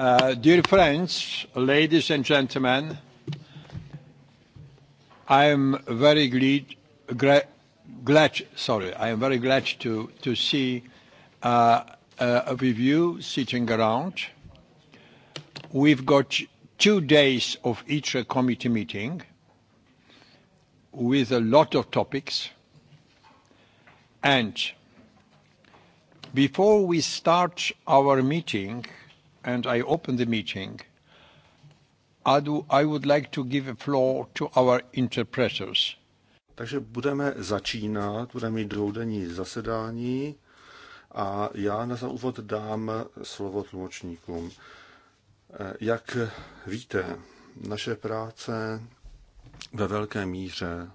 Uh, dear friends, ladies and gentlemen, I am very glad, sorry, I am very glad to, see uh, uh, with you sitting around. We've got two days of each committee meeting with a lot of topics. before we start our meeting, and I open the meeting, I, do, I would like to give a floor to our interpreters. Takže budeme začínat, budeme mít dvoudenní zasedání a já na úvod dám slovo tlumočníkům. Eh, jak víte, naše práce ve velké míře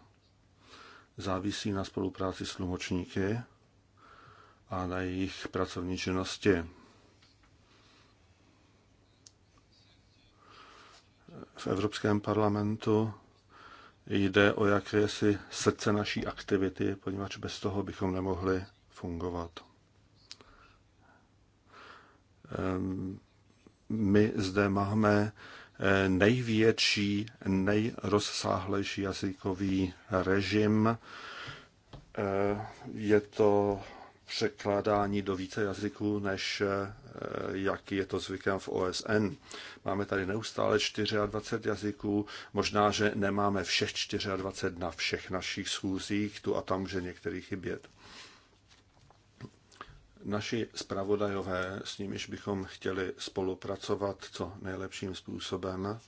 závisí na spolupráci s tlumočníky a na jejich pracovní činnosti. v Evropském parlamentu jde o jakési srdce naší aktivity, poněvadž bez toho bychom nemohli fungovat. Ehm, my zde máme eh, největší, nejrozsáhlejší jazykový režim. Eh, je to překládání do více jazyků než eh, Jaký je to zvykem v OSN. Máme tady neustále 24 jazyků, možná, že nemáme všech 24 na všech našich schůzích, tu a tam může některý chybět. Naši zpravodajové, s nimiž bychom chtěli spolupracovat co nejlepším způsobem,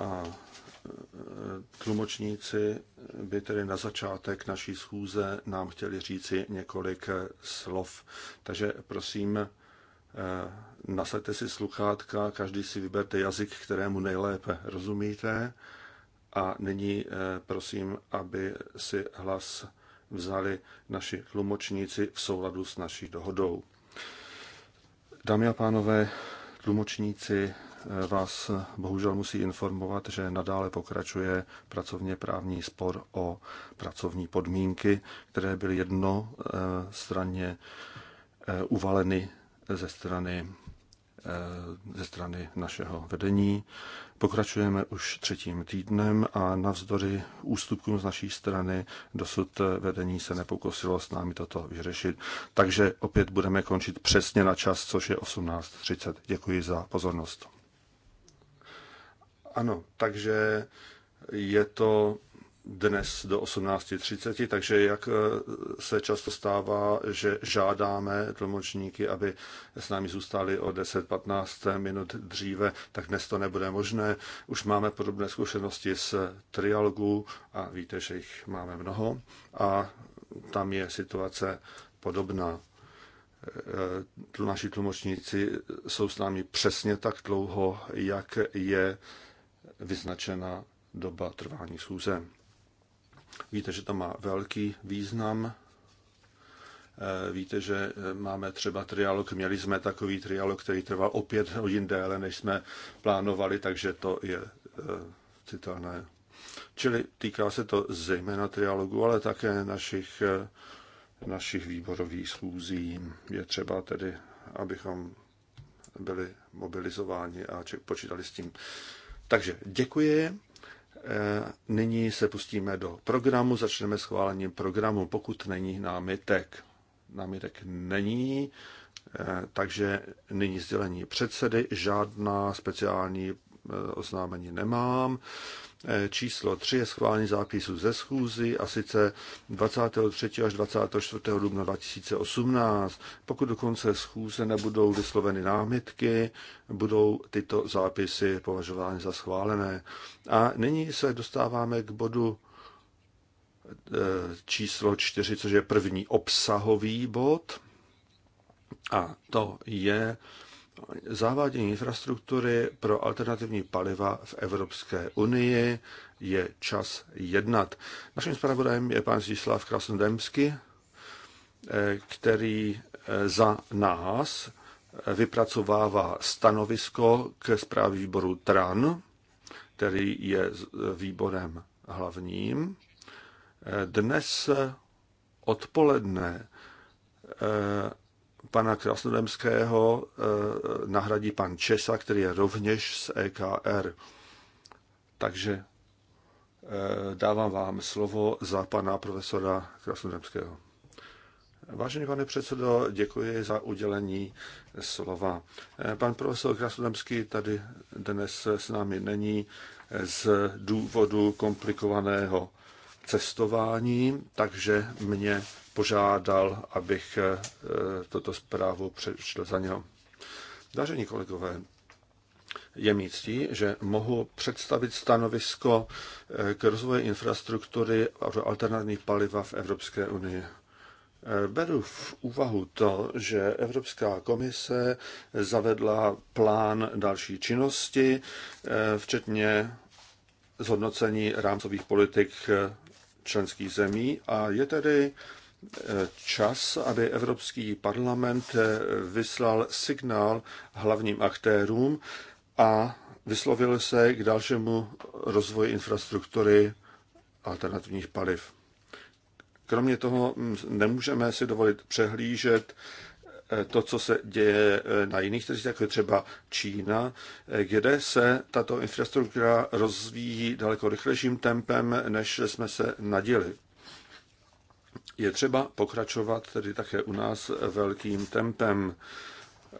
a tlumočníci by tedy na začátek naší schůze nám chtěli říci několik slov. Takže prosím, eh, nasaďte si sluchátka, každý si vyberte jazyk, kterému nejlépe rozumíte. A nyní eh, prosím, aby si hlas vzali naši tlumočníci v souladu s naší dohodou. Dámy a pánové, tlumočníci vás bohužel musí informovat, že nadále pokračuje pracovně právní spor o pracovní podmínky, které byly jednostranně eh, eh, uvaleny ze strany eh, ze strany našeho vedení. Pokračujeme už třetím týdnem a navzdory ústupkům z naší strany dosud vedení se nepokusilo s námi toto vyřešit. Takže opět budeme končit přesně na čas, což je 18.30. Děkuji za pozornost. Ano, takže je to dnes do 18.30, takže jak e, se často stává, že žádáme tlumočníky, aby s námi zůstali o 10-15 minut dříve, tak dnes to nebude možné. Už máme podobné zkušenosti s trialogů a víte, že jich máme mnoho a tam je situace podobná. E, e, naši tlumočníci jsou s námi přesně tak dlouho, jak je vyznačena doba trvání schůze. Víte, že to má velký význam. E, víte, že e, máme třeba trialog, měli jsme takový trialog, který trval o pět hodin déle, než jsme plánovali, takže to je e, citelné. Čili týká se to zejména trialogu, ale také našich, našich výborových schůzí. Je třeba tedy, abychom byli mobilizováni a počítali s tím. Takže děkuji. Eh, nyní se pustíme do programu, začneme schválením programu, pokud není námitek. Námitek není, eh, takže nyní sdělení předsedy, žádná speciální eh, oznámení nemám. E, číslo 3 je schválení zápisu ze schůzy a sice 23. až 24. dubna 2018. Pokud do konce schůze nebudou vysloveny námitky, budou tyto zápisy považovány za schválené. A nyní se dostáváme k bodu e, číslo 4, což je první obsahový bod. A to je Závádění infrastruktury pro alternativní paliva v Evropské unii je čas jednat. Naším zpravodajem je pan Zdislav Krasnodemsky, eh, který eh, za nás eh, vypracovává stanovisko k zprávě výboru TRAN, který je výborem hlavním. Dnes odpoledne pana Krasnodemského eh, nahradí pan Česa, který je rovněž z EKR. Takže eh, dávám vám slovo za pana profesora Krasnodemského. Vážený pane předsedo, děkuji za udělení slova. Eh, pan profesor Krasnodemský tady dnes s námi není z důvodu komplikovaného cestování, takže mě požádal, abych eh, toto zprávu přečetl za něho. Vážení kolegové, je mi ctí, že mohu představit stanovisko eh, k rozvoji infrastruktury pro alternativní paliva v Evropské unii. Eh, beru v úvahu to, že Evropská komise zavedla plán další činnosti, včetně zhodnocení rámcových politik členských zemí a je tedy čas, aby Evropský parlament vyslal signál hlavním aktérům a vyslovil se k dalšímu rozvoji infrastruktury alternativních paliv. Kromě toho mm, nemůžeme si dovolit přehlížet eh, to, co se děje eh, na jiných trzích, jako je třeba Čína, eh, kde se tato infrastruktura rozvíjí daleko rychlejším tempem, než jsme se naděli je třeba pokračovat tedy také u nás velkým tempem.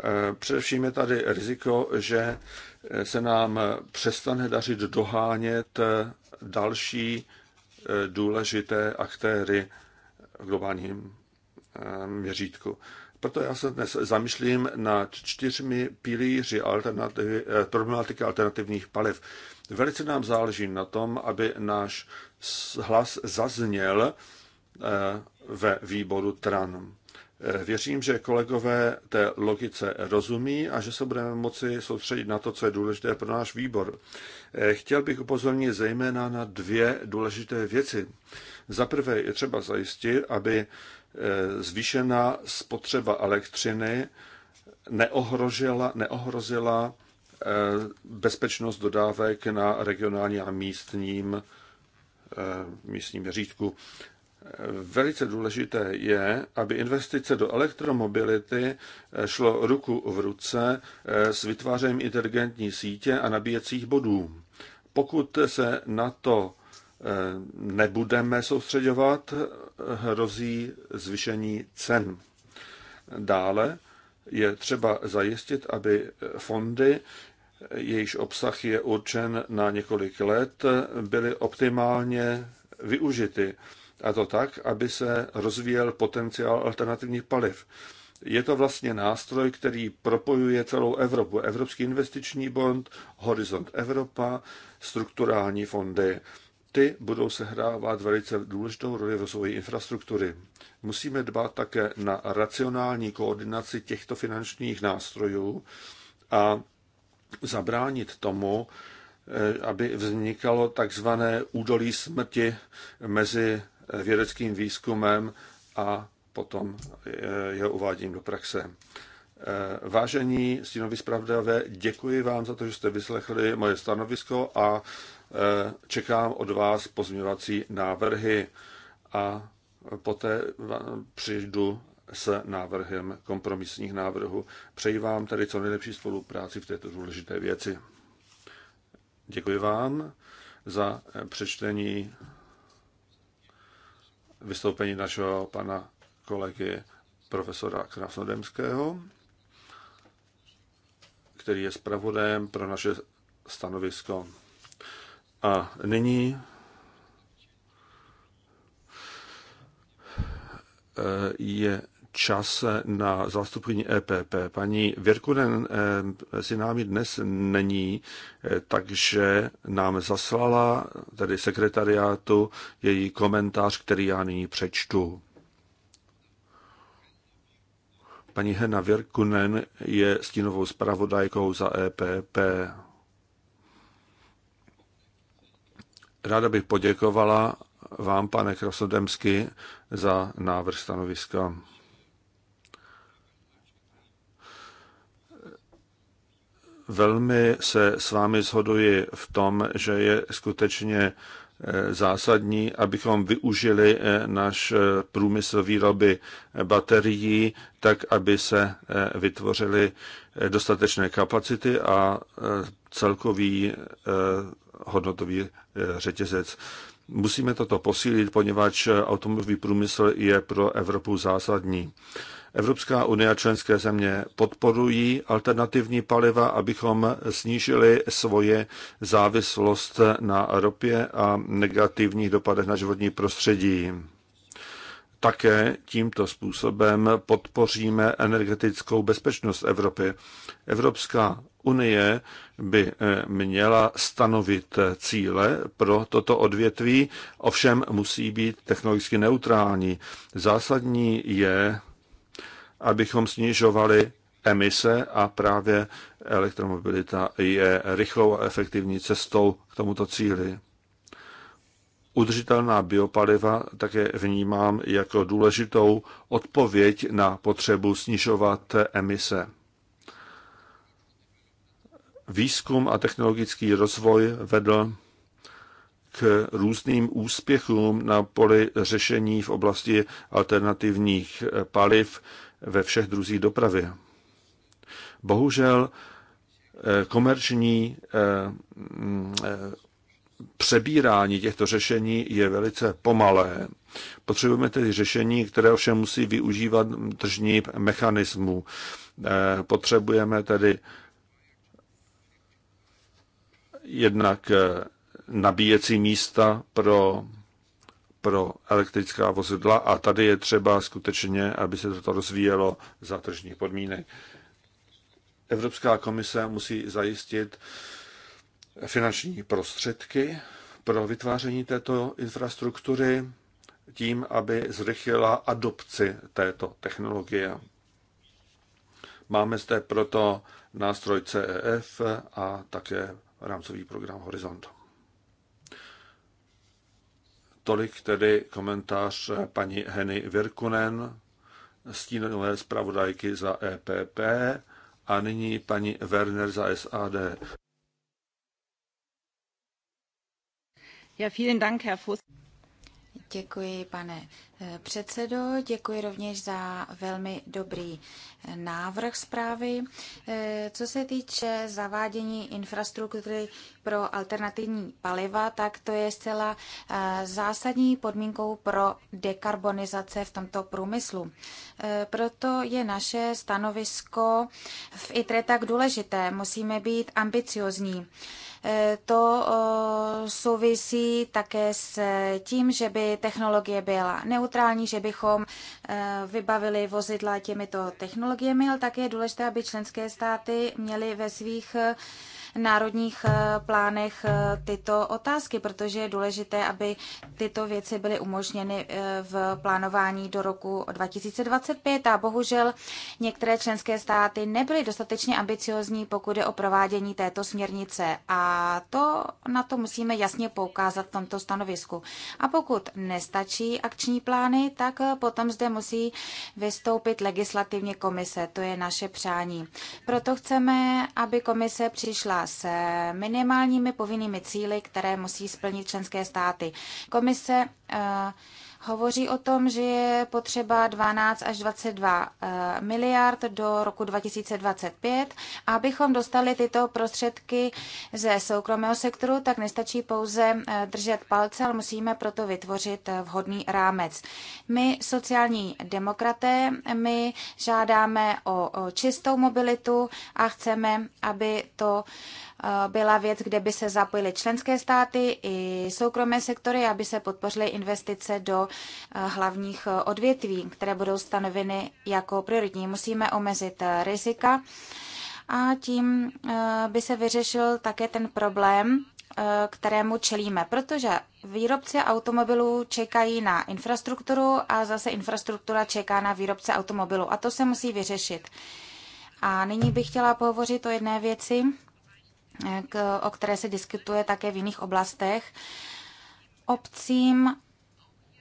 Eh, především je tady riziko, že eh, se nám přestane dařit dohánět eh, další důležité aktéry v globálním měřítku. Proto já se dnes zamýšlím nad čtyřmi pilíři alternativ, problematiky alternativních paliv. Velice nám záleží na tom, aby náš hlas zazněl Eh, ve výboru TRAN. Eh, věřím, že kolegové té logice rozumí a že se budeme moci soustředit na to, co je důležité pro náš výbor. Eh, chtěl bych upozornit zejména na dvě důležité věci. Za prvé je třeba zajistit, aby zvýšená spotřeba elektřiny neohrožila, neohrozila bezpečnost dodávek na regionální a místním, místním měřítku velice důležité je, aby investice do elektromobility eh, šlo ruku v ruce eh, s vytvářením inteligentní sítě a nabíjecích bodů. Pokud se na to eh, nebudeme soustředovat, hrozí zvýšení cen. Dále je třeba zajistit, aby fondy, jejichž obsah je určen na několik let, byly optimálně využity a to tak, aby se rozvíjel potenciál alternativních paliv. Je to vlastně nástroj, který propojuje celou Evropu. Evropský investiční bond, Horizont Evropa, strukturální fondy. Ty budou sehrávat velice důležitou roli v rozvoji infrastruktury. Musíme dbát také na racionální koordinaci těchto finančních nástrojů a zabránit tomu, eh, aby vznikalo takzvané údolí smrti mezi vědeckým výzkumem a potom eh, je uvádím do praxe. Eh, vážení stínoví zpravdavé, děkuji vám za to, že jste vyslechli moje stanovisko a eh, čekám od vás pozměňovací návrhy a poté přijdu s návrhem kompromisních návrhů. Přeji vám tedy co nejlepší spolupráci v této důležité věci. Děkuji vám za přečtení vystoupení našeho pana kolegy profesora Krasnodemského, který je zpravodajem pro naše stanovisko. A nyní eh, je čas na zástupní EPP. Paní Virkunen eh, si námi dnes není, eh, takže nám zaslala, tedy sekretariátu, její komentář, který já nyní přečtu. Paní Hena Virkunen je stínovou zpravodajkou za EPP. Ráda bych poděkovala vám, pane Krasodemsky, za návrh stanoviska. Velmi se s vámi shoduji v tom, že je skutečně eh, zásadní, abychom využili eh, náš eh, průmysl výroby baterií tak, aby se vytvořily dostatečné kapacity a celkový hodnotový řetězec. Musíme toto posílit, poněvadž automobilový průmysl je pro Evropu zásadní. Evropská unie a členské země podporují alternativní paliva, abychom snížili svoje závislost na ropě a negativních dopadech na životní prostředí. Také tímto způsobem podpoříme energetickou bezpečnost Evropy. Evropská unie by eh, měla stanovit cíle pro toto odvětví, ovšem musí být technologicky neutrální. Zásadní je abychom snižovali emise a právě elektromobilita je rychlou a efektivní cestou k tomuto cíli. Udržitelná biopaliva také vnímám jako důležitou odpověď na potřebu snižovat emise. Výzkum a technologický rozvoj vedl k různým úspěchům na poli řešení v oblasti alternativních paliv, ve všech druzích dopravy. Bohužel eh, komerční eh, mm, eh, přebírání těchto řešení je velice pomalé. Potřebujeme tedy řešení, které ovšem musí využívat tržní mechanismů. Potřebujeme tedy jednak nabíjecí místa pro pro elektrická vozidla a tady je třeba skutečně, aby se toto rozvíjelo za tržních podmínek. Evropská komise musí zajistit finanční prostředky pro vytváření této infrastruktury tím, aby zrychlila adopci této technologie. Máme zde proto nástroj CEF a také rámcový program Horizont. Tolik tedy komentář paní Heny Virkunen, stínové zpravodajky za EPP a nyní paní Werner za SAD. Ja, vielen Dank, Herr Fuss. Děkuji, pane eh, předsedo. Děkuji rovněž za velmi dobrý eh, návrh zprávy. Eh, co se týče zavádění infrastruktury pro alternativní paliva, tak to je zcela zásadní podmínkou pro dekarbonizace v tomto průmyslu. Proto je naše stanovisko v ITRE tak důležité. Musíme být ambiciozní. Eh, to eh, souvisí také s tím, že by technologie byla neutrální, že bychom eh, vybavili vozidla těmito technologiemi, ale také je důležité, aby členské státy měly ve svých národních eh, plánech eh, tyto otázky, protože je důležité, aby tyto věci byly umožněny eh, v plánování do roku 2025 a bohužel některé členské státy nebyly dostatečně ambiciozní, pokud je o provádění této směrnice a to na to musíme jasně poukázat v tomto stanovisku. A pokud nestačí akční plány, tak potom zde musí vystoupit legislativně komise, to je naše přání. Proto chceme, aby komise přišla s minimálními povinnými cíly, které musí splnit členské státy. Komise eh, hovoří o tom, že je potřeba 12 až 22 eh, miliard do roku 2025. Abychom dostali tyto prostředky ze soukromého sektoru, tak nestačí pouze eh, držet palce, ale musíme proto vytvořit eh, vhodný rámec. My, sociální demokraté, my žádáme o čistou mobilitu a chceme, aby to Eh, byla věc, kde by se zapojily členské státy i soukromé sektory, aby se podpořily investice do eh, hlavních eh, odvětví, které budou stanoveny jako prioritní. Musíme omezit rizika a tím by se vyřešil také ten problém, kterému čelíme, protože výrobci automobilů čekají na infrastrukturu a zase infrastruktura čeká na výrobce automobilů a to se musí vyřešit. A nyní bych chtěla pohovořit o jedné věci, o které se diskutuje také v jiných oblastech. Obcím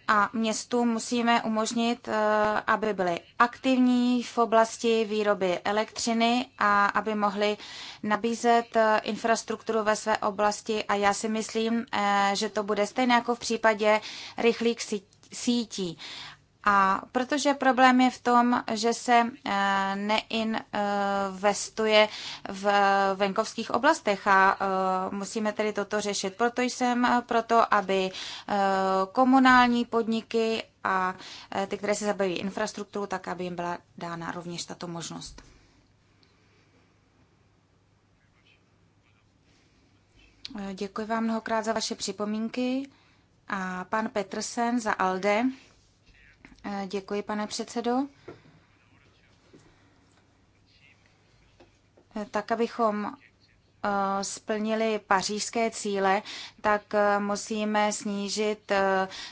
a městům musíme umožnit, eh, aby byly aktivní v oblasti výroby elektřiny a aby mohli nabízet eh, infrastrukturu ve své oblasti. A já si myslím, eh, že to bude stejné jako v případě rychlých sítí. A protože problém je v tom, že se eh, neinvestuje eh, v eh, venkovských oblastech a musíme tedy toto řešit. Proto jsem proto, aby komunální podniky a ty, které se zabaví infrastrukturu, tak aby jim byla dána rovněž tato možnost. Děkuji vám mnohokrát za vaše připomínky a pan Petersen za ALDE. Eh, děkuji, pane předsedo. Eh, tak, abychom eh, splnili pařížské cíle, tak musíme snížit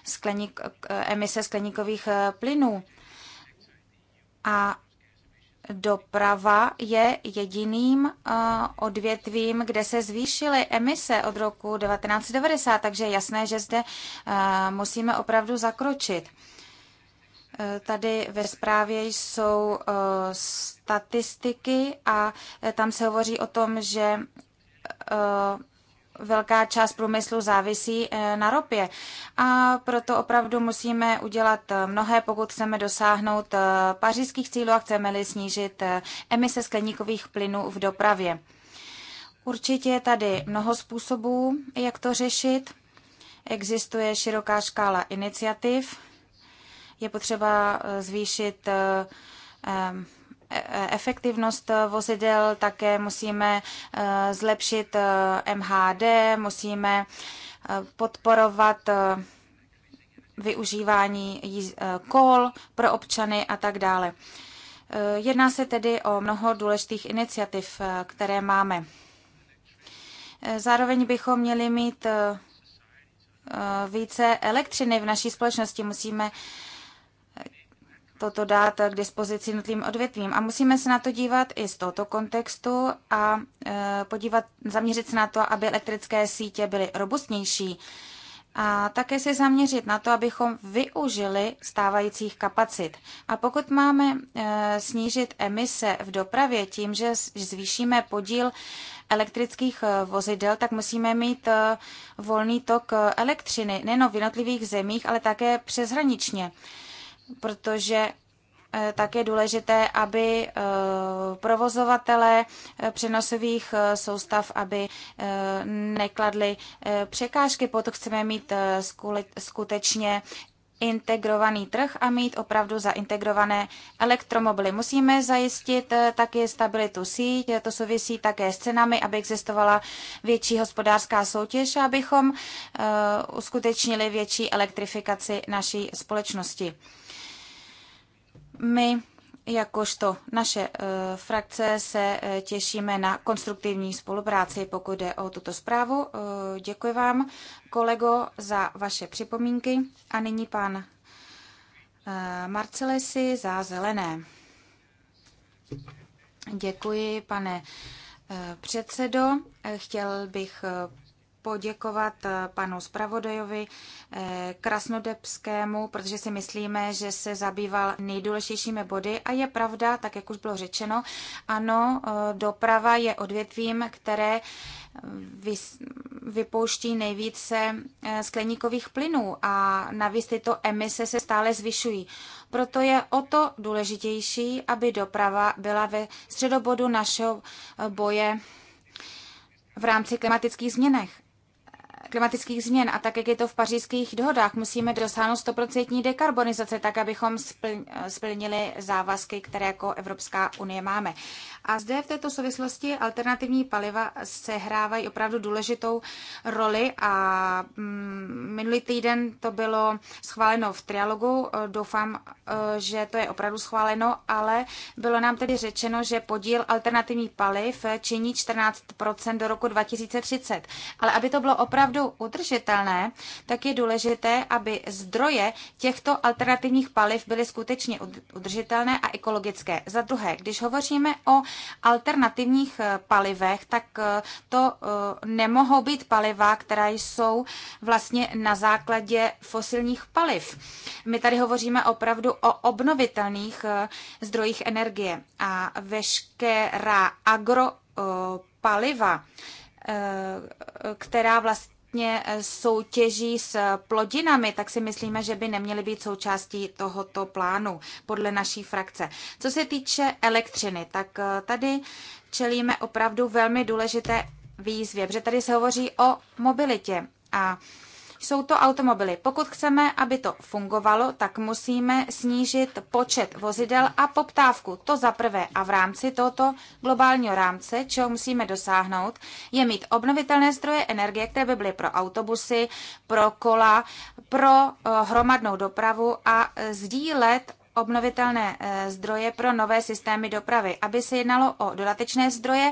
skleník, emise skleníkových plynů. A doprava je jediným odvětvím, kde se zvýšily emise od roku 1990, takže je jasné, že zde musíme opravdu zakročit. Eh, tady ve zprávě jsou eh, statistiky a eh, tam se hovoří o tom, že velká část průmyslu závisí na ropě. A proto opravdu musíme udělat mnohé, pokud chceme dosáhnout pařížských cílů a chceme-li snížit emise skleníkových plynů v dopravě. Určitě je tady mnoho způsobů, jak to řešit. Existuje široká škála iniciativ je potřeba eh, zvýšit eh, e, e, efektivnost eh, vozidel, také musíme zlepšit MHD, musíme podporovat využívání kol pro občany a tak dále. Jedná se tedy o mnoho důležitých iniciativ, které máme. Zároveň bychom měli mít více elektřiny v naší společnosti. Musíme toto dát k dispozici nutným odvětvím. A musíme se na to dívat i z tohoto kontextu a e, podívat, zaměřit se na to, aby elektrické sítě byly robustnější. A také se zaměřit na to, abychom využili stávajících kapacit. A pokud máme e, snížit emise v dopravě tím, že zvýšíme podíl elektrických e, vozidel, tak musíme mít volný tok elektřiny nejen v jednotlivých zemích, ale také přeshraničně protože eh, tak je důležité, aby eh, provozovatele eh, přenosových soustav, aby nekladli překážky, potom chceme mít skutečně integrovaný trh a mít opravdu zaintegrované elektromobily. Musíme zajistit taky stabilitu síť, to souvisí také s cenami, aby existovala větší hospodářská soutěž a abychom uskutečnili větší elektrifikaci naší společnosti. My jakožto naše eh, frakce se eh, těšíme na konstruktivní spolupráci, pokud jde o tuto zprávu. Eh, děkuji vám, kolego, za vaše připomínky. A nyní pan Marcelesi za zelené. Děkuji, pane předsedo. Chtěl bych poděkovat eh, panu zpravodajovi eh, Krasnodebskému, protože si myslíme, že se zabýval nejdůležitějšími body a je pravda, tak jak už bylo řečeno, ano, eh, doprava je odvětvím, které vypouští nejvíce skleníkových plynů a navíc tyto emise se stále zvyšují. Proto je o to důležitější, aby doprava byla ve středobodu našeho boje v rámci klimatických změnech klimatických změn a tak, jak je to v pařížských dohodách, musíme dosáhnout 100% dekarbonizace, tak, abychom splnili závazky, které jako Evropská unie máme. A zde v této souvislosti alternativní paliva sehrávají opravdu důležitou roli a mm, minulý týden to bylo schváleno v trialogu. Doufám, že to je opravdu schváleno, ale bylo nám tedy řečeno, že podíl alternativních paliv činí 14% do roku 2030. Ale aby to bylo opravdu opravdu udržitelné, tak je důležité, aby zdroje těchto alternativních paliv byly skutečně udržitelné a ekologické. Za druhé, když hovoříme o alternativních eh, palivech, tak eh, to eh, nemohou být paliva, která jsou vlastně na základě fosilních paliv. My tady hovoříme opravdu o obnovitelných zdrojích energie a veškerá agropaliva, která vlastně vlastně soutěží s eh, plodinami, tak si myslíme, že by neměly být součástí tohoto plánu podle naší frakce. Co se týče elektřiny, tak eh, tady čelíme opravdu velmi důležité výzvě, protože tady se hovoří o mobilitě a jsou to automobily. Pokud chceme, aby to fungovalo, tak musíme snížit počet vozidel a poptávku. To za prvé a v rámci tohoto globálního rámce, čeho musíme dosáhnout, je mít obnovitelné zdroje energie, které by byly pro autobusy, pro kola, pro eh, hromadnou dopravu a eh, sdílet obnovitelné eh, zdroje pro nové systémy dopravy, aby se jednalo o dodatečné zdroje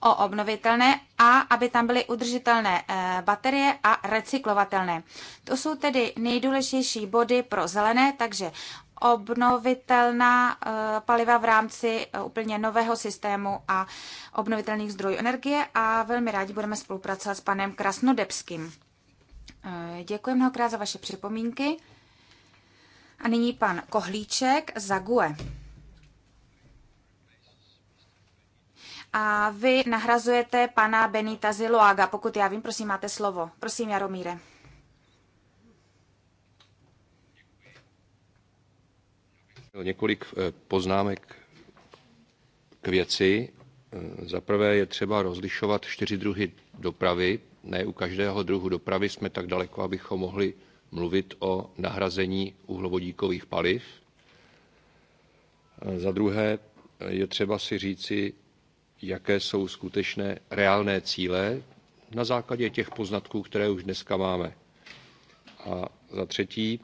o obnovitelné a aby tam byly udržitelné eh, baterie a recyklovatelné. To jsou tedy nejdůležitější body pro zelené, takže obnovitelná eh, paliva v rámci eh, úplně nového systému a obnovitelných zdrojů energie a velmi rádi budeme spolupracovat s panem Krasnodebským. Děkuji mnohokrát za vaše připomínky. A nyní pan Kohlíček za GUE. A vy nahrazujete pana Benita Ziloaga. Pokud já vím, prosím, máte slovo. Prosím, Jaromíre. Několik eh, poznámek k věci. Eh, za prvé je třeba rozlišovat čtyři druhy dopravy. Ne u každého druhu dopravy jsme tak daleko, abychom mohli mluvit o nahrazení uhlovodíkových paliv. Eh, za druhé je třeba si říci, jaké jsou skutečné reálné cíle na základě těch poznatků, které už dneska máme. A za třetí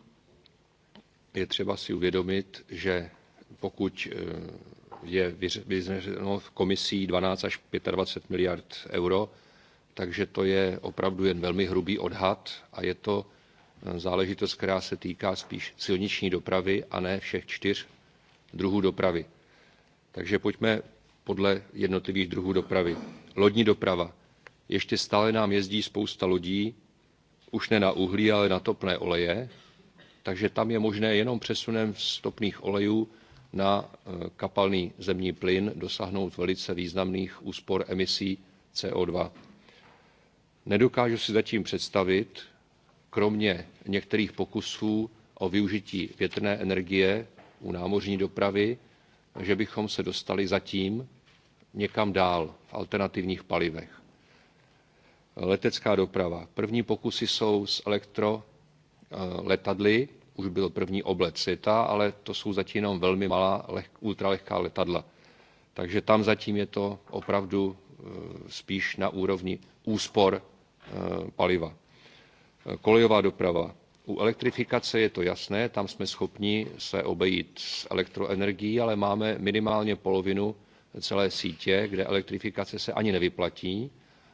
je třeba si uvědomit, že pokud eh, je vyzměřeno v komisí 12 až 25 miliard euro, takže to je opravdu jen velmi hrubý odhad a je to eh, záležitost, která se týká spíš silniční dopravy a ne všech čtyř druhů dopravy. Takže pojďme podle jednotlivých druhů dopravy. Lodní doprava. Ještě stále nám jezdí spousta lodí, už ne na uhlí, ale na topné oleje, takže tam je možné jenom přesunem stopných olejů na e, kapalný zemní plyn dosáhnout velice významných úspor emisí CO2. Nedokážu si zatím představit, kromě některých pokusů o využití větrné energie u námořní dopravy, že bychom se dostali zatím někam dál v alternativních palivech. Letecká doprava. První pokusy jsou s elektroletadly, eh, už byl první oblet světa, ale to jsou zatím jenom velmi malá ultralehká letadla. Takže tam zatím je to opravdu eh, spíš na úrovni úspor eh, paliva. Kolejová doprava u elektrifikace je to jasné, tam jsme schopni se obejít s elektroenergií, ale máme minimálně polovinu celé sítě, kde elektrifikace se ani nevyplatí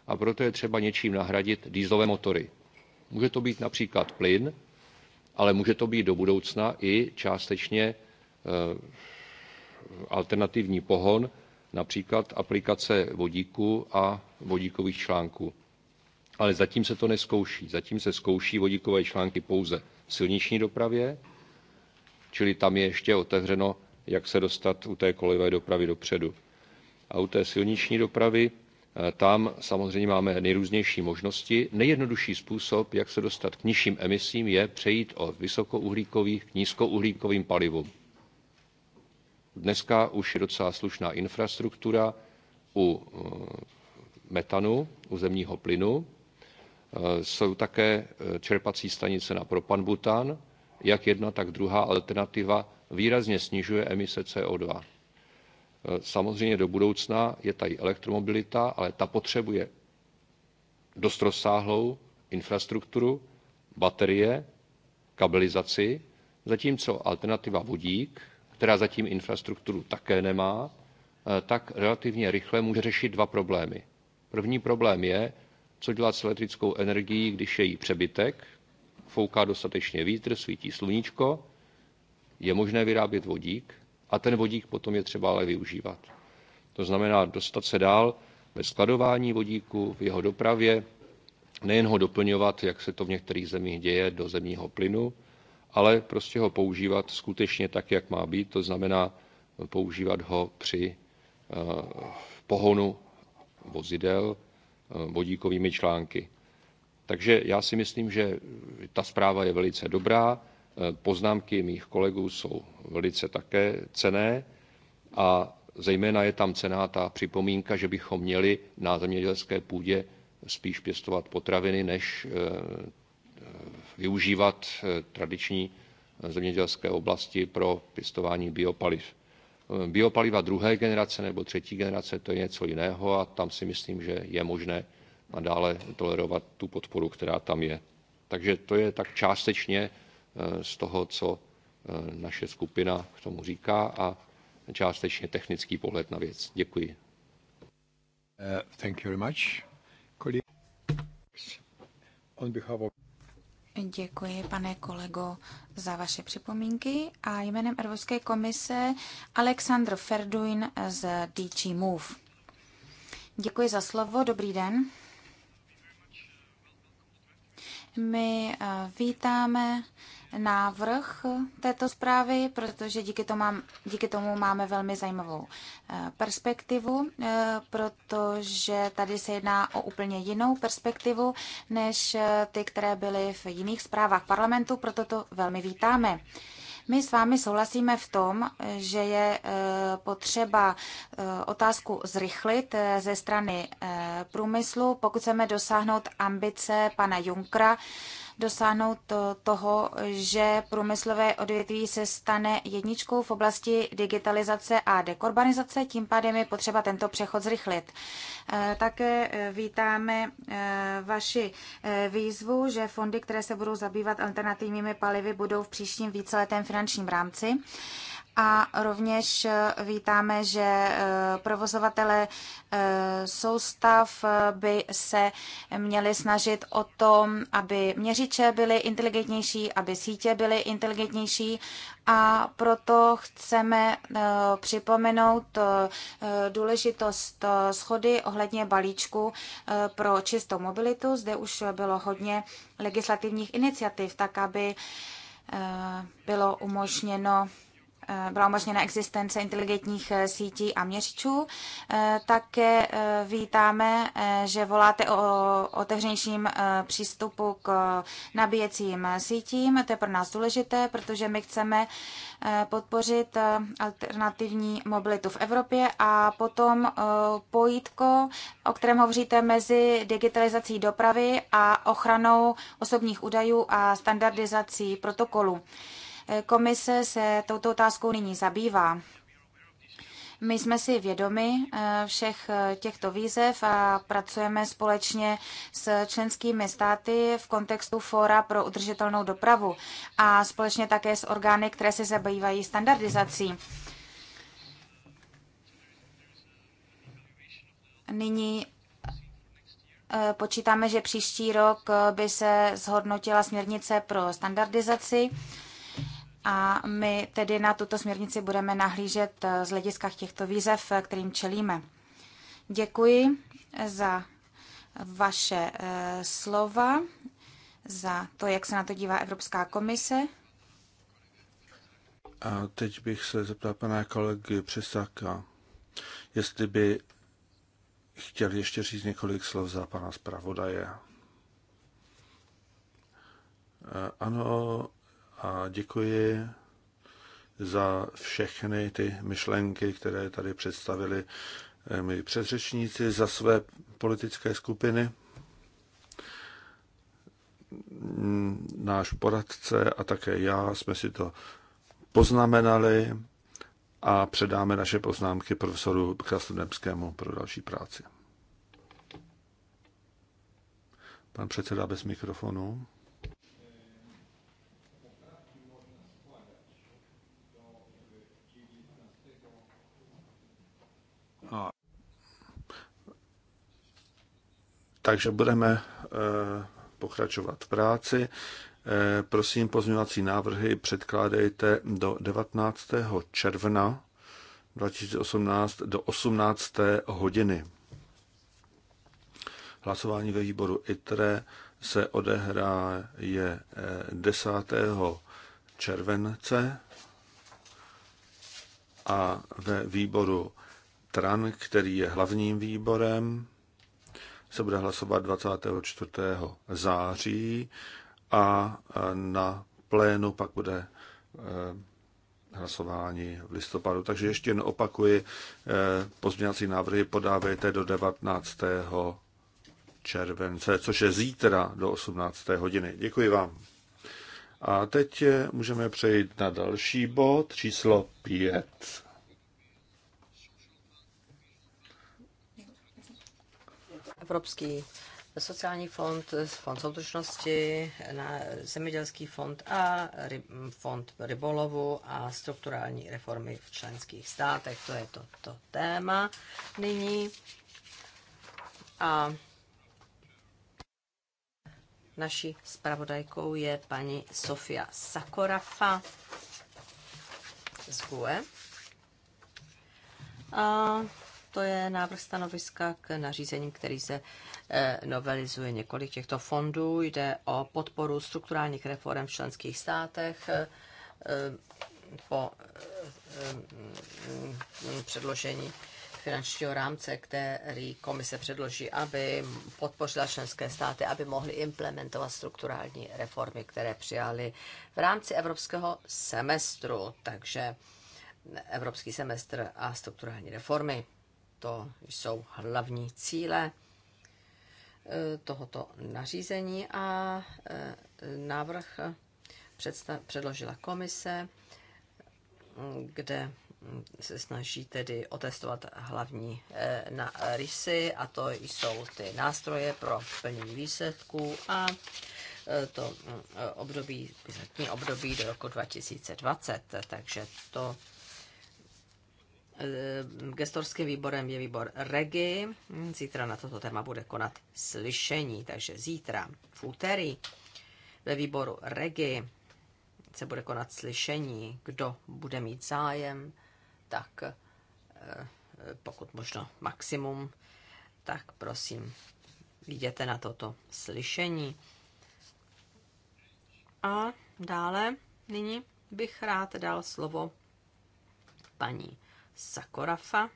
a proto je třeba něčím nahradit dýzlové motory. Může to být například plyn, ale může to být do budoucna i částečně eh, alternativní pohon, například aplikace vodíku a vodíkových článků ale zatím se to neskouší. Zatím se zkouší vodíkové články pouze v silniční dopravě, čili tam je ještě otevřeno, jak se dostat u té kolejové dopravy dopředu. A u té silniční dopravy eh, tam samozřejmě máme nejrůznější možnosti. Nejjednodušší způsob, jak se dostat k nižším emisím, je přejít od vysokouhlíkových k nízkouhlíkovým palivům. Dneska už je docela slušná infrastruktura u eh, metanu, u zemního plynu, Eh, jsou také eh, čerpací stanice na propanbutan. Jak jedna, tak druhá alternativa výrazně snižuje emise CO2. Eh, samozřejmě do budoucna je tady elektromobilita, ale ta potřebuje dost rozsáhlou infrastrukturu, baterie, kabelizaci, zatímco alternativa vodík, která zatím infrastrukturu také nemá, tak relativně rychle může řešit dva problémy. První problém je, co dělat s elektrickou energií, když je jí přebytek, fouká dostatečně vítr, svítí sluníčko, je možné vyrábět vodík a ten vodík potom je třeba ale využívat. To znamená dostat se dál ve skladování vodíku, v jeho dopravě, nejen ho doplňovat, jak se to v některých zemích děje, do zemního plynu, ale prostě ho používat skutečně tak, jak má být, to znamená používat ho při eh, pohonu vozidel, Eh, vodíkovými články. Takže já si myslím, že ta zpráva je velice dobrá, eh, poznámky mých kolegů jsou velice také cené a zejména je tam cená ta připomínka, že bychom měli na zemědělské půdě spíš pěstovat potraviny, než eh, využívat tradiční zemědělské oblasti pro pěstování biopaliv. Eh, biopaliva druhé generace nebo třetí generace, to je něco jiného a tam si myslím, že je možné nadále tolerovat tu podporu, která tam je. Takže to je tak částečně eh, z toho, co eh, naše skupina k tomu říká a částečně technický pohled na věc. Děkuji. Uh, thank you very much. On behalf of Děkuji, pane kolego, za vaše připomínky a jménem Evropské komise Aleksandr Ferduin z DG Move. Děkuji za slovo, dobrý den. My eh, vítáme návrh této zprávy, protože díky tomu, mám, díky tomu máme velmi zajímavou eh, perspektivu, eh, protože tady se jedná o úplně jinou perspektivu než ty, které byly v jiných zprávách parlamentu, proto to velmi vítáme. My s vámi souhlasíme v tom, že je eh, potřeba eh, otázku zrychlit eh, ze strany průmyslu, pokud chceme dosáhnout ambice pana Junkra dosáhnout toho, že průmyslové odvětví se stane jedničkou v oblasti digitalizace a dekorbanizace, tím pádem je potřeba tento přechod zrychlit. Eh, také eh, vítáme eh, vaši výzvu, že fondy, které se budou zabývat alternativními palivy, budou v příštím víceletém finančním rámci. A rovněž eh, vítáme, že eh, provozovatele eh, soustav by se měli snažit o tom, aby měřiče byly inteligentnější, aby sítě byly inteligentnější a proto chceme připomenout důležitost schody ohledně balíčku pro čistou mobilitu. Zde už bylo hodně legislativních iniciativ, tak aby bylo umožněno Eh, byla umožněna existence inteligentních eh, sítí a měřičů. Eh, také vítáme, že voláte o otevřenějším přístupu k nabíjecím sítím. To je pro nás důležité, protože my chceme podpořit alternativní mobilitu v Evropě a potom pojítko, o kterém hovoříte mezi digitalizací dopravy a ochranou osobních údajů a standardizací protokolů. Komise se touto otázkou nyní zabývá. My jsme si vědomi eh, všech eh, těchto výzev a pracujeme společně s členskými státy v kontextu Fóra pro udržitelnou dopravu a společně také s orgány, které se zabývají standardizací. Nyní eh, počítáme, že příští rok by se zhodnotila směrnice pro standardizaci a my tedy na tuto směrnici budeme nahlížet eh, z hlediska těchto výzev, eh, kterým čelíme. Děkuji za vaše eh, slova, za to, jak se na to dívá Evropská komise. A teď bych se zeptal pana kolegy Přesáka, jestli by chtěl ještě říct několik slov za pana zpravodaje. Ano, a děkuji za všechny ty myšlenky, které tady představili eh, my předřečníci za své politické skupiny. Náš poradce a také já jsme si to poznamenali a předáme naše poznámky profesoru Krasnodemskému pro další práci. Pan předseda bez mikrofonu. Takže budeme eh, pokračovat v práci. Eh, prosím, pozměňovací návrhy předkládejte do 19. června 2018 do 18. hodiny. Hlasování ve výboru ITRE se odehráje 10. Eh, července a ve výboru TRAN, který je hlavním výborem, se bude hlasovat 24. září a na plénu pak bude e, hlasování v listopadu. Takže ještě jen opakuji, e, pozměňovací návrhy podávejte do 19. července, což je zítra do 18. hodiny. Děkuji vám. A teď můžeme přejít na další bod, číslo 5. Evropský sociální fond, fond soudržnosti, na zemědělský fond a ry, fond rybolovu a strukturální reformy v členských státech. To je to, to téma nyní. A naší zpravodajkou je paní Sofia Sakorafa z GUE. A to je návrh stanoviska k nařízení, který se eh, novelizuje několik těchto fondů. Jde o podporu strukturálních reform v členských státech eh, eh, po předložení finančního rámce, který komise předloží, aby podpořila členské státy, aby mohly implementovat strukturální reformy, které přijali v rámci evropského semestru. Takže evropský semestr a strukturální reformy to jsou hlavní cíle eh, tohoto nařízení a eh, návrh předložila komise, mm, kde se snaží tedy otestovat hlavní eh, na rysy a to jsou ty nástroje pro plnění výsledků a to mm, období, pilotní období do roku 2020, takže to Eh, gestorským výborem je výbor REGI. Zítra na toto téma bude konat slyšení, takže zítra v úterý ve výboru REGI se bude konat slyšení. Kdo bude mít zájem, tak eh, pokud možno maximum, tak prosím, jděte na toto slyšení. A dále nyní bych rád dal slovo paní Sakorafa.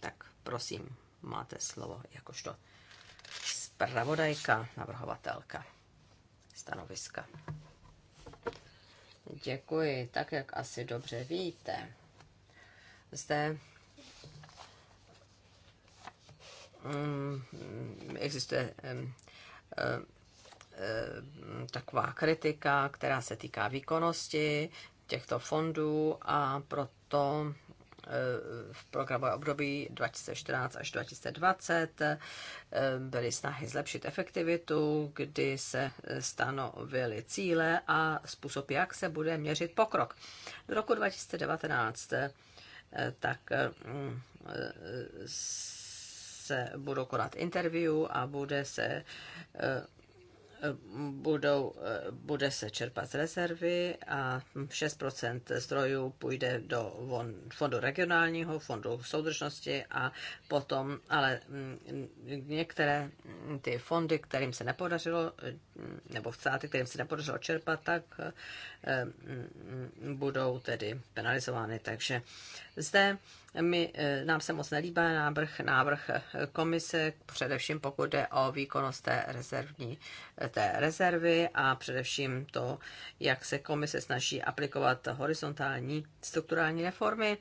Tak prosím, máte slovo jakožto zpravodajka, navrhovatelka stanoviska. Děkuji. Tak, jak asi dobře víte, zde mm, existuje taková kritika, která se týká výkonnosti těchto fondů a proto eh, v programové období 2014 až 2020 eh, byly snahy zlepšit efektivitu, kdy se eh, stanovily cíle a způsob, jak se bude měřit pokrok. Do roku 2019 tak mm, se budou konat interview a bude se budou, eh, bude se čerpat z rezervy a 6 zdrojů půjde do fondu regionálního, fondu soudržnosti a potom, ale mm, některé mm, ty fondy, kterým se nepodařilo nebo státy, kterým se nepodařilo čerpat, tak eh, mm, mm, budou tedy penalizovány. Takže zde my, eh, nám se moc nelíbá návrh, návrh komise, především pokud jde o výkonnost té, rezervní, eh, té rezervy a především to, jak se komise snaží aplikovat horizontální strukturální reformy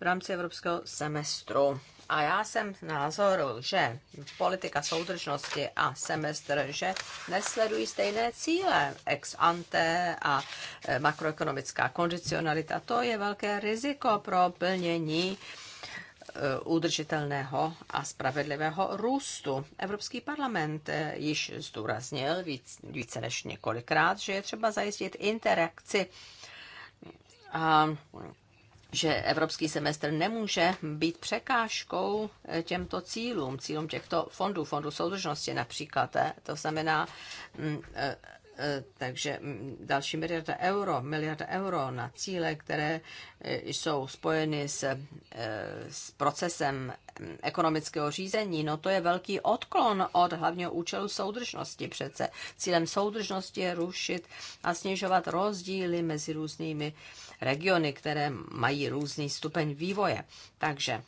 v rámci evropského semestru. A já jsem názoru, že politika soudržnosti a semestr, že nesledují stejné cíle ex ante a e, makroekonomická kondicionalita. To je velké riziko pro plnění e, udržitelného a spravedlivého růstu. Evropský parlament e, již zdůraznil víc, více než několikrát, že je třeba zajistit interakci a že evropský semestr nemůže být překážkou eh, těmto cílům, cílům těchto fondů, fondů soudržnosti například. Eh, to znamená mm, eh, Eh, takže mm, další miliarda euro, miliarda euro na cíle, které eh, jsou spojeny s, eh, s procesem mm, ekonomického řízení, no to je velký odklon od hlavního účelu soudržnosti přece. Cílem soudržnosti je rušit a snižovat rozdíly mezi různými regiony, které mají různý stupeň vývoje. Takže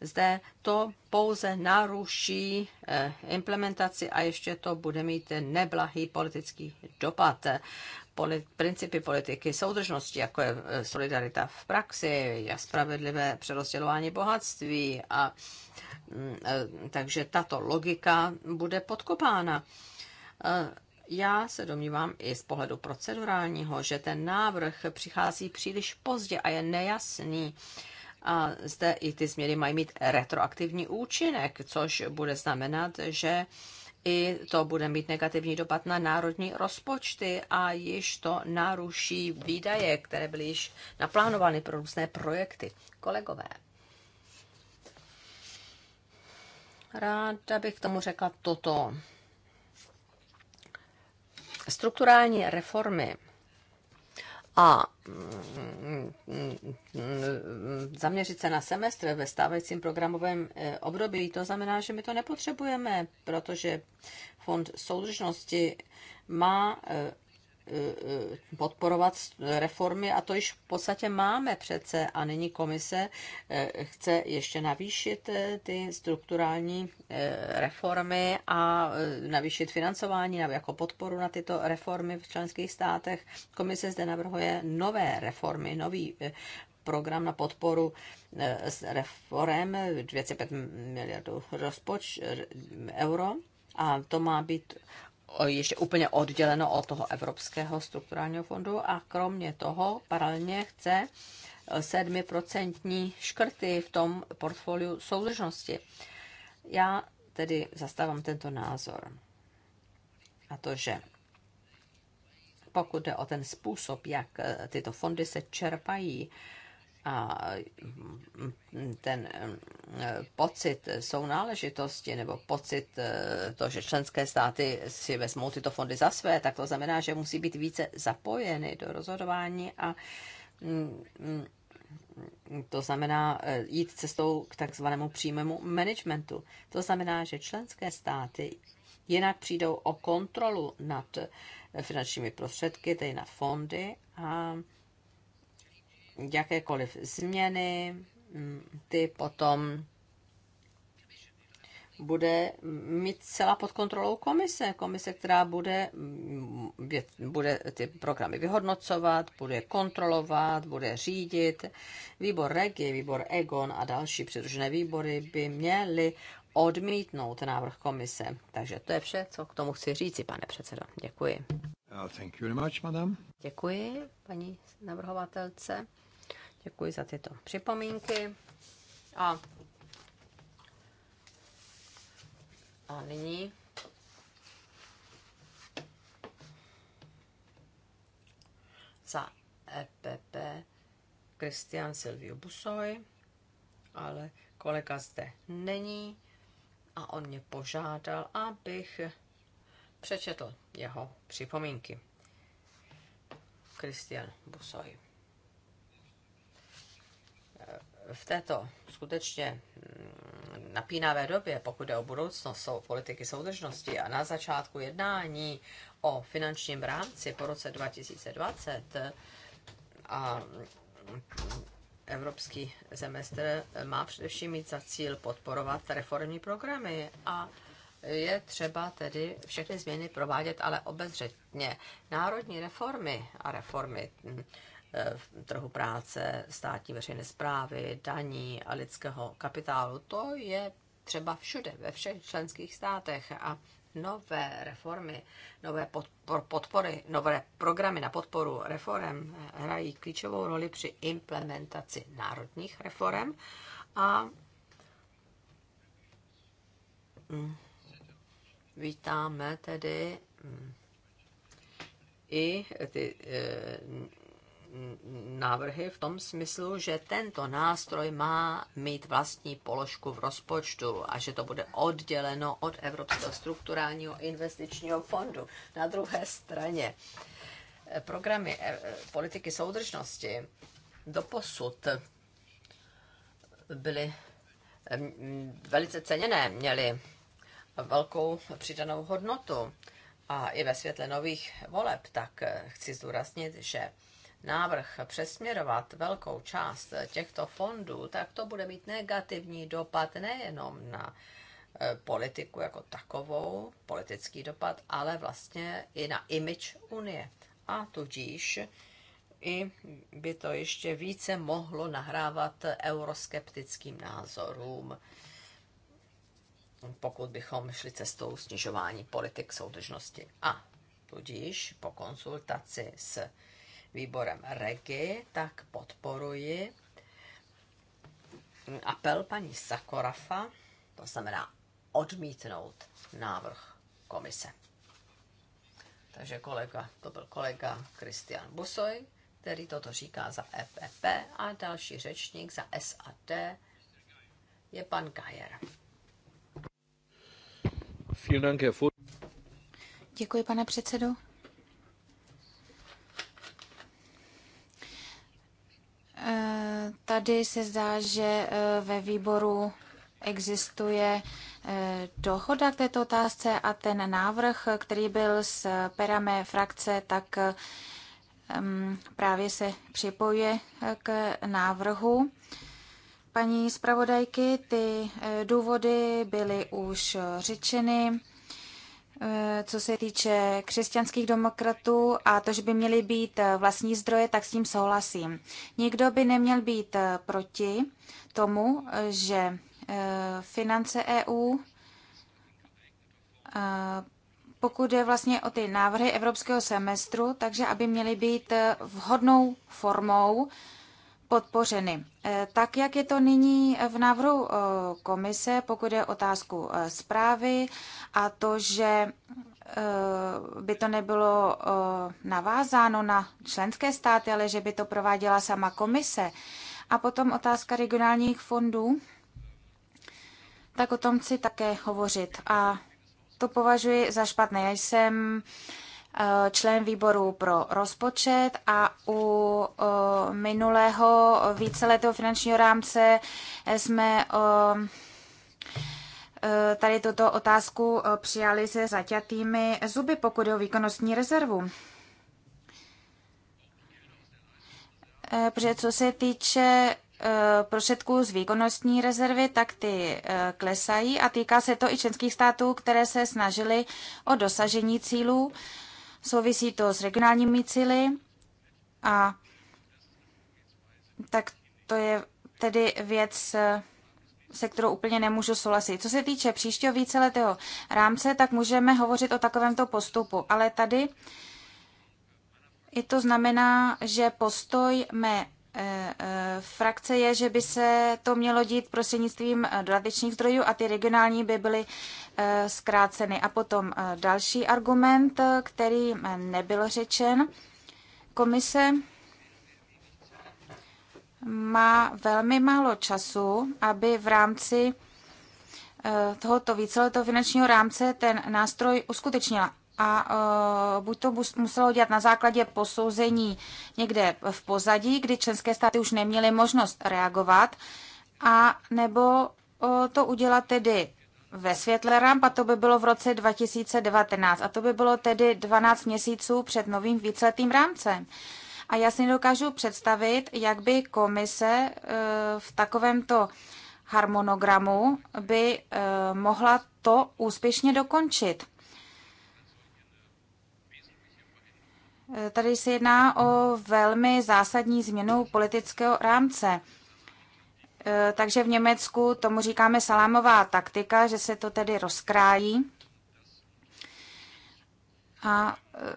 zde to pouze naruší eh, implementaci a ještě to bude mít neblahý politický dopad. Poli- principy politiky soudržnosti, jako je eh, solidarita v praxi, a spravedlivé přerozdělování bohatství. A, mm, eh, takže tato logika bude podkopána. Já se domnívám i z pohledu procedurálního, že ten návrh přichází příliš pozdě a je nejasný. A zde i ty změny mají mít retroaktivní účinek, což bude znamenat, že i to bude mít negativní dopad na národní rozpočty a již to naruší výdaje, které byly již naplánovány pro různé projekty. Kolegové, ráda bych k tomu řekla toto. Strukturální reformy a mm, mm, zaměřit se na semestr ve stávajícím programovém e, období, to znamená, že my to nepotřebujeme, protože Fond soudržnosti má e, Eh, podporovat reformy a to již v podstatě máme přece a nyní komise eh, chce ještě navýšit eh, ty strukturální reformy a navýšit financování jako podporu na tyto reformy v členských státech. Komise zde navrhuje nové reformy, nový program na podporu s reform 205 miliardů rozpoč euro a to má být ještě úplně odděleno od toho Evropského strukturálního fondu a kromě toho paralelně chce 7% e, škrty v tom portfoliu soudržnosti. Já tedy zastávám tento názor. A to, že pokud jde o ten způsob, jak e, tyto fondy se čerpají, a mm, ten mm, pocit sounáležitosti nebo pocit e, to, že členské státy si vezmou tyto fondy za své, tak to znamená, že musí být více zapojeny do rozhodování a mm, to znamená e, jít cestou k takzvanému přímému managementu. To znamená, že členské státy jinak přijdou o kontrolu nad e, finančními prostředky, tedy nad fondy a jakékoliv změny, mm, ty potom bude mít celá pod kontrolou komise. Komise, která bude, mm, bude ty programy vyhodnocovat, bude kontrolovat, bude řídit. Výbor Regi, výbor Egon a další předružené výbory by měly odmítnout návrh komise. Takže to je vše, co k tomu chci říci, pane předsedo. Děkuji. Uh, thank you very much, madam. Děkuji, paní navrhovatelce. Děkuji za tyto připomínky. A, a nyní za EPP Christian Silvio Busoy, ale kolega zde není a on mě požádal, abych přečetl jeho připomínky. Christian Busoy v této skutečně mm, napínavé době, pokud jde o budoucnost jsou politiky soudržnosti a na začátku jednání o finančním rámci po roce 2020 eh, a mm, evropský semestr má především mít za cíl podporovat reformní programy a je třeba tedy všechny změny provádět, ale obezřetně. Národní reformy a reformy mm, v trhu práce, státní veřejné zprávy, daní a lidského kapitálu. To je třeba všude, ve všech členských státech a nové reformy, nové podpory, nové programy na podporu reform hrají klíčovou roli při implementaci národních reform a mm, vítáme tedy mm, i ty eh, návrhy v tom smyslu, že tento nástroj má mít vlastní položku v rozpočtu a že to bude odděleno od Evropského strukturálního investičního fondu. Na druhé straně eh, programy eh, eh, politiky soudržnosti doposud byly velice ceněné, měly velkou přidanou hodnotu. A i ve světle nových voleb, tak chci zdůraznit, že návrh přesměrovat velkou část těchto fondů, tak to bude mít negativní dopad nejenom na e, politiku jako takovou, politický dopad, ale vlastně i na image Unie. A tudíž i by to ještě více mohlo nahrávat euroskeptickým názorům, pokud bychom šli cestou snižování politik soudržnosti. A tudíž po konsultaci s výborem REGI, tak podporuji apel paní Sakorafa, to znamená odmítnout návrh komise. Takže kolega, to byl kolega Kristian Busoj, který toto říká za EPP a další řečník za SAD je pan Kajer. Děkuji, pane předsedo. Tady se zdá, že eh, ve výboru existuje eh, dohoda k této otázce a ten návrh, který byl z pera mé frakce, tak ehm, právě se připojuje eh, k návrhu paní zpravodajky. Ty důvody byly už řečeny. Eh, co se týče křesťanských demokratů a to, že by měly být eh, vlastní zdroje, tak s tím souhlasím. Nikdo by neměl být eh, proti tomu, že finance EU, pokud je vlastně o ty návrhy evropského semestru, takže aby měly být vhodnou formou podpořeny. Eh, tak, jak je to nyní v návrhu eh, komise, pokud je otázku eh, zprávy a to, že by to nebylo navázáno na členské státy, ale že by to prováděla sama komise. A potom otázka regionálních fondů, tak o tom chci také hovořit. A to považuji za špatné. Já jsem uh, Eh, člen výboru pro rozpočet a u eh, minulého víceletého finančního rámce jsme eh, tady tuto otázku přijali se zaťatými zuby, pokud je o výkonnostní rezervu. Protože co se týče prostředků z výkonnostní rezervy, tak ty klesají a týká se to i členských států, které se snažily o dosažení cílů Souvisí to s regionálními cíly a tak to je tedy věc, se kterou úplně nemůžu souhlasit. Co se týče příštího víceletého rámce, tak můžeme hovořit o takovémto postupu, ale tady i to znamená, že postoj mé e, e, frakce je, že by se to mělo dít prostřednictvím e, dodatečných zdrojů a ty regionální by byly Eh, zkráceny. A potom eh, další argument, eh, který nebyl řečen. Komise má velmi málo času, aby v rámci tohoto víceletého finančního rámce ten nástroj uskutečnila. A buď to muselo dělat na základě posouzení někde v pozadí, kdy členské státy už neměly možnost reagovat, a nebo to udělat tedy ve světle rampa, to by bylo v roce 2019 a to by bylo tedy 12 měsíců před novým víceletým rámcem. A já si dokážu představit, jak by komise e, v takovémto harmonogramu by e, mohla to úspěšně dokončit. E, tady se jedná o velmi zásadní změnu politického rámce. Eh, takže v Německu tomu říkáme salámová taktika, že se to tedy rozkrájí. A eh,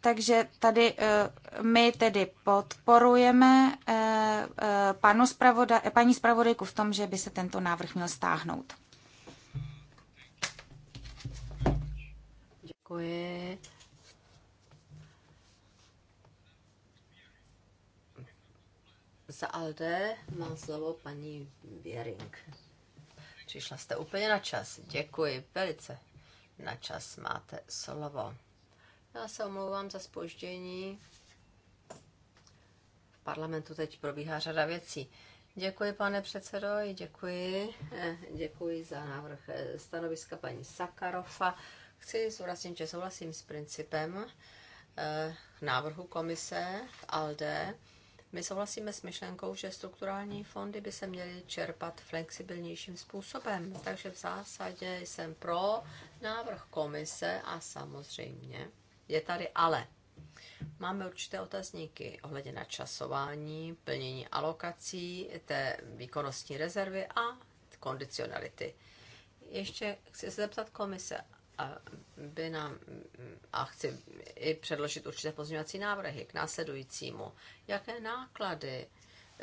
takže tady eh, my tedy podporujeme panu spravoda, paní zpravodajku v tom, že by se tento návrh měl stáhnout. Děkuji. Za Alde má slovo paní Věring. Přišla jste úplně na čas. Děkuji, velice. Na čas máte slovo. Já se omlouvám za spoždění. V parlamentu teď probíhá řada věcí. Děkuji, pane předsedo, děkuji. Eh, děkuji za návrh eh, stanoviska paní Sakarofa. Chci zúraznit, že souhlasím s principem eh, návrhu komise v ALDE my souhlasíme s myšlenkou, že strukturální fondy by se měly čerpat flexibilnějším způsobem. Takže v zásadě jsem pro návrh komise a samozřejmě je tady ale. Máme určité otazníky ohledně na časování, plnění alokací, té výkonnostní rezervy a kondicionality. Ještě chci se zeptat komise, by nám, a chci i předložit určité pozměňovací návrhy k následujícímu. Jaké náklady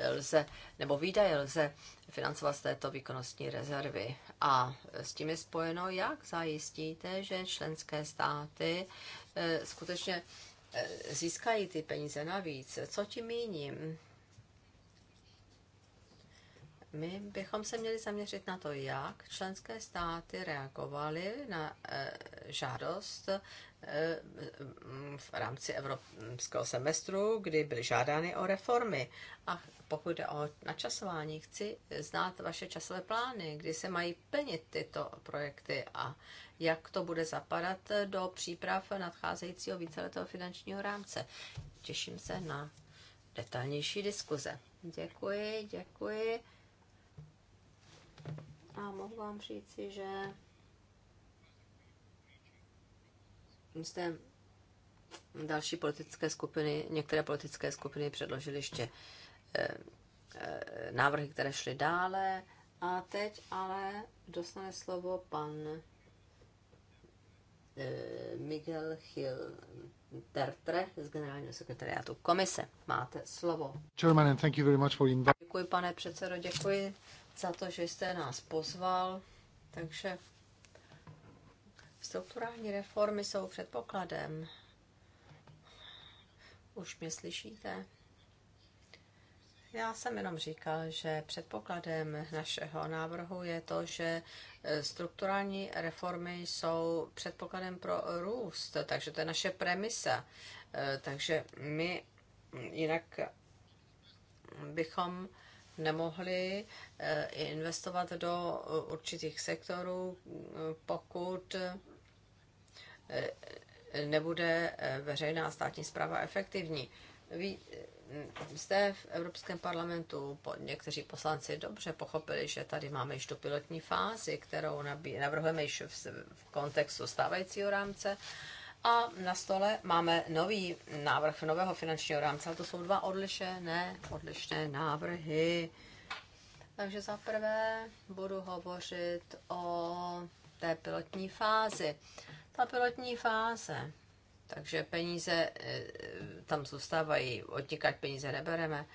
lze, nebo výdaje lze financovat z této výkonnostní rezervy. A s tím je spojeno, jak zajistíte, že členské státy eh, skutečně eh, získají ty peníze navíc. Co tím míním? my bychom se měli zaměřit na to, jak členské státy reagovaly na e, žádost e, v rámci evropského semestru, kdy byly žádány o reformy. A pokud jde o načasování, chci znát vaše časové plány, kdy se mají plnit tyto projekty a jak to bude zapadat do příprav nadcházejícího víceletého finančního rámce. Těším se na detailnější diskuze. Děkuji, děkuji. A mohu vám říci, že zde další politické skupiny, některé politické skupiny předložily ještě eh, eh, návrhy, které šly dále. A teď ale dostane slovo pan eh, Miguel Gil Tertre z generálního sekretariátu komise. Máte slovo. Chairman, and thank you very much for Děkuji, pane předsedo, děkuji za to, že jste nás pozval. Takže strukturální reformy jsou předpokladem. Už mě slyšíte? Já jsem jenom říkal, že předpokladem našeho návrhu je to, že e, strukturální reformy jsou předpokladem pro růst, takže to je naše premisa. E, takže my jinak bychom nemohli eh, investovat do eh, určitých sektorů, eh, pokud nebude veřejná státní zpráva efektivní. Ví, hm, zde v Evropském parlamentu někteří poslanci dobře pochopili, že tady máme již tu pilotní fázi, kterou navrhujeme již v, v kontextu stávajícího rámce a na stole máme nový návrh nového finančního rámce, ale to jsou dva odlišné, odlišné návrhy. Takže za prvé budu hovořit o té pilotní fázi. Ta pilotní fáze, takže peníze eh, tam zůstávají, odtěkať peníze nebereme.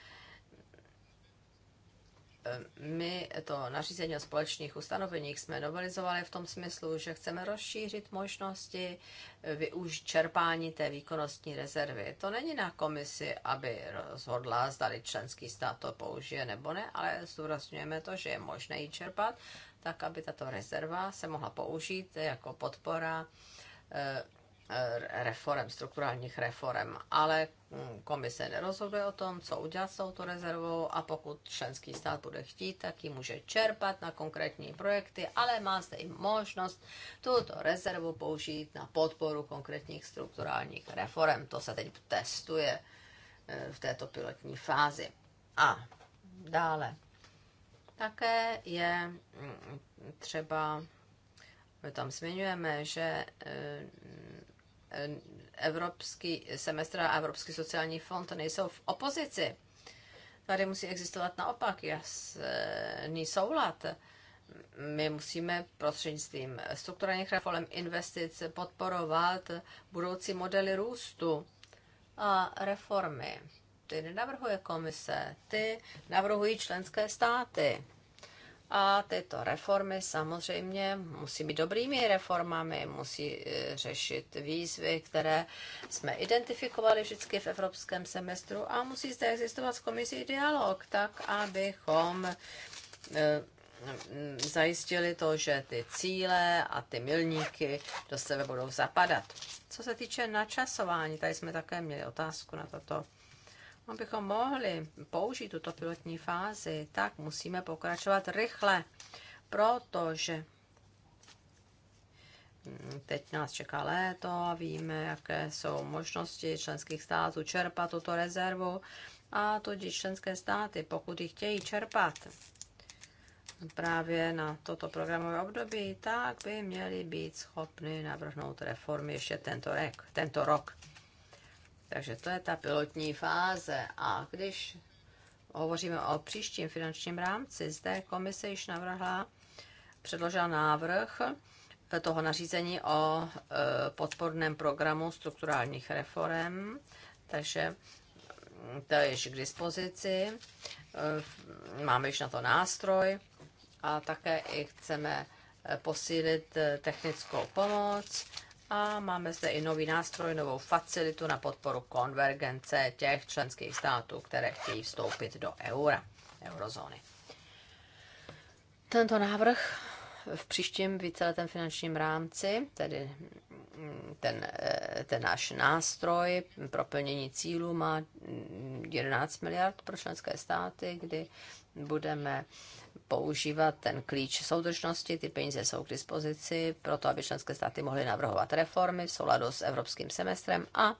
Ehm, my to nařízení o společných ustanoveních jsme novelizovali v tom smyslu, že chceme rozšířit možnosti eh, využít čerpání té výkonnostní rezervy. To není na komisi, aby rozhodla, zda členský stát to použije nebo ne, ale zdůrazňujeme to, že je možné ji čerpat, tak aby tato rezerva se mohla použít jako podpora eh, Eh, reform, strukturálních reform, ale hm, komise nerozhoduje o tom, co udělat s touto rezervou a pokud členský stát bude chtít, tak ji může čerpat na konkrétní projekty, ale má zde i možnost tuto rezervu použít na podporu konkrétních strukturálních reform. To se teď testuje eh, v této pilotní fázi. A dále také je hm, třeba my tam zmiňujeme, že eh, Evropský semestr a Evropský sociální fond nejsou v opozici. Tady musí existovat naopak jasný soulad. My musíme prostřednictvím strukturálních reform investic podporovat budoucí modely růstu a reformy. Ty nenavrhuje komise, ty navrhují členské státy. A tyto reformy samozřejmě musí být dobrými reformami, musí e, řešit výzvy, které jsme identifikovali vždycky v evropském semestru a musí zde existovat s komisí dialog, tak abychom e, zajistili to, že ty cíle a ty milníky do sebe budou zapadat. Co se týče načasování, tady jsme také měli otázku na toto abychom mohli použít tuto pilotní fázi, tak musíme pokračovat rychle, protože teď nás čeká léto a víme, jaké jsou možnosti členských států čerpat tuto rezervu a tudíž členské státy, pokud ji chtějí čerpat právě na toto programové období, tak by měly být schopny navrhnout reformy ještě tento rok. Tento rok. Takže to je ta pilotní fáze. A když hovoříme o příštím finančním rámci, zde komise již navrhla, předložila návrh toho nařízení o e, podporném programu strukturálních reform, takže mm, to je již k dispozici, e, máme již na to nástroj a také i chceme e, posílit technickou pomoc a máme zde i nový nástroj, novou facilitu na podporu konvergence těch členských států, které chtějí vstoupit do eura, eurozóny. Tento návrh v příštím víceletém finančním rámci, tedy ten, ten náš nástroj pro plnění cílu má 11 miliard pro členské státy, kdy budeme používat ten klíč soudržnosti. Ty peníze jsou k dispozici pro to, aby členské státy mohly navrhovat reformy v souladu s evropským semestrem a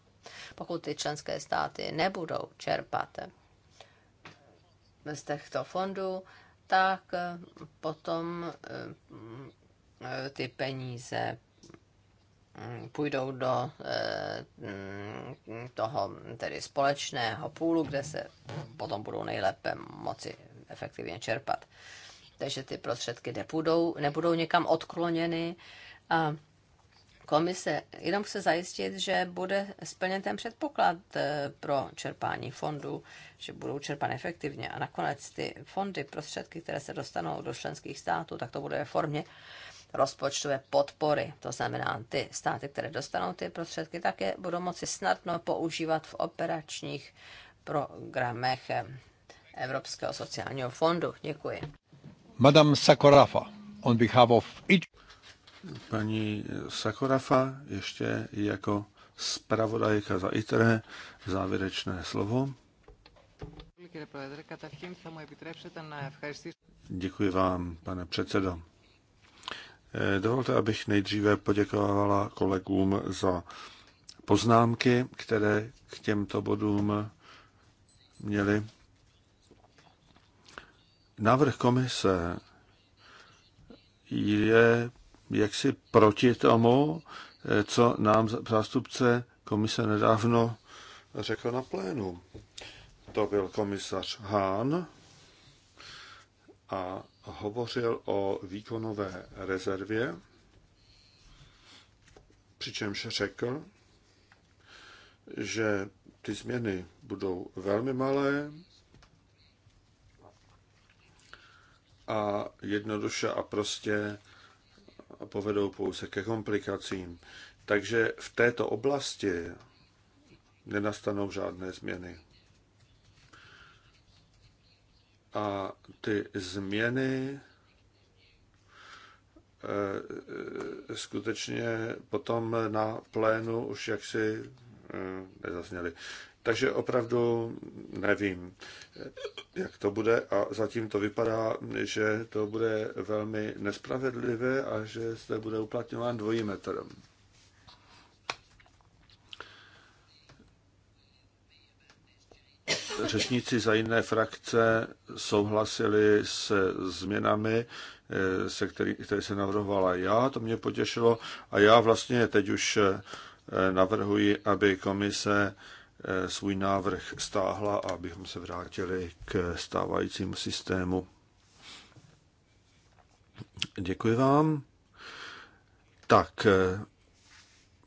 pokud ty členské státy nebudou čerpat z těchto fondů, tak potom eh, ty peníze mm, půjdou do eh, mm, toho tedy společného půlu, kde se potom budou nejlépe moci efektivně čerpat. Takže ty prostředky nebudou, nebudou někam odkloněny a komise jenom chce zajistit, že bude splněn ten předpoklad eh, pro čerpání fondů, že budou čerpány efektivně a nakonec ty fondy, prostředky, které se dostanou do členských států, tak to bude ve formě rozpočtové podpory. To znamená, ty státy, které dostanou ty prostředky, také budou moci snadno používat v operačních programech eh, Evropského sociálního fondu. Děkuji. Madame Sakorafa, on behalf of each... Paní Sakorafa ještě jako zpravodajka za ITRE závěrečné slovo. Děkuji vám, pane předsedo. Dovolte, abych nejdříve poděkovala kolegům za poznámky, které k těmto bodům měli. Návrh komise je jaksi proti tomu, co nám zástupce komise nedávno řekl na plénu. To byl komisař Hán a hovořil o výkonové rezervě, přičemž řekl, že ty změny budou velmi malé a jednoduše a prostě povedou pouze ke komplikacím. Takže v této oblasti nenastanou žádné změny. A ty změny eh, skutečně potom na plénu už jaksi eh, nezazněly. Takže opravdu nevím, jak to bude a zatím to vypadá, že to bude velmi nespravedlivé a že se bude uplatňován dvojí metr. Řečníci za jiné frakce souhlasili s změnami, se který, které se navrhovala já, to mě potěšilo a já vlastně teď už navrhuji, aby komise Eh, svůj návrh stáhla a abychom se vrátili k stávajícímu systému. Děkuji vám. Tak, eh,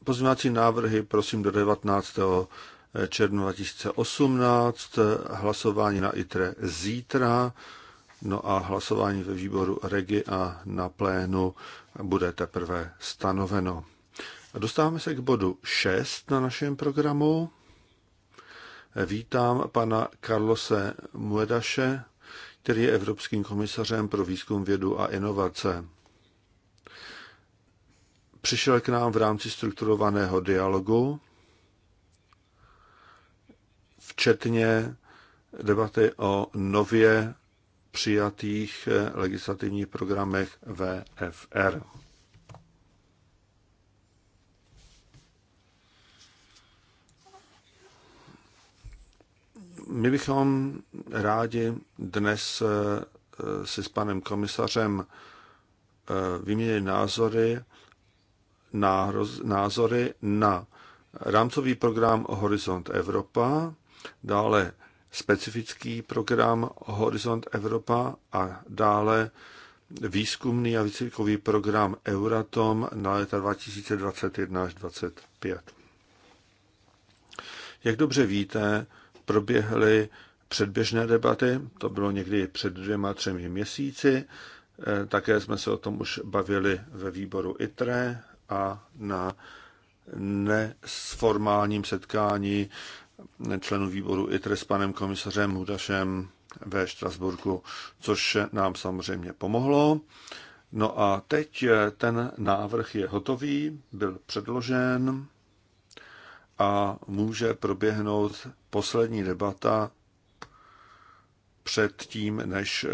pozměňovací návrhy prosím do 19. Eh, června 2018, hlasování na ITRE zítra, no a hlasování ve výboru REGI a na plénu bude teprve stanoveno. A dostáváme se k bodu 6 na našem programu. Vítám pana Carlose Muedaše, který je Evropským komisařem pro výzkum, vědu a inovace. Přišel k nám v rámci strukturovaného dialogu, včetně debaty o nově přijatých legislativních programech VFR. My bychom rádi dnes eh, si s panem komisařem eh, vyměnili názory na, názory na rámcový program Horizont Evropa, dále specifický program Horizont Evropa a dále výzkumný a výcvikový program Euratom na léta 2021 až 2025. Jak dobře víte, proběhly předběžné debaty, to bylo někdy před dvěma, třemi měsíci. Eh, také jsme se o tom už bavili ve výboru ITRE a na nesformálním setkání členů výboru ITRE s panem komisařem Hudašem ve Štrasburku, což nám samozřejmě pomohlo. No a teď eh, ten návrh je hotový, byl předložen a může proběhnout poslední debata před tím, než eh,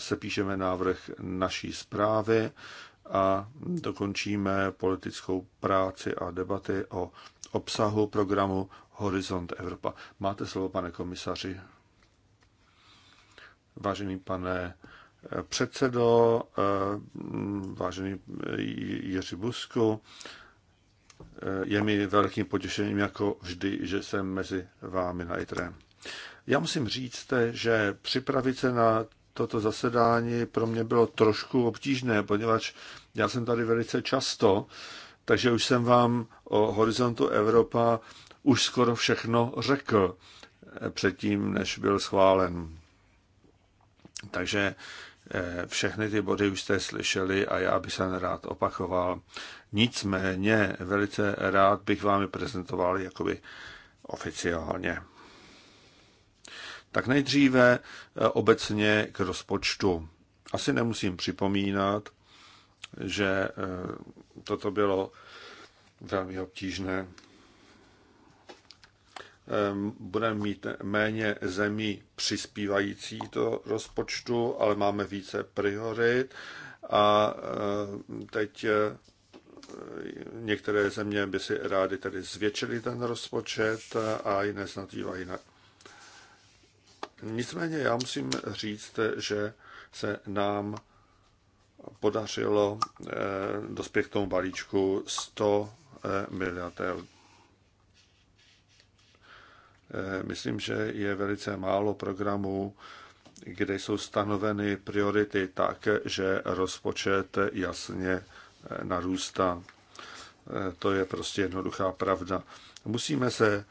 se píšeme návrh naší zprávy a dokončíme politickou práci a debaty o obsahu programu Horizont Evropa. Máte slovo, pane komisaři. Vážený pane eh, předsedo, eh, vážený Jiří Busku, Eh, je mi velkým potěšením, jako vždy, že jsem mezi vámi na ITRE. Já musím říct, že připravit se na toto zasedání pro mě bylo trošku obtížné, poněvadž já jsem tady velice často, takže už jsem vám o horizontu Evropa už skoro všechno řekl eh, předtím, než byl schválen. Takže eh, všechny ty body už jste slyšeli a já bych se rád opakoval. Nicméně velice rád bych vám je prezentoval jakoby oficiálně. Tak nejdříve e, obecně k rozpočtu. Asi nemusím připomínat, že e, toto bylo velmi obtížné. E, Budeme mít méně zemí přispívající do rozpočtu, ale máme více priorit a teď některé země by si rády tedy zvětšily ten rozpočet a jiné snad jinak. Nicméně já musím říct, že se nám podařilo eh, dospět k tomu balíčku 100 eh, miliard eh, Myslím, že je velice málo programů, kde jsou stanoveny priority tak, že rozpočet jasně Eh, narůstá. Eh, to je prostě jednoduchá pravda. Musíme se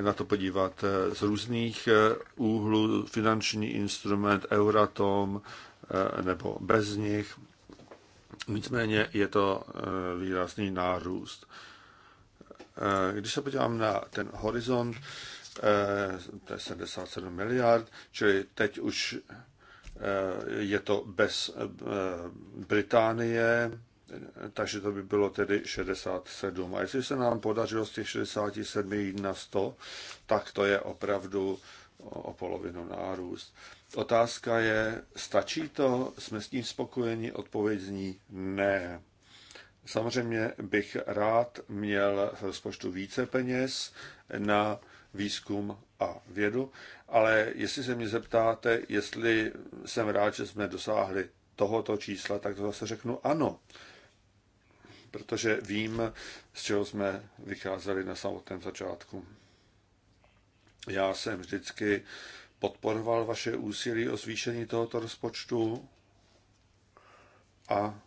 na to podívat eh, z různých úhlů, finanční instrument, Euratom nebo bez nich. Nicméně je to výrazný nárůst. Když se podívám na ten horizont, to je 77 miliard, čili teď už je to bez Británie, takže to by bylo tedy 67. A jestli se nám podařilo z těch 67 jít na 100, tak to je opravdu o polovinu nárůst. Otázka je, stačí to? Jsme s tím spokojeni? Odpověď zní ne. Samozřejmě bych rád měl v rozpočtu více peněz na výzkum a vědu, ale jestli se mě zeptáte, jestli jsem rád, že jsme dosáhli tohoto čísla, tak to zase řeknu ano protože vím, z čeho jsme vycházeli na samotném začátku. Já jsem vždycky podporoval vaše úsilí o zvýšení tohoto rozpočtu a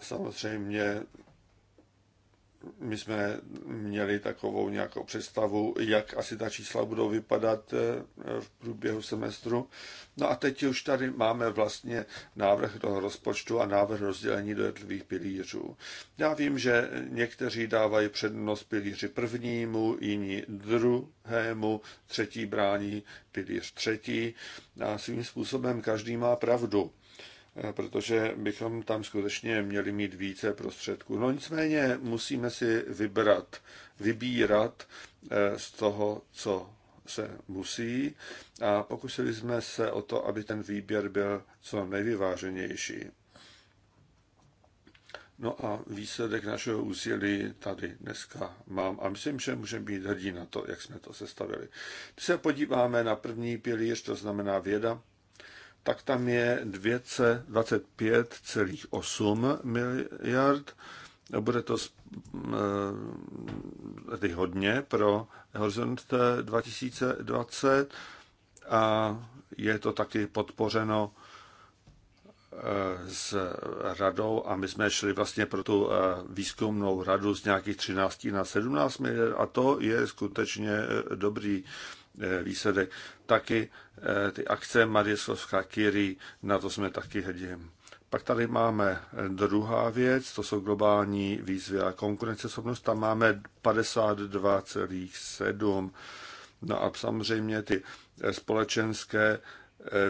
samozřejmě my jsme měli takovou nějakou představu, jak asi ta čísla budou vypadat eh, v průběhu semestru. No a teď už tady máme vlastně návrh toho rozpočtu a návrh rozdělení do jednotlivých pilířů. Já vím, že někteří dávají přednost pilíři prvnímu, jiní druhému, třetí brání pilíř třetí. A svým způsobem každý má pravdu. Eh, protože bychom tam skutečně měli mít více prostředků. No nicméně musíme si vybrat, vybírat eh, z toho, co se musí a pokusili jsme se o to, aby ten výběr byl co nejvyváženější. No a výsledek našeho úsilí tady dneska mám a myslím, že můžeme být hrdí na to, jak jsme to sestavili. Když se podíváme na první pilíř, to znamená věda, tak tam je 225,8 miliard. Bude to eh, tedy hodně pro Horizont 2020 a je to taky podpořeno eh, s radou a my jsme šli vlastně pro tu eh, výzkumnou radu z nějakých 13 na 17 miliard a to je skutečně dobrý Eh, výsledek. Taky eh, ty akce Marieslovská Kiri, na to jsme taky hrdí. Pak tady máme eh, druhá věc, to jsou globální výzvy a konkurenceschopnost. Tam máme 52,7. No a samozřejmě ty společenské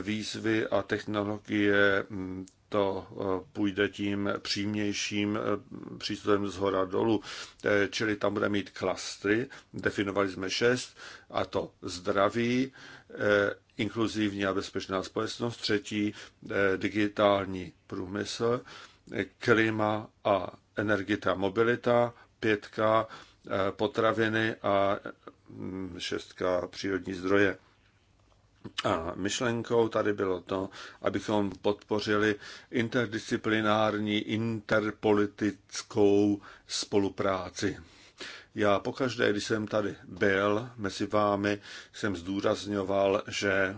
výzvy a technologie, mm, to eh, půjde tím přímějším eh, přístupem z hora dolů. Eh, čili tam bude mít klastry, definovali jsme šest, a to zdraví, inkluzivní a bezpečná společnost, třetí digitální průmysl, klima a energita, mobilita, pětka potraviny a mm, šestka přírodní zdroje. A myšlenkou tady bylo to, abychom podpořili interdisciplinární, interpolitickou spolupráci. Já pokaždé, když jsem tady byl mezi vámi, jsem zdůrazňoval, že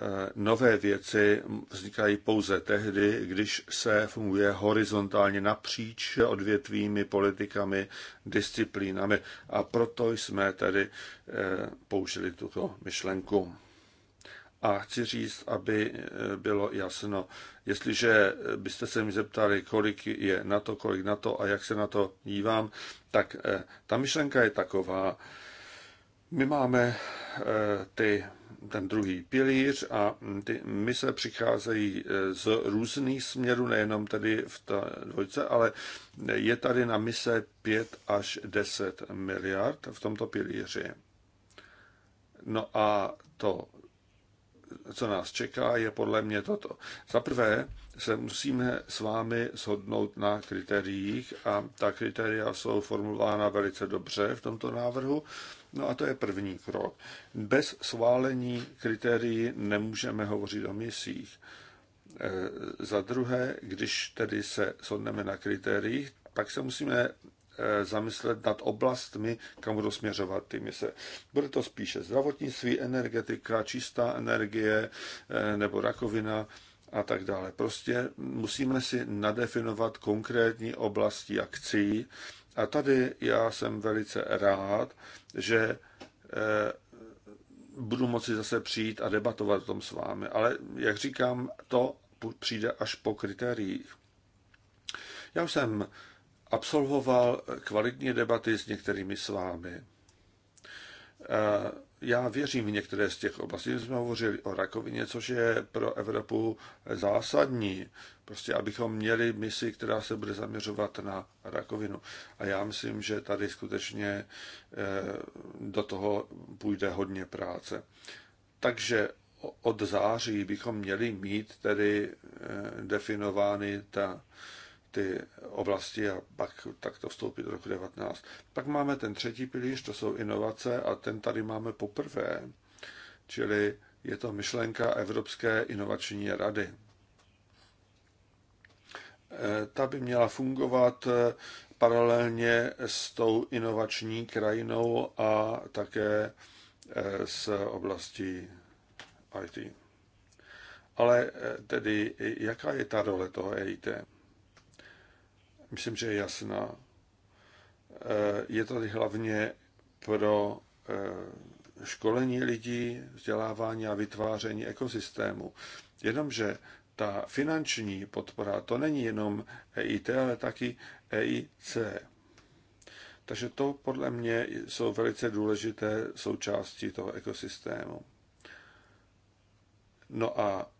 Eh, nové věci vznikají pouze tehdy, když se funguje horizontálně napříč odvětvými politikami, disciplínami. A proto jsme tady eh, použili tuto myšlenku. A chci říct, aby eh, bylo jasno, jestliže byste se mi zeptali, kolik je na to, kolik na to a jak se na to dívám, tak ta myšlenka je taková. My máme ty ten druhý pilíř a ty mise přicházejí eh, z různých směrů, nejenom tedy v ta dvojce, ale je tady na mise 5 až 10 miliard v tomto pilíři. No a to, co nás čeká, je podle mě toto. Za prvé se musíme s vámi shodnout na kritériích a ta kritéria jsou formulována velice dobře v tomto návrhu. No a to je první krok. Bez schválení kritérií nemůžeme hovořit o misích. E, za druhé, když tedy se shodneme na kritériích, pak se musíme e, zamyslet nad oblastmi, kam budou směřovat ty mise. Bude to spíše zdravotnictví, energetika, čistá energie e, nebo rakovina a tak dále. Prostě musíme si nadefinovat konkrétní oblasti akcí a tady já jsem velice rád, že eh, budu moci zase přijít a debatovat o tom s vámi. Ale jak říkám, to přijde až po kritériích. Já už jsem absolvoval kvalitní debaty s některými s vámi. Eh, já věřím v některé z těch oblastí. My jsme hovořili o rakovině, což je pro Evropu zásadní. Prostě abychom měli misi, která se bude zaměřovat na rakovinu. A já myslím, že tady skutečně eh, do toho půjde hodně práce. Takže od září bychom měli mít tedy eh, definovány ta ty oblasti a pak tak to vstoupí do roku 19. Pak máme ten třetí pilíř, to jsou inovace a ten tady máme poprvé, čili je to myšlenka Evropské inovační rady. E, ta by měla fungovat e, paralelně s tou inovační krajinou a také e, s oblastí IT. Ale tedy, jaká je ta role toho EIT? myslím, že je jasná. Eh, je tady hlavně pro eh, školení lidí, vzdělávání a vytváření ekosystému. Jenomže ta finanční podpora, to není jenom EIT, ale taky EIC. Takže to podle mě jsou velice důležité součásti toho ekosystému. No a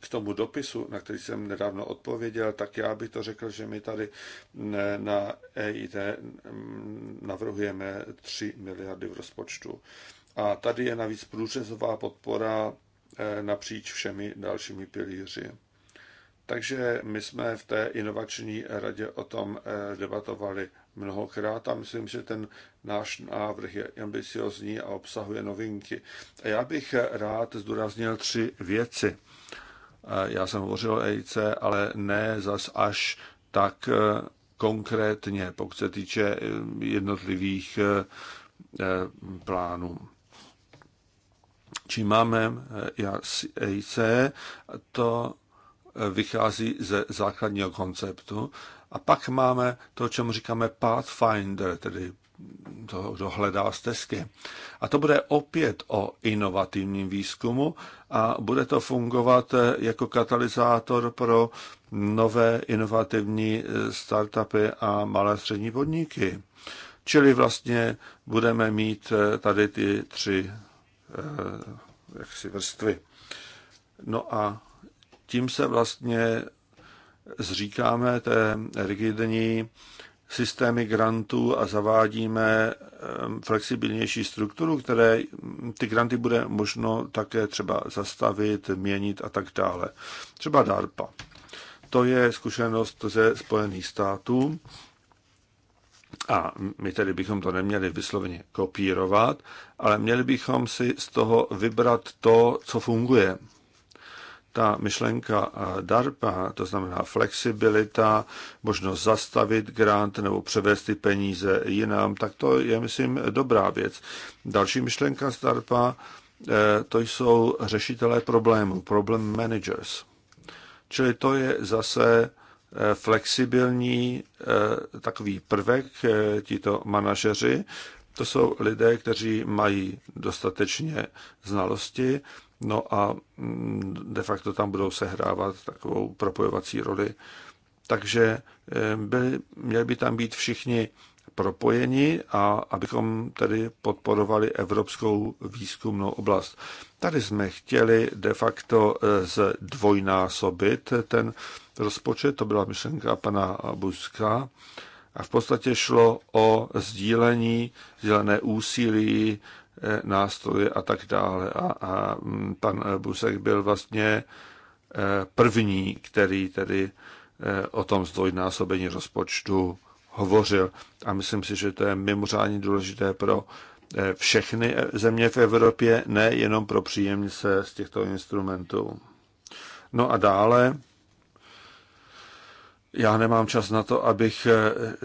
k tomu dopisu, na který jsem nedávno odpověděl, tak já bych to řekl, že my tady na EIT mm, navrhujeme 3 miliardy v rozpočtu. A tady je navíc průřezová podpora eh, napříč všemi dalšími pilíři. Takže my jsme v té inovační radě o tom eh, debatovali mnohokrát a myslím, že ten náš návrh je ambiciozní a obsahuje novinky. A já bych rád zdůraznil tři věci. Já jsem hovořil o EIC, ale ne zas až tak e, konkrétně, pokud se týče e, jednotlivých e, plánů. Čím máme EIC, to vychází ze základního konceptu a pak máme to, čemu říkáme Pathfinder, tedy to hledá stezky. A to bude opět o inovativním výzkumu a bude to fungovat jako katalyzátor pro nové inovativní startupy a malé střední podniky. Čili vlastně budeme mít eh, tady ty tři eh, jaksi vrstvy. No a tím se vlastně zříkáme té rigidní systémy grantů a zavádíme flexibilnější strukturu, které ty granty bude možno také třeba zastavit, měnit a tak dále. Třeba DARPA. To je zkušenost ze Spojených států a my tedy bychom to neměli vysloveně kopírovat, ale měli bychom si z toho vybrat to, co funguje ta myšlenka DARPA, to znamená flexibilita, možnost zastavit grant nebo převést ty peníze jinam, tak to je, myslím, dobrá věc. Další myšlenka z DARPA, eh, to jsou řešitelé problémů, problem managers. Čili to je zase eh, flexibilní eh, takový prvek, tito manažeři. To jsou lidé, kteří mají dostatečně znalosti, No a mm, de facto tam budou sehrávat takovou propojovací roli. Takže eh, byli, měli by tam být všichni propojeni a abychom tedy podporovali evropskou výzkumnou oblast. Tady jsme chtěli de facto eh, zdvojnásobit ten rozpočet, to byla myšlenka pana Buska, a v podstatě šlo o sdílení, sdílené úsilí, nástroje a tak dále. A, a mm, pan Busek byl vlastně e, první, který tedy e, o tom zdvojnásobení rozpočtu hovořil. A myslím si, že to je mimořádně důležité pro e, všechny země v Evropě, ne jenom pro příjemce z těchto instrumentů. No a dále, já nemám čas na to, abych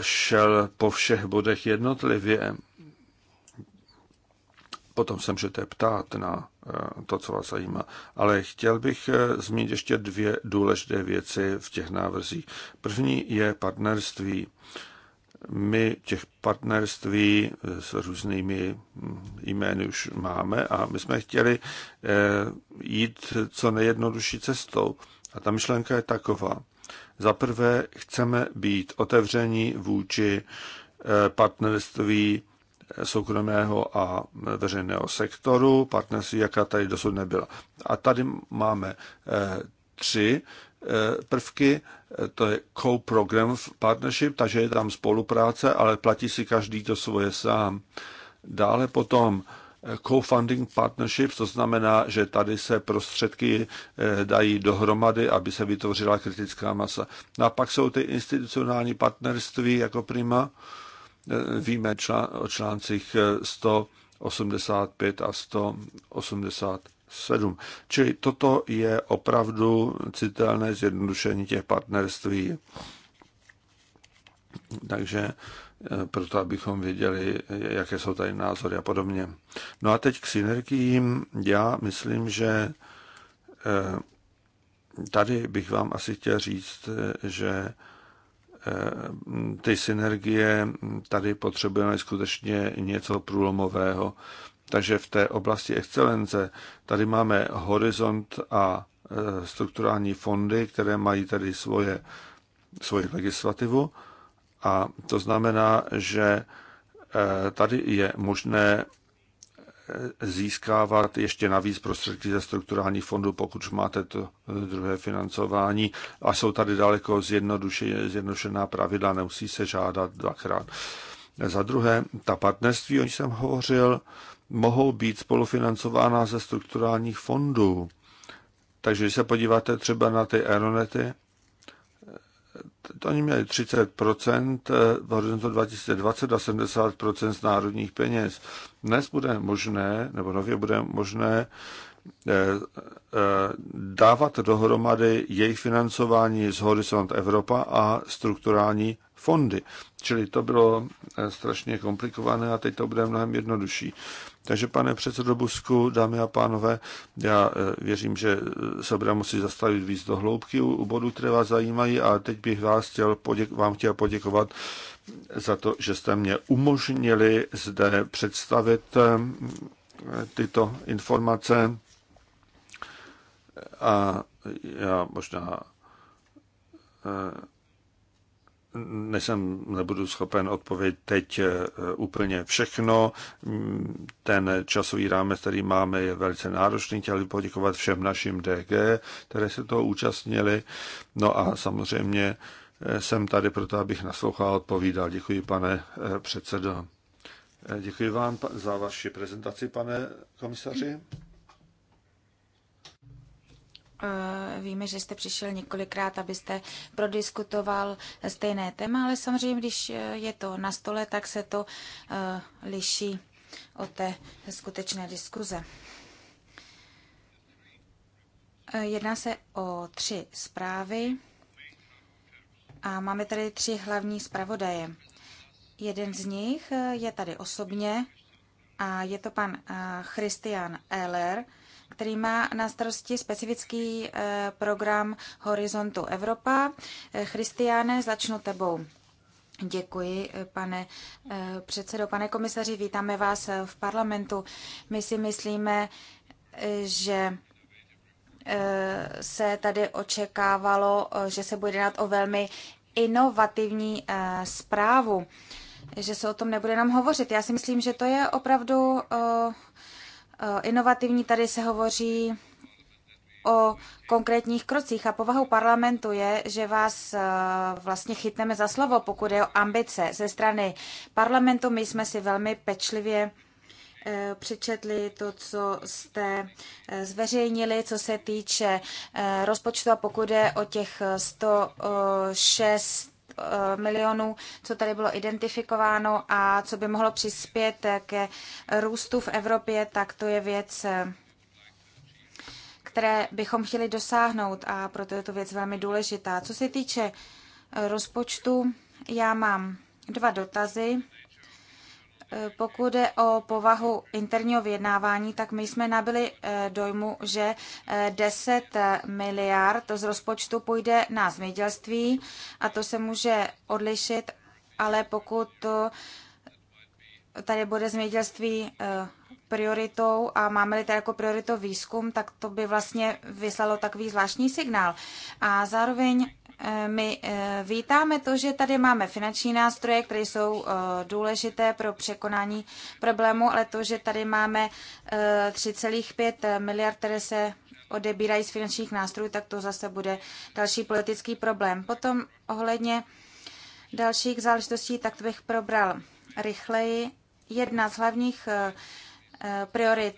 šel po všech bodech jednotlivě. Potom se můžete ptát na eh, to, co vás zajímá. Ale chtěl bych eh, zmínit ještě dvě důležité věci v těch návrzích. První je partnerství. My těch partnerství s různými hm, jmény už máme a my jsme chtěli eh, jít co nejjednodušší cestou. A ta myšlenka je taková. Za prvé chceme být otevření vůči partnerství soukromého a veřejného sektoru, partnerství, jaká tady dosud nebyla. A tady máme eh, tři eh, prvky, to je co-program partnership, takže je tam spolupráce, ale platí si každý to svoje sám. Dále potom eh, co-funding partnership, to znamená, že tady se prostředky dají dohromady, aby se vytvořila kritická masa. No a pak jsou ty institucionální partnerství jako prima, Eh, víme čl- o článcích 185 eh, a 187. Čili toto je opravdu citelné zjednodušení těch partnerství. Takže eh, proto abychom věděli, jaké jsou tady názory a podobně. No a teď k synergiím. Já myslím, že tady bych vám asi chtěl říct, že ty synergie, mm, tady potřebujeme skutečně něco průlomového. Takže v té oblasti excelence tady máme horizont a e, strukturální fondy, které mají tady svoje, svoji legislativu. A to znamená, že e, tady je možné získávat ještě navíc prostředky ze strukturálních fondů, pokud máte to eh, druhé financování. A jsou tady daleko zjednodušená pravidla, nemusí se žádat dvakrát. Za druhé, ta partnerství, o níž jsem hovořil, mohou být spolufinancována ze strukturálních fondů. Takže když se podíváte třeba na ty aeronety, oni měli 30% eh, v horizontu 2020 a 70% z národních peněz. Dnes bude možné, nebo nově bude možné, eh, eh, dávat dohromady jejich financování z Horizont Evropa a strukturální fondy. Čili to bylo strašně komplikované a teď to bude mnohem jednodušší. Takže pane předsedo Busku, dámy a pánové, já eh, věřím, že eh, se budeme muset zastavit víc do hloubky u, u bodů, které vás zajímají a teď bych vás chtěl poděk, vám chtěl poděkovat za to, že jste mě umožnili zde představit eh, tyto informace a já možná nejsem, nebudu schopen odpovědět teď eh, úplně všechno. Ten časový rámec, který máme, je velice náročný. Chtěl bych poděkovat všem našim DG, které se toho účastnili. No a samozřejmě eh, jsem tady proto, abych naslouchal a odpovídal. Děkuji, pane eh, předsedo. Děkuji vám za vaši prezentaci, pane komisaři. Eh, víme, že jste přišel několikrát, abyste prodiskutoval stejné téma, ale samozřejmě, když eh, je to na stole, tak se to eh, liší od té skutečné diskuze. Jedná se o tři zprávy a máme tady tři hlavní zpravodaje. Jeden z nich je tady osobně a je to pan Christian Eller, který má na starosti specifický eh, program Horizontu Evropa. Eh, Christiane, začnu tebou. Děkuji, eh, pane předsedo. Pane komisaři, vítáme vás v parlamentu. My si myslíme, že se tady očekávalo, že se bude jednat o velmi inovativní zprávu, že se o tom nebude nám hovořit. Já si myslím, že to je opravdu Eh, inovativní, tady se hovoří o konkrétních krocích a povahu parlamentu je, že vás eh, vlastně chytneme za slovo, pokud je o ambice ze strany parlamentu. My jsme si velmi pečlivě eh, přečetli to, co jste zveřejnili, co se týče rozpočtu a pokud je o těch 106 Eh, milionů, co tady bylo identifikováno a co by mohlo přispět ke růstu v Evropě, tak to je věc, eh, které bychom chtěli dosáhnout a proto je to věc velmi důležitá. Co se týče eh, rozpočtu, já mám dva dotazy. Eh, pokud je o povahu interního vyjednávání, tak my jsme nabili eh, dojmu, že 10 eh, miliard z rozpočtu půjde na zemědělství a to se může odlišit, ale pokud tady bude zemědělství prioritou a máme-li tady jako prioritu výzkum, tak to by vlastně vyslalo takový zvláštní signál. A zároveň Eh, my eh, vítáme to, že tady máme finanční nástroje, které jsou eh, důležité pro překonání problému, ale to, že tady máme 3,5 miliard, které se odebírají z finančních nástrojů, tak to zase bude další politický problém. Potom ohledně dalších záležitostí, tak to bych probral rychleji. Jedna z hlavních priorit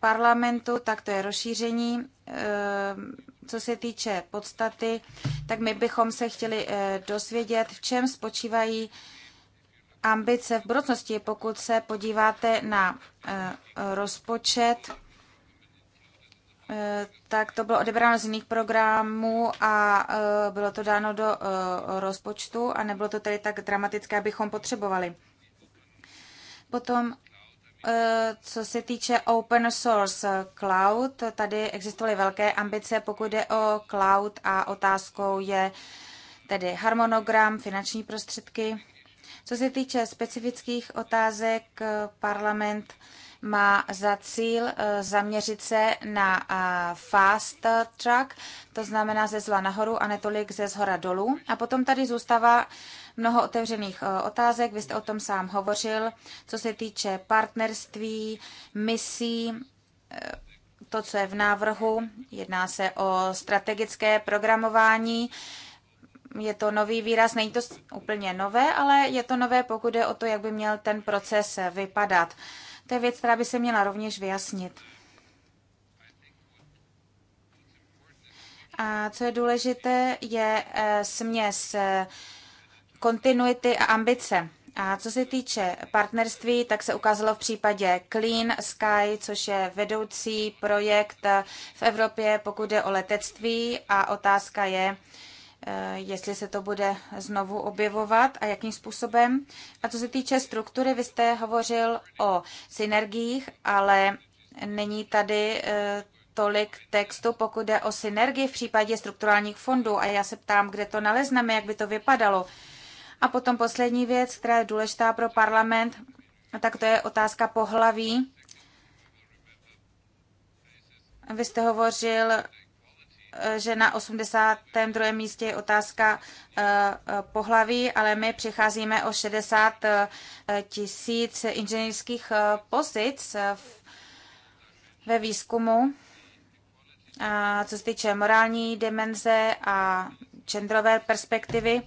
parlamentu, tak to je rozšíření co se týče podstaty, tak my bychom se chtěli eh, dosvědět, v čem spočívají ambice v budoucnosti. Pokud se podíváte na eh, rozpočet, eh, tak to bylo odebráno z jiných programů a bylo to dáno do rozpočtu a nebylo to tedy tak dramatické, abychom potřebovali. Potom Eh, co se týče open source cloud, tady existovaly velké ambice, pokud jde o cloud a otázkou je tedy harmonogram, finanční prostředky. Co se týče specifických otázek, eh, parlament má za cíl eh, zaměřit se na fast track, to znamená ze zla nahoru a netolik ze zhora dolů. A potom tady zůstává mnoho otevřených eh, otázek, vy jste o tom sám hovořil, co se týče partnerství, misí, eh, to, co je v návrhu, jedná se o strategické programování, je to nový výraz, není to úplně nové, ale je to nové, pokud je o to, jak by měl ten proces eh, vypadat. To je věc, která by se měla rovněž vyjasnit. A co je důležité, je směs kontinuity a ambice. A co se týče partnerství, tak se ukázalo v případě Clean Sky, což je vedoucí projekt v Evropě, pokud jde o letectví. A otázka je, eh, jestli se to bude znovu objevovat a jakým způsobem. A co se týče struktury, vy jste hovořil o synergiích, ale není tady eh, tolik textu, pokud jde o synergii v případě strukturálních fondů. A já se ptám, kde to nalezneme, jak by to vypadalo. A potom poslední věc, která je důležitá pro parlament, tak to je otázka pohlaví. Vy jste hovořil, eh, že na 82. místě je otázka eh, eh, pohlaví, ale my přicházíme o 60 tisíc inženýrských pozic ve výzkumu. A co se týče morální dimenze a genderové perspektivy,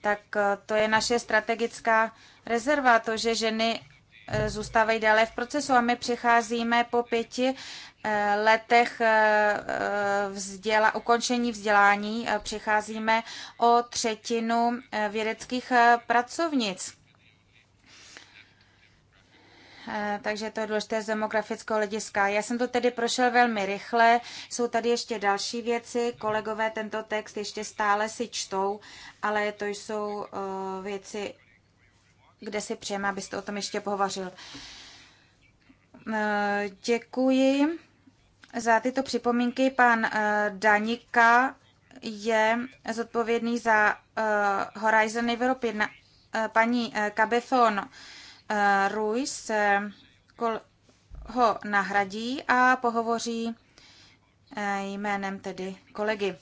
tak eh, to je naše strategická rezerva, to, že ženy eh, zůstávají dále v procesu a my přicházíme po pěti eh, letech vzděla, ukončení vzdělání, přicházíme o třetinu vědeckých pracovnic. Eh, takže to je důležité z demografického hlediska. Já jsem to tedy prošel velmi rychle, jsou tady ještě další věci, kolegové tento text ještě stále si čtou, ale to jsou eh, věci, kde si přejeme, abyste o tom ještě pohovařil. Eh, děkuji za tyto připomínky. Pan Danika je zodpovědný za Horizon Europe 1. Paní Kabefon, Eh, Ruiz ho nahradí a pohovoří eh, jménem tedy kolegy.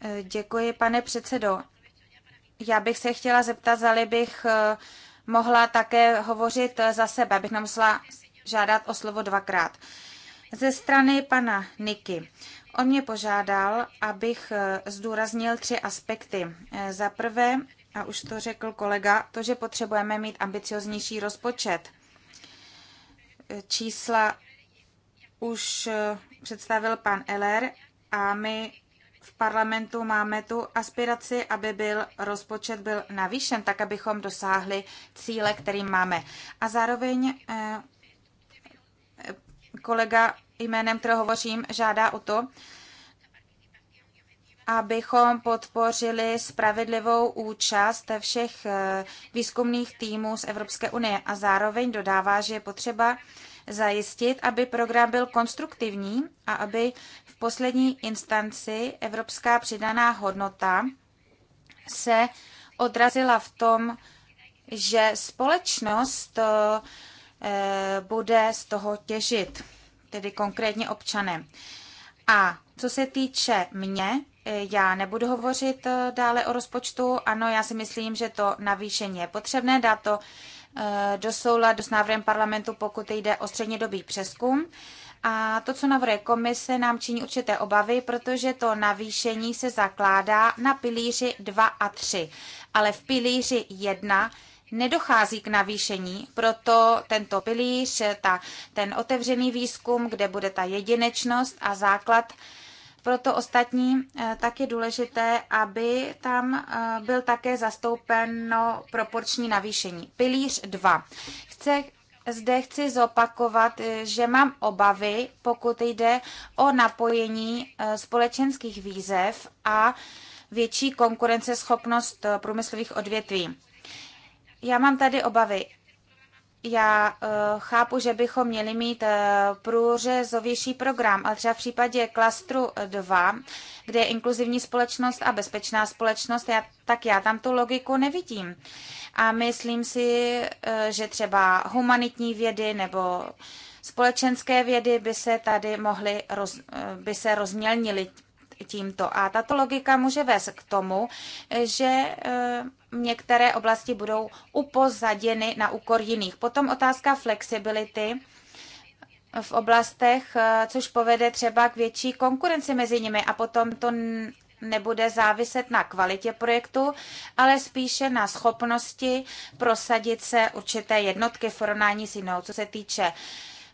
Eh, děkuji, pane předsedo. Já bych se chtěla zeptat, zali bych mohla také hovořit za sebe, abych nemusela žádat o slovo dvakrát. Ze strany pana Niky. On mě požádal, abych zdůraznil tři aspekty. Za prvé, a už to řekl kolega, to, že potřebujeme mít ambicioznější rozpočet. Čísla už eh, představil pan Eller a my v parlamentu máme tu aspiraci, aby byl rozpočet byl navýšen, tak abychom dosáhli cíle, který máme. A zároveň eh, kolega jménem, kterého hovořím, žádá o to, abychom podpořili spravedlivou účast všech eh, výzkumných týmů z Evropské unie a zároveň dodává, že je potřeba zajistit, aby program byl konstruktivní a aby v poslední instanci evropská přidaná hodnota se odrazila v tom, že společnost eh, bude z toho těžit, tedy konkrétně občané. A co se týče mě, já nebudu hovořit eh, dále o rozpočtu. Ano, já si myslím, že to navýšení je potřebné, dá to eh, do souladu s návrhem parlamentu, pokud jde o střednědobý přeskum. A to, co navrhuje komise, nám činí určité obavy, protože to navýšení se zakládá na pilíři 2 a 3. Ale v pilíři 1 nedochází k navýšení, proto tento pilíř, ta, ten otevřený výzkum, kde bude ta jedinečnost a základ, proto ostatní eh, tak je důležité, aby tam eh, byl také zastoupeno no, proporční navýšení. Pilíř 2. Chce, zde chci zopakovat, eh, že mám obavy, pokud jde o napojení společenských výzev a větší konkurenceschopnost průmyslových odvětví. Já mám tady obavy já eh, chápu, že bychom měli mít eh, průřezovější program, ale třeba v případě klastru 2, kde je inkluzivní společnost a bezpečná společnost, já, tak já tam tu logiku nevidím. A myslím si, eh, že třeba humanitní vědy nebo společenské vědy by se tady mohly, roz, by se rozmělnily tímto. A tato logika může vést k tomu, že eh, některé oblasti budou upozaděny na úkor jiných. Potom otázka flexibility v oblastech, eh, což povede třeba k větší konkurenci mezi nimi a potom to nebude záviset na kvalitě projektu, ale spíše na schopnosti prosadit se určité jednotky v porovnání s jinou. Co se týče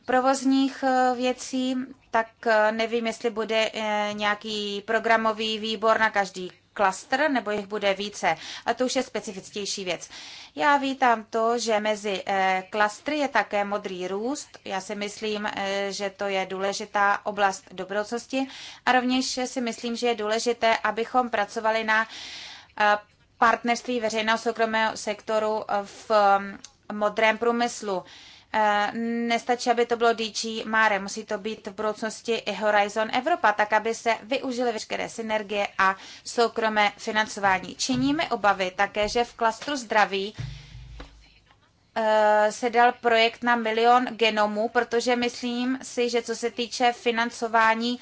provozních eh, věcí, tak eh, nevím, jestli bude eh, nějaký programový výbor na každý klaster, nebo jich bude více. A to už je specifickější věc. Já vítám to, že mezi klastry je také modrý růst. Já si myslím, že to je důležitá oblast dobrocosti. A rovněž si myslím, že je důležité, abychom pracovali na partnerství veřejného soukromého sektoru v modrém průmyslu. Eh, nestačí, aby to bylo DG Mare, musí to být v budoucnosti i Horizon Evropa, tak aby se využily veškeré synergie a soukromé financování. Činíme obavy také, že v klastru zdraví Eh, se dal projekt na milion genomů, protože myslím si, že co se týče financování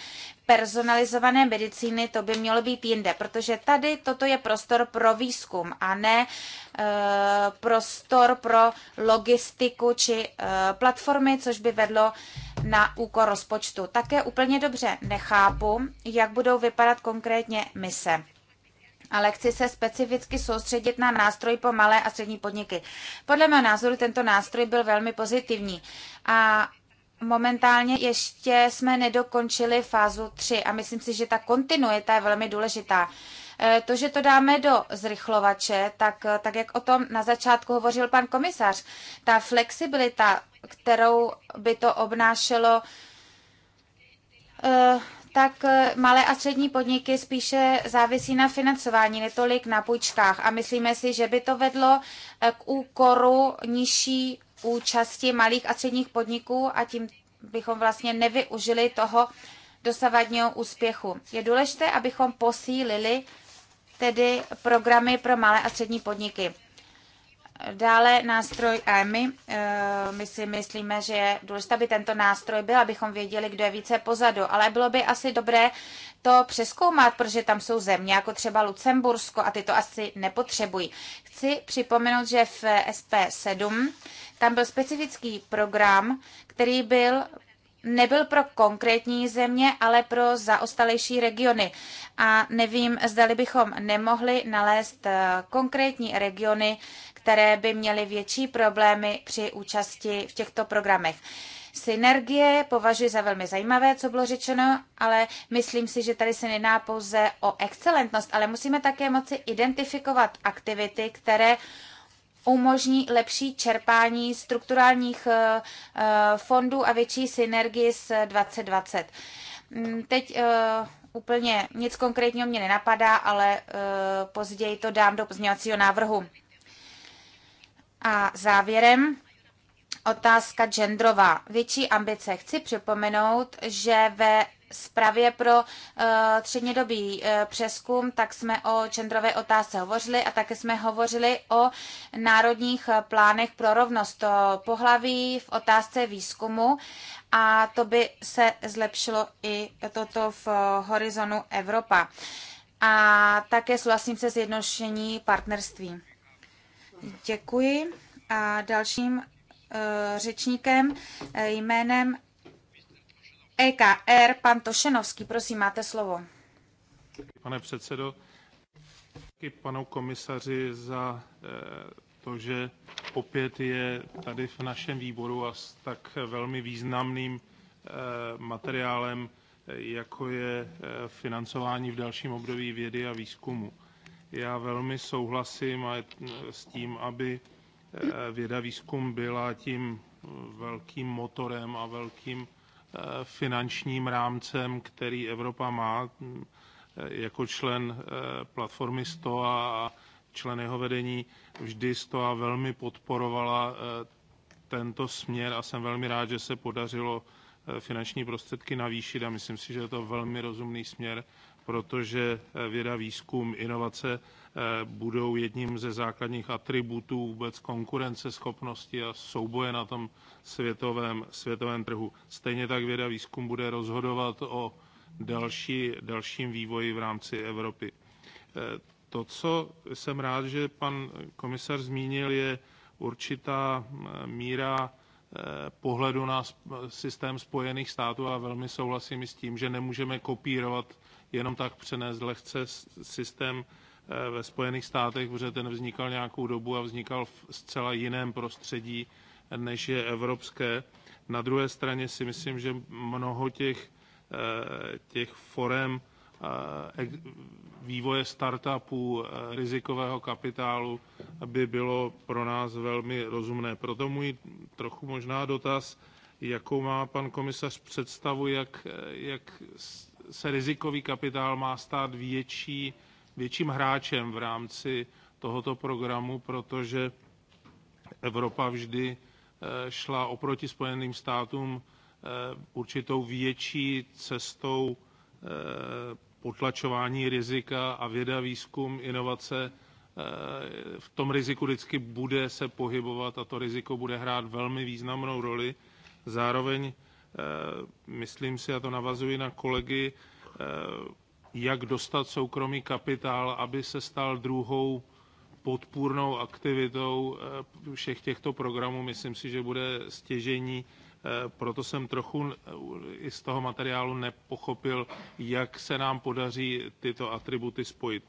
personalizované medicíny, to by mělo být jinde, protože tady toto je prostor pro výzkum a ne eh, prostor pro logistiku či eh, platformy, což by vedlo na úkor rozpočtu. Také úplně dobře nechápu, jak budou vypadat konkrétně mise ale chci se specificky soustředit na nástroj po malé a střední podniky. Podle mého názoru tento nástroj byl velmi pozitivní a momentálně ještě jsme nedokončili fázu 3 a myslím si, že ta kontinuita je velmi důležitá. E, to, že to dáme do zrychlovače, tak, e, tak jak o tom na začátku hovořil pan komisař, ta flexibilita, kterou by to obnášelo, e, tak eh, malé a střední podniky spíše závisí na financování, netolik na půjčkách. A myslíme si, že by to vedlo eh, k úkoru nižší účasti malých a středních podniků a tím bychom vlastně nevyužili toho dosavadního úspěchu. Je důležité, abychom posílili tedy programy pro malé a střední podniky. Dále nástroj EMI. Eh, my si myslíme, že je důležité, aby tento nástroj byl, abychom věděli, kdo je více pozadu. Ale bylo by asi dobré to přeskoumat, protože tam jsou země, jako třeba Lucembursko, a ty to asi nepotřebují. Chci připomenout, že v SP7 tam byl specifický program, který byl nebyl pro konkrétní země, ale pro zaostalejší regiony. A nevím, zdali bychom nemohli nalézt eh, konkrétní regiony, které by měly větší problémy při účasti v těchto programech. Synergie považuji za velmi zajímavé, co bylo řečeno, ale myslím si, že tady se nedá pouze o excelentnost, ale musíme také moci identifikovat aktivity, které umožní lepší čerpání strukturálních eh, eh, fondů a větší synergii s 2020. Mm, teď eh, úplně nic konkrétního mě nenapadá, ale později to dám do pozměňovacího návrhu. A závěrem otázka genderová. Větší ambice. Chci připomenout, že ve zprávě pro uh, eh, třednědobý uh, eh, přeskum, tak jsme o genderové otázce hovořili a také jsme hovořili o národních eh, plánech pro rovnost pohlaví v otázce výzkumu a to by se zlepšilo i toto v uh, horizonu Evropa. A také souhlasím se zjednodušení partnerství. Děkuji. A dalším eh, řečníkem eh, jménem EKR, pan Tošenovský, prosím, máte slovo. Pane předsedo, děkuji panu komisaři za eh, to, že opět je tady v našem výboru a s tak velmi významným materiálem, jako je financování v dalším období vědy a výzkumu. Já velmi souhlasím s tím, aby eh, věda výzkum byla tím velkým motorem a velkým eh, finančním rámcem, který Evropa má eh, jako člen platformy STOA a člen jeho vedení vždy STOA velmi podporovala tento směr a jsem velmi rád, že se podařilo finanční prostředky navýšit a myslím si, že je to velmi rozumný směr protože eh, věda, výzkum, inovace eh, budou jedním ze základních atributů vůbec konkurenceschopnosti a souboje na tom světovém, světovém trhu. Stejně tak věda, výzkum bude rozhodovat o další, dalším vývoji v rámci Evropy. Eh, to, co jsem rád, že pan komisař zmínil, je určitá míra pohledu na systém Spojených států a velmi souhlasím s tím, že nemůžeme kopírovat jenom tak přenést lehce systém eh, ve Spojených státech, protože ten vznikal nějakou dobu a vznikal v zcela jiném prostředí, než je evropské. Na druhé straně si myslím, že mnoho těch, eh, těch forem eh, vývoje startupů, rizikového kapitálu by bylo pro nás velmi rozumné. Proto můj trochu možná dotaz, jakou má pan komisař představu, jak, jak se rizikový kapitál má stát větší, větším hráčem v rámci tohoto programu, protože Evropa vždy eh, šla oproti Spojeným státům eh, určitou větší cestou eh, potlačování rizika a věda, výzkum, inovace v tom riziku vždycky bude se pohybovat a to riziko bude hrát velmi významnou roli. Zároveň Eh, myslím si, a to navazuji na kolegy, eh, jak dostat soukromý kapitál, aby se stal druhou podpůrnou aktivitou eh, všech těchto programů. Myslím si, že bude stěžení. Proto jsem trochu i z toho materiálu nepochopil, jak se nám podaří tyto atributy spojit.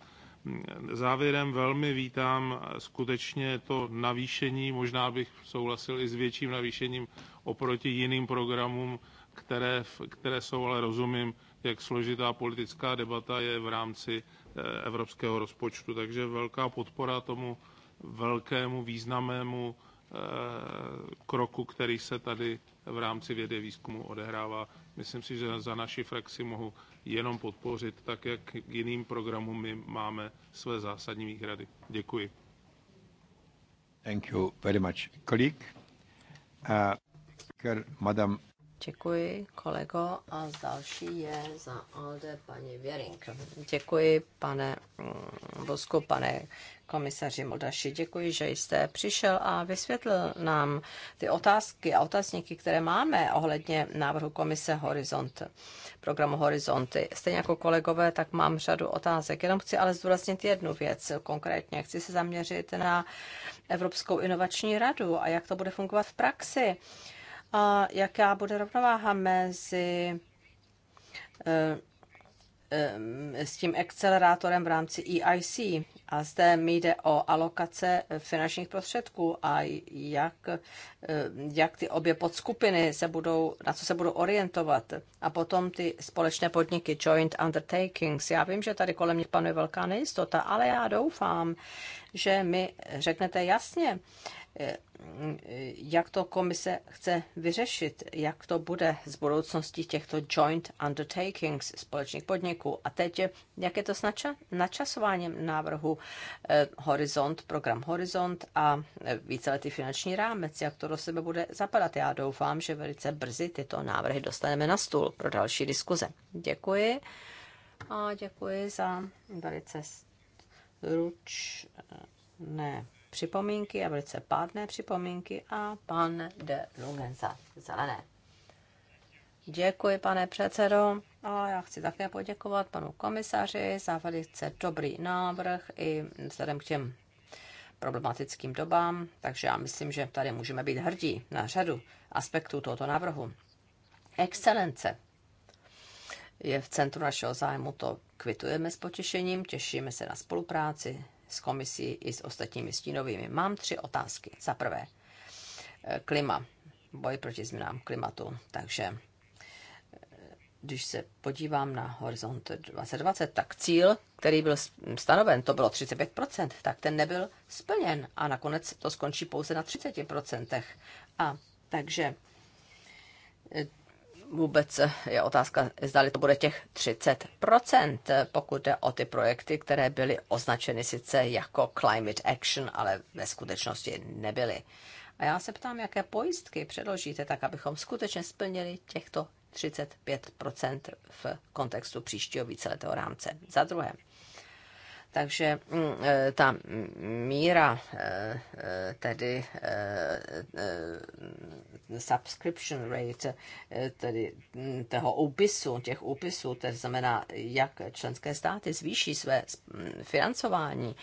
Závěrem velmi vítám skutečně to navýšení, možná bych souhlasil i s větším navýšením oproti jiným programům, které, které jsou, ale rozumím, jak složitá politická debata je v rámci eh, evropského rozpočtu. Takže velká podpora tomu velkému významnému eh, kroku, který se tady v rámci vědy výzkumu odehrává. Myslím si, že za naši frakci mohu jenom podpořit, tak jak k jiným programům my máme své zásadní výhrady. Děkuji. Thank you very much, colleague. Uh, Madam Děkuji, kolego. A další je za Alde paní Věrink. Děkuji, pane mm, Bosku, pane komisaři Moldaši. Děkuji, že jste přišel a vysvětlil nám ty otázky a otazníky, které máme ohledně návrhu komise Horizont, programu Horizonty. Stejně jako kolegové, tak mám řadu otázek. Jenom chci ale zdůraznit jednu věc konkrétně. Chci se zaměřit na Evropskou inovační radu a jak to bude fungovat v praxi a jaká bude rovnováha mezi eh, eh, s tím akcelerátorem v rámci EIC. A zde mi jde o alokace finančních prostředků a jak, eh, jak ty obě podskupiny se budou, na co se budou orientovat. A potom ty společné podniky, joint undertakings. Já vím, že tady kolem mě panuje velká nejistota, ale já doufám, že mi řeknete jasně, jak to komise chce vyřešit, jak to bude z budoucnosti těchto joint undertakings společných podniků. A teď, jak je to s načasováním návrhu eh, Horizont, program Horizont a eh, víceletý finanční rámec, jak to do sebe bude zapadat. Já doufám, že velice brzy tyto návrhy dostaneme na stůl pro další diskuze. Děkuji a děkuji za velice ne připomínky a velice pádné připomínky a pan de Lungenza. zelené. Děkuji, pane předsedo. A já chci také poděkovat panu komisaři za velice dobrý návrh i vzhledem k těm problematickým dobám, takže já myslím, že tady můžeme být hrdí na řadu aspektů tohoto návrhu. Excelence je v centru našeho zájmu, to kvitujeme s potěšením, těšíme se na spolupráci s komisí i s ostatními stínovými. Mám tři otázky. Za prvé, eh, klima, boj proti změnám klimatu. Takže eh, když se podívám na horizont 2020, tak cíl, který byl stanoven, to bylo 35%, tak ten nebyl splněn a nakonec to skončí pouze na 30%. A takže eh, vůbec je otázka, zdali to bude těch 30%, pokud jde o ty projekty, které byly označeny sice jako climate action, ale ve skutečnosti nebyly. A já se ptám, jaké pojistky předložíte tak, abychom skutečně splnili těchto 35% v kontextu příštího víceletého rámce. Za druhé, takže mm, e, ta míra e, e, tedy subscription rate, tedy mm, toho úpisu, těch úpisů, to znamená, jak členské státy zvýší své mm, financování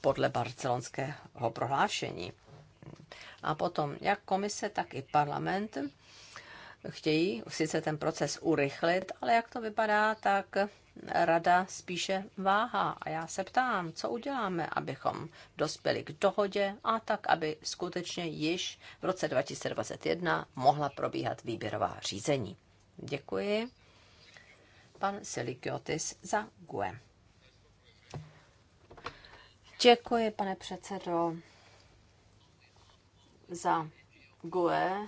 podle barcelonského prohlášení. A potom, jak komise, tak i parlament chtějí sice ten proces urychlit, ale jak to vypadá, tak rada spíše váhá. A já se ptám, co uděláme, abychom dospěli k dohodě a tak, aby skutečně již v roce 2021 mohla probíhat výběrová řízení. Děkuji. Pan Silikiotis za GUE. Děkuji, pane předsedo, za GUE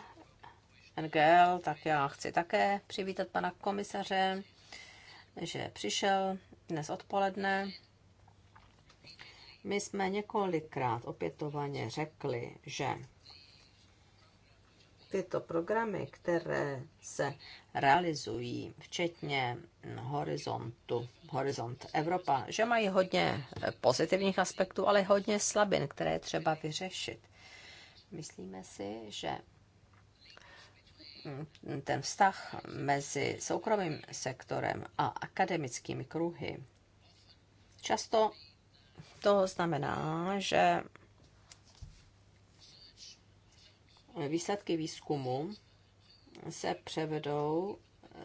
NGL, tak já chci také přivítat pana komisaře že přišel dnes odpoledne. My jsme několikrát opětovaně řekli, že tyto programy, které se realizují, včetně horizontu, horizont Evropa, že mají hodně pozitivních aspektů, ale hodně slabin, které je třeba vyřešit. Myslíme si, že ten vztah mezi soukromým sektorem a akademickými kruhy. Často to znamená, že výsledky výzkumu se převedou eh,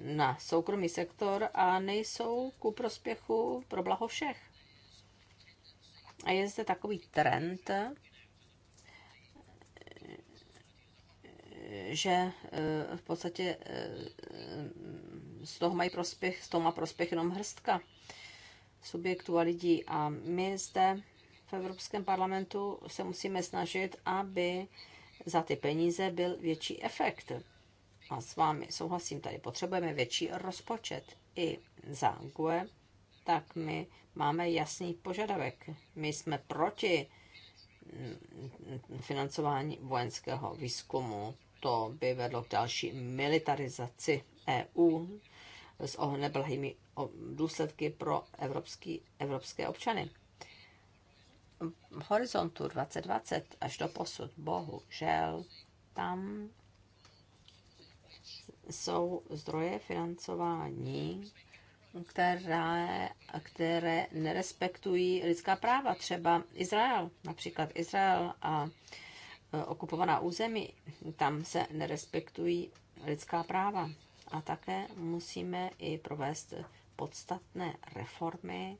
na soukromý sektor a nejsou ku prospěchu pro blaho všech. A je zde takový trend, že eh, v podstatě eh, z toho mají prospěch, z toho má prospěch jenom hrstka subjektů a lidí. A my zde v Evropském parlamentu se musíme snažit, aby za ty peníze byl větší efekt. A s vámi souhlasím, tady potřebujeme větší rozpočet i za GUE, tak my máme jasný požadavek. My jsme proti mm, financování vojenského výzkumu to by vedlo k další militarizaci EU s neblahými důsledky pro evropský, evropské občany. V horizontu 2020 až do posud, bohužel, tam jsou zdroje financování, které, které nerespektují lidská práva. Třeba Izrael, například Izrael a Eh, okupovaná území, tam se nerespektují lidská práva. A také musíme i provést podstatné reformy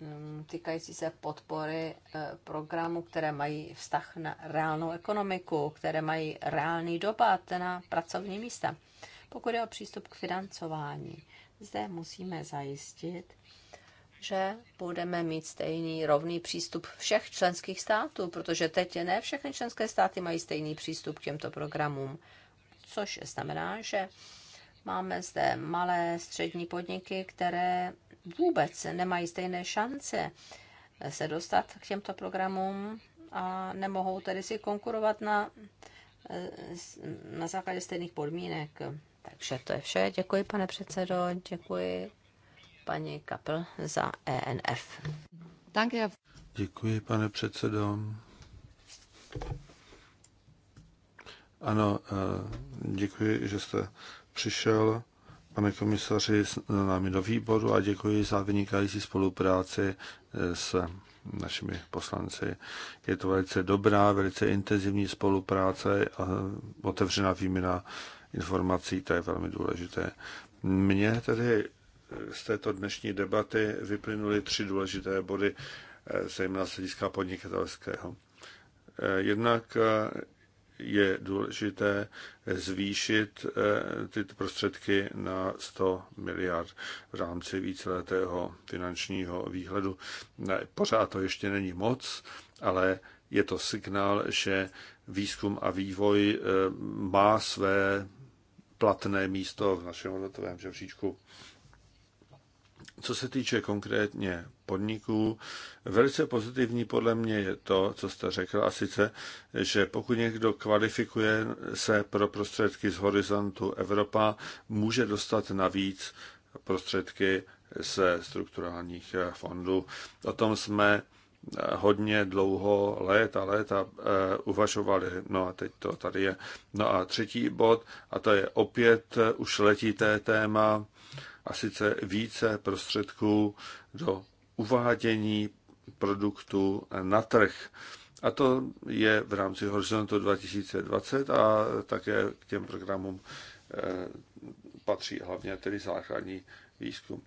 mm, týkající se podpory eh, programů, které mají vztah na reálnou ekonomiku, které mají reálný dopad na pracovní místa. Pokud je o přístup k financování, zde musíme zajistit, že budeme mít stejný rovný přístup všech členských států, protože teď ne všechny členské státy mají stejný přístup k těmto programům, což znamená, že máme zde malé střední podniky, které vůbec nemají stejné šance se dostat k těmto programům a nemohou tedy si konkurovat na, na základě stejných podmínek. Takže to je vše. Děkuji, pane předsedo, děkuji paní Kapl za ENF. Děkuji, pane předsedo. Ano, eh, děkuji, že jste přišel, pane komisaři, s námi do výboru a děkuji za vynikající spolupráci eh, s našimi poslanci. Je to velice dobrá, velice intenzivní spolupráce a otevřená výměna informací, to je velmi důležité. Mně tedy z této dnešní debaty vyplynuly tři důležité body, eh, zejména z hlediska podnikatelského. Eh, jednak eh, je důležité zvýšit tyto prostředky na 100 miliard v rámci víceletého finančního výhledu. Pořád to ještě není moc, ale je to signál, že výzkum a vývoj má své platné místo v našem hodnotovém žebříčku. Co se týče konkrétně podniků, velice pozitivní podle mě je to, co jste řekl, a sice, že pokud někdo kvalifikuje se pro prostředky z horizontu Evropa, může dostat navíc prostředky ze strukturálních eh, fondů. O tom jsme eh, hodně dlouho, léta, léta eh, uvažovali. No a teď to tady je. No a třetí bod, a to je opět už letité téma, a sice více prostředků do uvádění produktu na trh. A to je v rámci Horizontu 2020 a také k těm programům eh, patří hlavně tedy základní výzkum.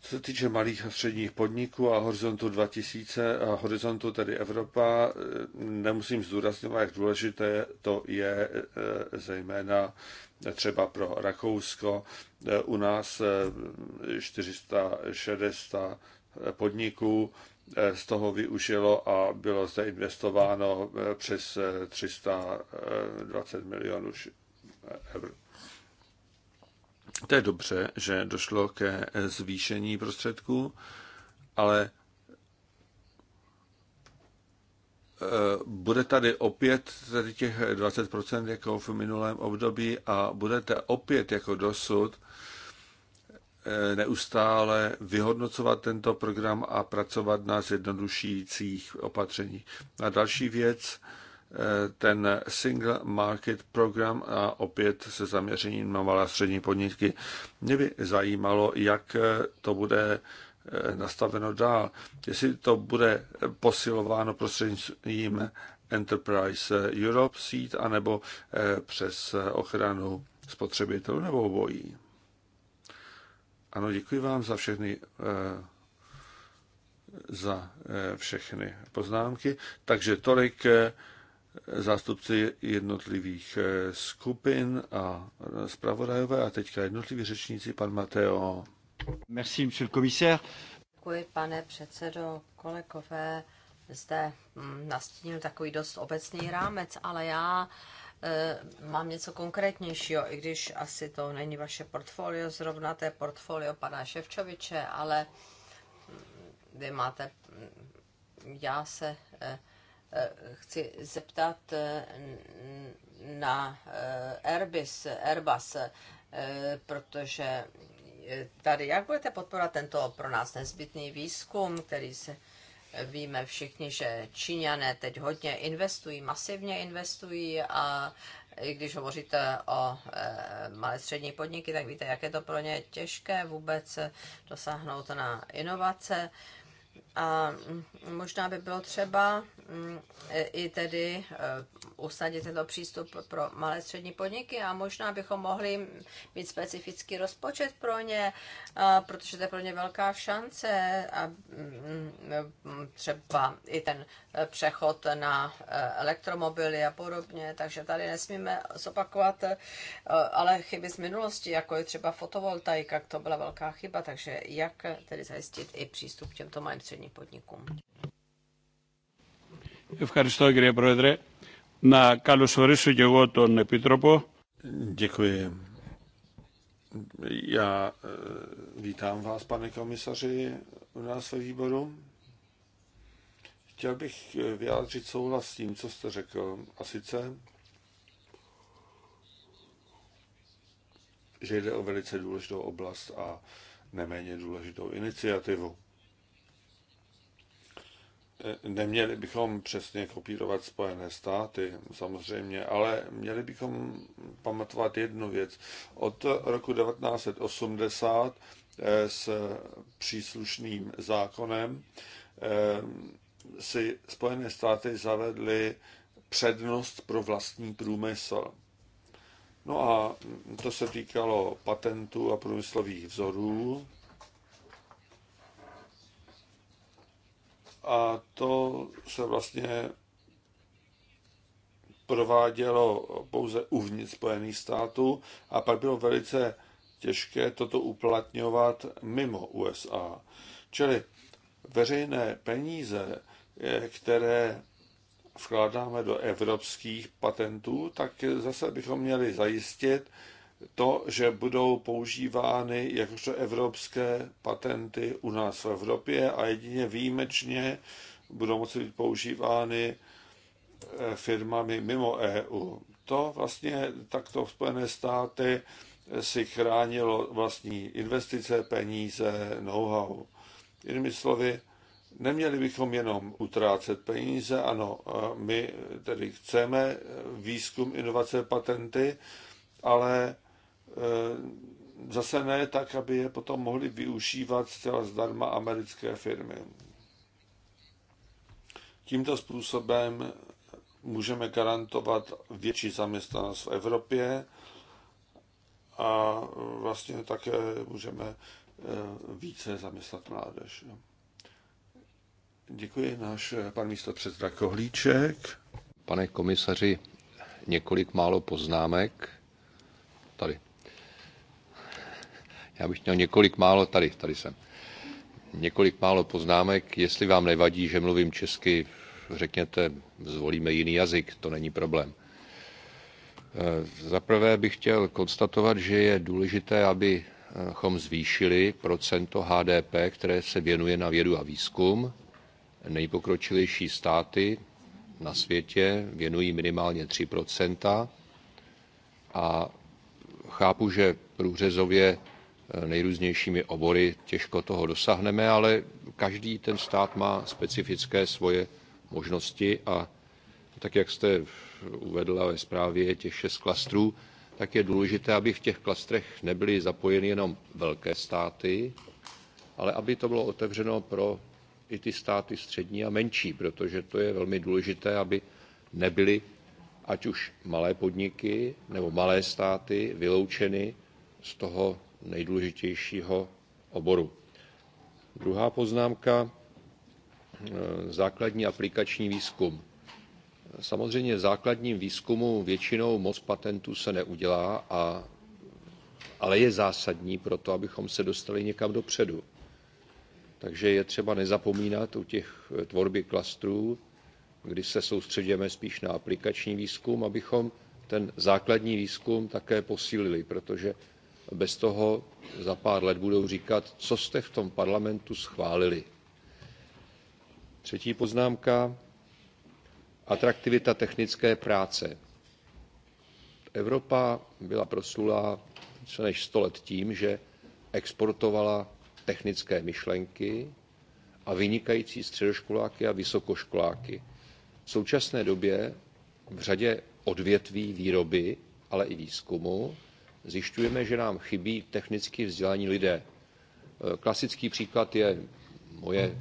Co se týče malých a středních podniků a Horizontu 2000 a Horizontu tedy Evropa, eh, nemusím zdůrazňovat, jak důležité to je eh, zejména třeba pro Rakousko, eh, u nás 460 eh, eh, podniků z toho využilo a bylo zde investováno přes 320 milionů eur. To je dobře, že došlo ke zvýšení prostředků, ale Eh, bude tady opět tady těch 20% jako v minulém období a budete opět jako dosud eh, neustále vyhodnocovat tento program a pracovat na zjednodušujících opatření. A další věc, eh, ten Single Market program a opět se zaměřením na malé a střední podniky. Mě by zajímalo, jak to bude Eh, nastaveno dál. Jestli to bude posilováno prostřednictvím Enterprise Europe Seed, anebo eh, přes eh, ochranu spotřebitelů nebo obojí. Ano, děkuji vám za všechny za všechny poznámky. Takže tolik zástupci jednotlivých skupin a zpravodajové a teďka jednotliví řečníci, pan Mateo. Merci, monsieur le commissaire. Děkuji, pane předsedo, kolegové. Zde hm, nastínil takový dost obecný rámec, ale já eh, mám něco konkrétnějšího, i když asi to není vaše portfolio, zrovna to je portfolio pana Ševčoviče, ale hm, vy máte, hm, já se eh, eh, chci zeptat na Airbus, Airbus protože tady, jak budete podporovat tento pro nás nezbytný výzkum, který se eh, víme všichni, že Číňané teď hodně investují, masivně investují a i když hovoříte o e, malé střední podniky, tak víte, jak je to pro ně těžké vůbec eh, dosáhnout na inovace. E, a možná by bylo třeba mm, e, i tedy e, usadit tento přístup pro malé střední podniky a možná bychom mohli mít specifický rozpočet pro ně, e, protože to je pro ně velká šance a mm, třeba i ten přechod na elektromobily a podobně, takže tady nesmíme zopakovat ale chyby z minulosti, jako je třeba fotovoltaika, to byla velká chyba, takže jak tedy zajistit i přístup k těmto malým středním středním podnikům. Děkuji. Já eh, vítám vás, pane komisaři, u nás ve výboru. Chtěl bych eh, vyjádřit souhlas s tím, co jste řekl. A sice, že jde o velice důležitou oblast a neméně důležitou iniciativu. Neměli bychom přesně kopírovat Spojené státy, samozřejmě, ale měli bychom pamatovat jednu věc. Od roku 1980 eh, s příslušným zákonem eh, si Spojené státy zavedly přednost pro vlastní průmysl. No a to se týkalo patentů a průmyslových vzorů, A to se vlastně provádělo pouze uvnitř Spojených států a pak bylo velice těžké toto uplatňovat mimo USA. Čili veřejné peníze, eh, které vkládáme do evropských patentů, tak zase bychom měli zajistit, to, že budou používány jakožto evropské patenty u nás v Evropě a jedině výjimečně budou moci být používány eh, firmami mimo EU. To vlastně takto v Spojené státy si chránilo vlastní investice, peníze, know-how. Jinými slovy, neměli bychom jenom utrácet peníze, ano, eh, my tedy chceme výzkum, inovace, patenty, ale Eh, zase ne tak, aby je potom mohly využívat zcela zdarma americké firmy. Tímto způsobem můžeme garantovat větší zaměstnanost v Evropě a vlastně také můžeme eh, více zaměstnat mládež. Děkuji náš eh, pan místo předseda Kohlíček. Pane komisaři, několik málo poznámek. Tady. Já bych měl několik málo, tady, tady jsem, několik málo poznámek. Jestli vám nevadí, že mluvím česky, řekněte, zvolíme jiný jazyk, to není problém. Eh, Zaprvé bych chtěl konstatovat, že je důležité, abychom zvýšili procento HDP, které se věnuje na vědu a výzkum. Nejpokročilejší státy na světě věnují minimálně 3 a chápu, že průřezově Eh, nejrůznějšími obory, těžko toho dosáhneme, ale každý ten stát má specifické svoje možnosti a tak, jak jste uvedla ve zprávě těch šest klastrů, tak je důležité, aby v těch klastrech nebyly zapojeny jenom velké státy, ale aby to bylo otevřeno pro i ty státy střední a menší, protože to je velmi důležité, aby nebyly ať už malé podniky nebo malé státy vyloučeny z toho nejdůležitějšího oboru. Druhá poznámka, eh, základní aplikační výzkum. Samozřejmě základním výzkumu většinou moc patentů se neudělá, a, ale je zásadní pro to, abychom se dostali někam dopředu. Takže je třeba nezapomínat u těch eh, tvorby klastrů, kdy se soustředíme spíš na aplikační výzkum, abychom ten základní výzkum také posílili, protože bez toho za pár let budou říkat, co jste v tom parlamentu schválili. Třetí poznámka. Atraktivita technické práce. Evropa byla proslulá více než 100 let tím, že exportovala technické myšlenky a vynikající středoškoláky a vysokoškoláky. V současné době v řadě odvětví výroby, ale i výzkumu zjišťujeme, že nám chybí technicky vzdělaní lidé. E, klasický příklad je moje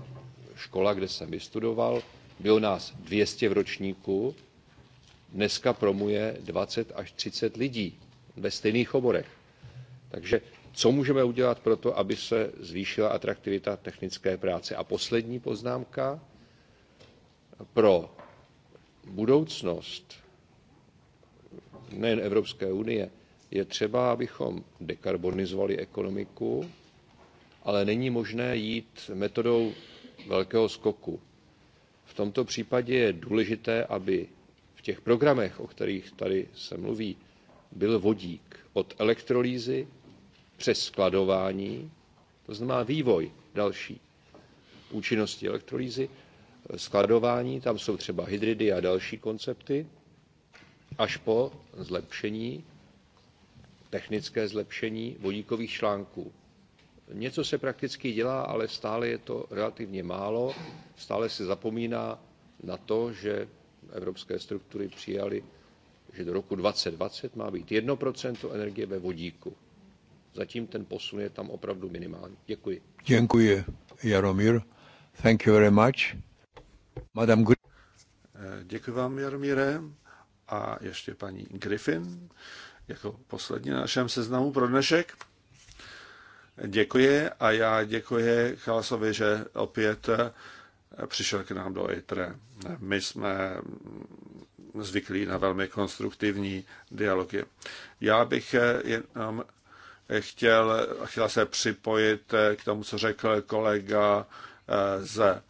škola, kde jsem vystudoval. Bylo nás 200 v ročníku, dneska promuje 20 až 30 lidí ve stejných oborech. Takže co můžeme udělat pro to, aby se zvýšila atraktivita technické práce? A poslední poznámka pro budoucnost nejen Evropské unie, je třeba, abychom dekarbonizovali ekonomiku, ale není možné jít metodou velkého skoku. V tomto případě je důležité, aby v těch programech, o kterých tady se mluví, byl vodík od elektrolýzy přes skladování, to znamená vývoj další účinnosti elektrolýzy, skladování, tam jsou třeba hydridy a další koncepty, až po zlepšení technické zlepšení vodíkových článků. Něco se prakticky dělá, ale stále je to relativně málo. Stále se zapomíná na to, že evropské struktury přijaly, že do roku 2020 má být 1% energie ve vodíku. Zatím ten posun je tam opravdu minimální. Děkuji. Děkuji, Jaromír. Thank you very much. Madame eh, Děkuji vám, Jaromíre. A ještě paní Griffin jako poslední na našem seznamu pro dnešek. Děkuji a já děkuji Chalasovi, že opět eh, přišel k nám do ITRE. My jsme zvyklí na velmi konstruktivní dialogy. Já bych eh, jenom eh, chtěl, chtěl se připojit k tomu, co řekl kolega z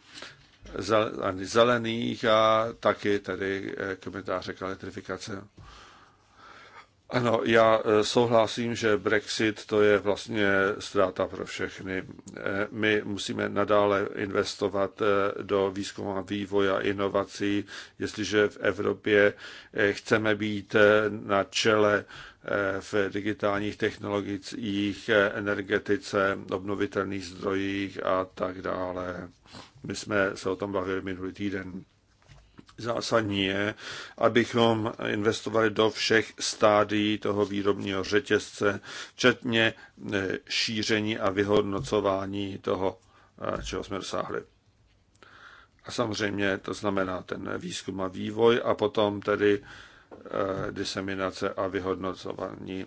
zelených a taky tedy komentáře k elektrifikaci. Ano, já eh, souhlasím, že Brexit to je vlastně ztráta pro všechny. Eh, my musíme nadále investovat eh, do výzkumu a vývoje a inovací, jestliže v Evropě chceme být na čele v digitálních technologiích, energetice, obnovitelných zdrojích a tak dále. My jsme se o tom bavili minulý týden. Zásadní je, abychom investovali do všech stádií toho výrobního řetězce, včetně e, šíření a vyhodnocování toho, e, čeho jsme dosáhli. A samozřejmě to znamená ten výzkum a vývoj a potom tedy e, diseminace a vyhodnocování.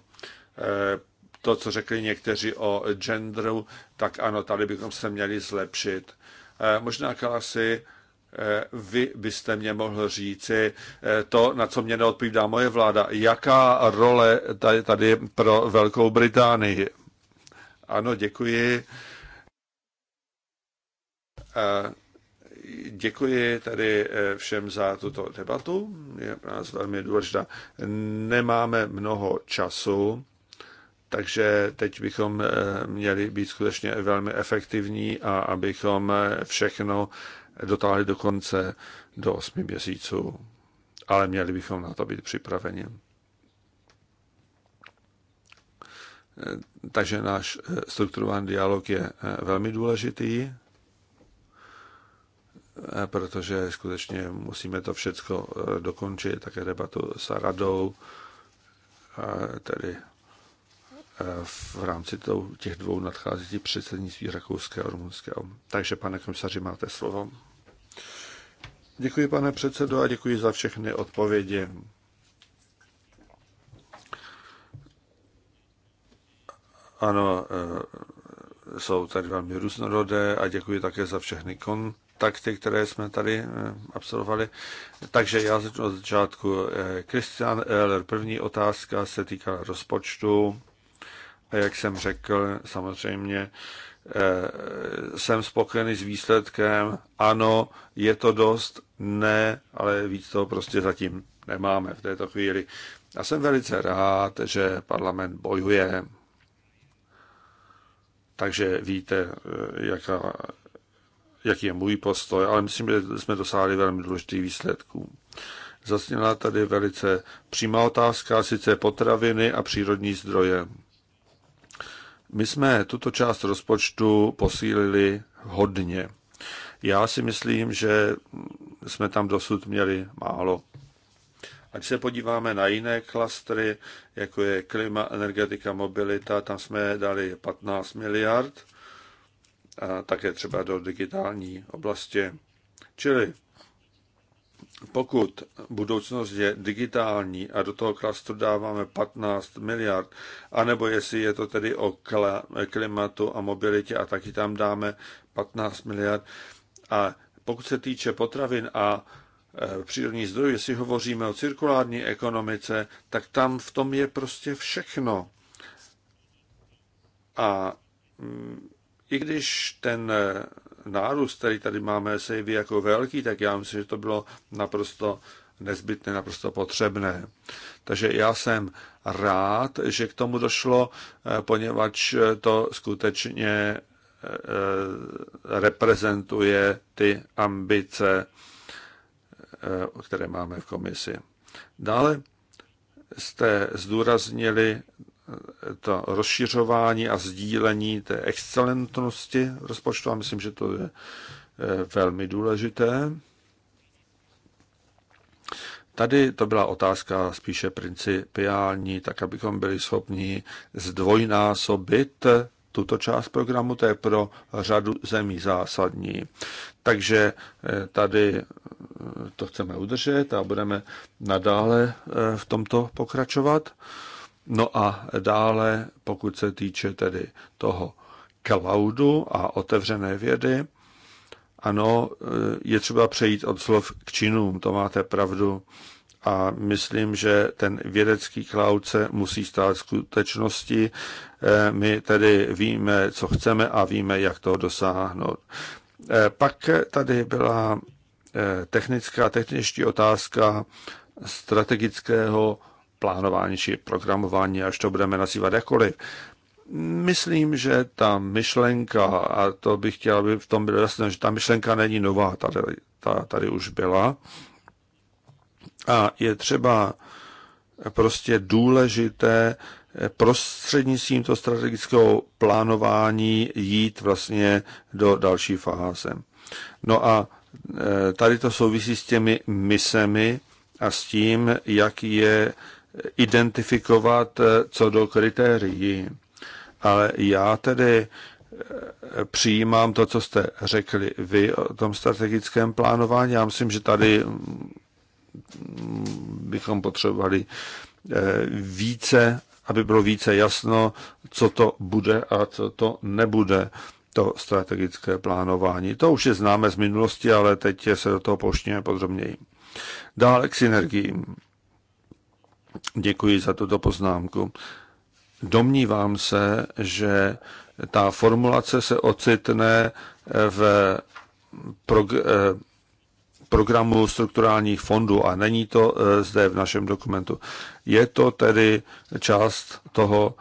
To, co řekli někteří o genderu, tak ano, tady bychom se měli zlepšit. Možná Kalasi Eh, vy byste mě mohl říci eh, to, na co mě neodpovídá moje vláda. Jaká role tady, tady pro Velkou Británii? Ano, děkuji. Eh, děkuji tady všem za tuto debatu. Je pro nás velmi důležitá. Nemáme mnoho času, takže teď bychom měli být skutečně velmi efektivní a abychom všechno dotáhli konce do osmi měsíců, ale měli bychom na to být připraveni. Takže náš eh, strukturovaný dialog je eh, velmi důležitý, eh, protože skutečně musíme to všechno dokončit, také debatu s radou, tedy v rámci těch dvou nadcházejících předsednictví Rakouské a Rumunského. Takže, pane komisaři, máte slovo. Děkuji, pane předsedo, a děkuji za všechny odpovědi. Ano, eh, jsou tady velmi různorodé a děkuji také za všechny kontakty, které jsme tady eh, absolvovali. Takže já začnu od začátku. Kristian eh, Eller, první otázka se týká rozpočtu. A jak jsem řekl, samozřejmě eh, jsem spokojený s výsledkem. Ano, je to dost, ne, ale víc toho prostě zatím nemáme v této chvíli. A jsem velice rád, že parlament bojuje. Takže víte, eh, jaká, jaký je můj postoj, ale myslím, že jsme dosáhli velmi důležitých výsledků. Zasněla tady velice přímá otázka, sice potraviny a přírodní zdroje. My jsme tuto část rozpočtu posílili hodně. Já si myslím, že jsme tam dosud měli málo. Ať se podíváme na jiné klastry, jako je klima, energetika, mobilita, tam jsme dali 15 miliard, a také třeba do digitální oblasti. Čili pokud budoucnost je digitální a do toho klastru dáváme 15 miliard, anebo jestli je to tedy o klimatu a mobilitě a taky tam dáme 15 miliard. A pokud se týče potravin a e, přírodní zdrojů, jestli hovoříme o cirkulární ekonomice, tak tam v tom je prostě všechno. A mm, i když ten e, nárůst, který tady máme, se jeví jako velký, tak já myslím, že to bylo naprosto nezbytné, naprosto potřebné. Takže já jsem rád, že k tomu došlo, eh, poněvadž to skutečně eh, reprezentuje ty ambice, eh, které máme v komisi. Dále jste zdůraznili to rozšiřování a sdílení té excelentnosti rozpočtu a myslím, že to je e, velmi důležité. Tady to byla otázka spíše principiální, tak abychom byli schopni zdvojnásobit tuto část programu, to je pro řadu zemí zásadní. Takže e, tady e, to chceme udržet a budeme nadále v tomto pokračovat. No a dále, pokud se týče tedy toho cloudu a otevřené vědy, ano, e, je třeba přejít od slov k činům, to máte pravdu. A myslím, že ten vědecký cloud se musí stát skutečnosti. E, my tedy víme, co chceme a víme, jak to dosáhnout. E, pak tady byla technická, techničtí otázka strategického plánování či programování, až to budeme nazývat jakkoliv. Myslím, že ta myšlenka, a to bych chtěl, aby v tom bylo jasné, že ta myšlenka není nová, tady, ta, tady už byla. A je třeba prostě důležité prostřednictvím toho strategického plánování jít vlastně do další fáze. No a e, tady to souvisí s těmi misemi a s tím, jak je identifikovat eh, co do kritérií. Ale já tedy eh, přijímám to, co jste řekli vy o tom strategickém plánování. Já myslím, že tady mm, bychom potřebovali eh, více, aby bylo více jasno, co to bude a co to nebude, to strategické plánování. To už je známe z minulosti, ale teď se do toho poštíme podrobněji. Dále k synergiím. Děkuji za tuto poznámku. Domnívám se, že ta formulace se ocitne v prog- eh, programu strukturálních fondů a není to eh, zde v našem dokumentu. Je to tedy část toho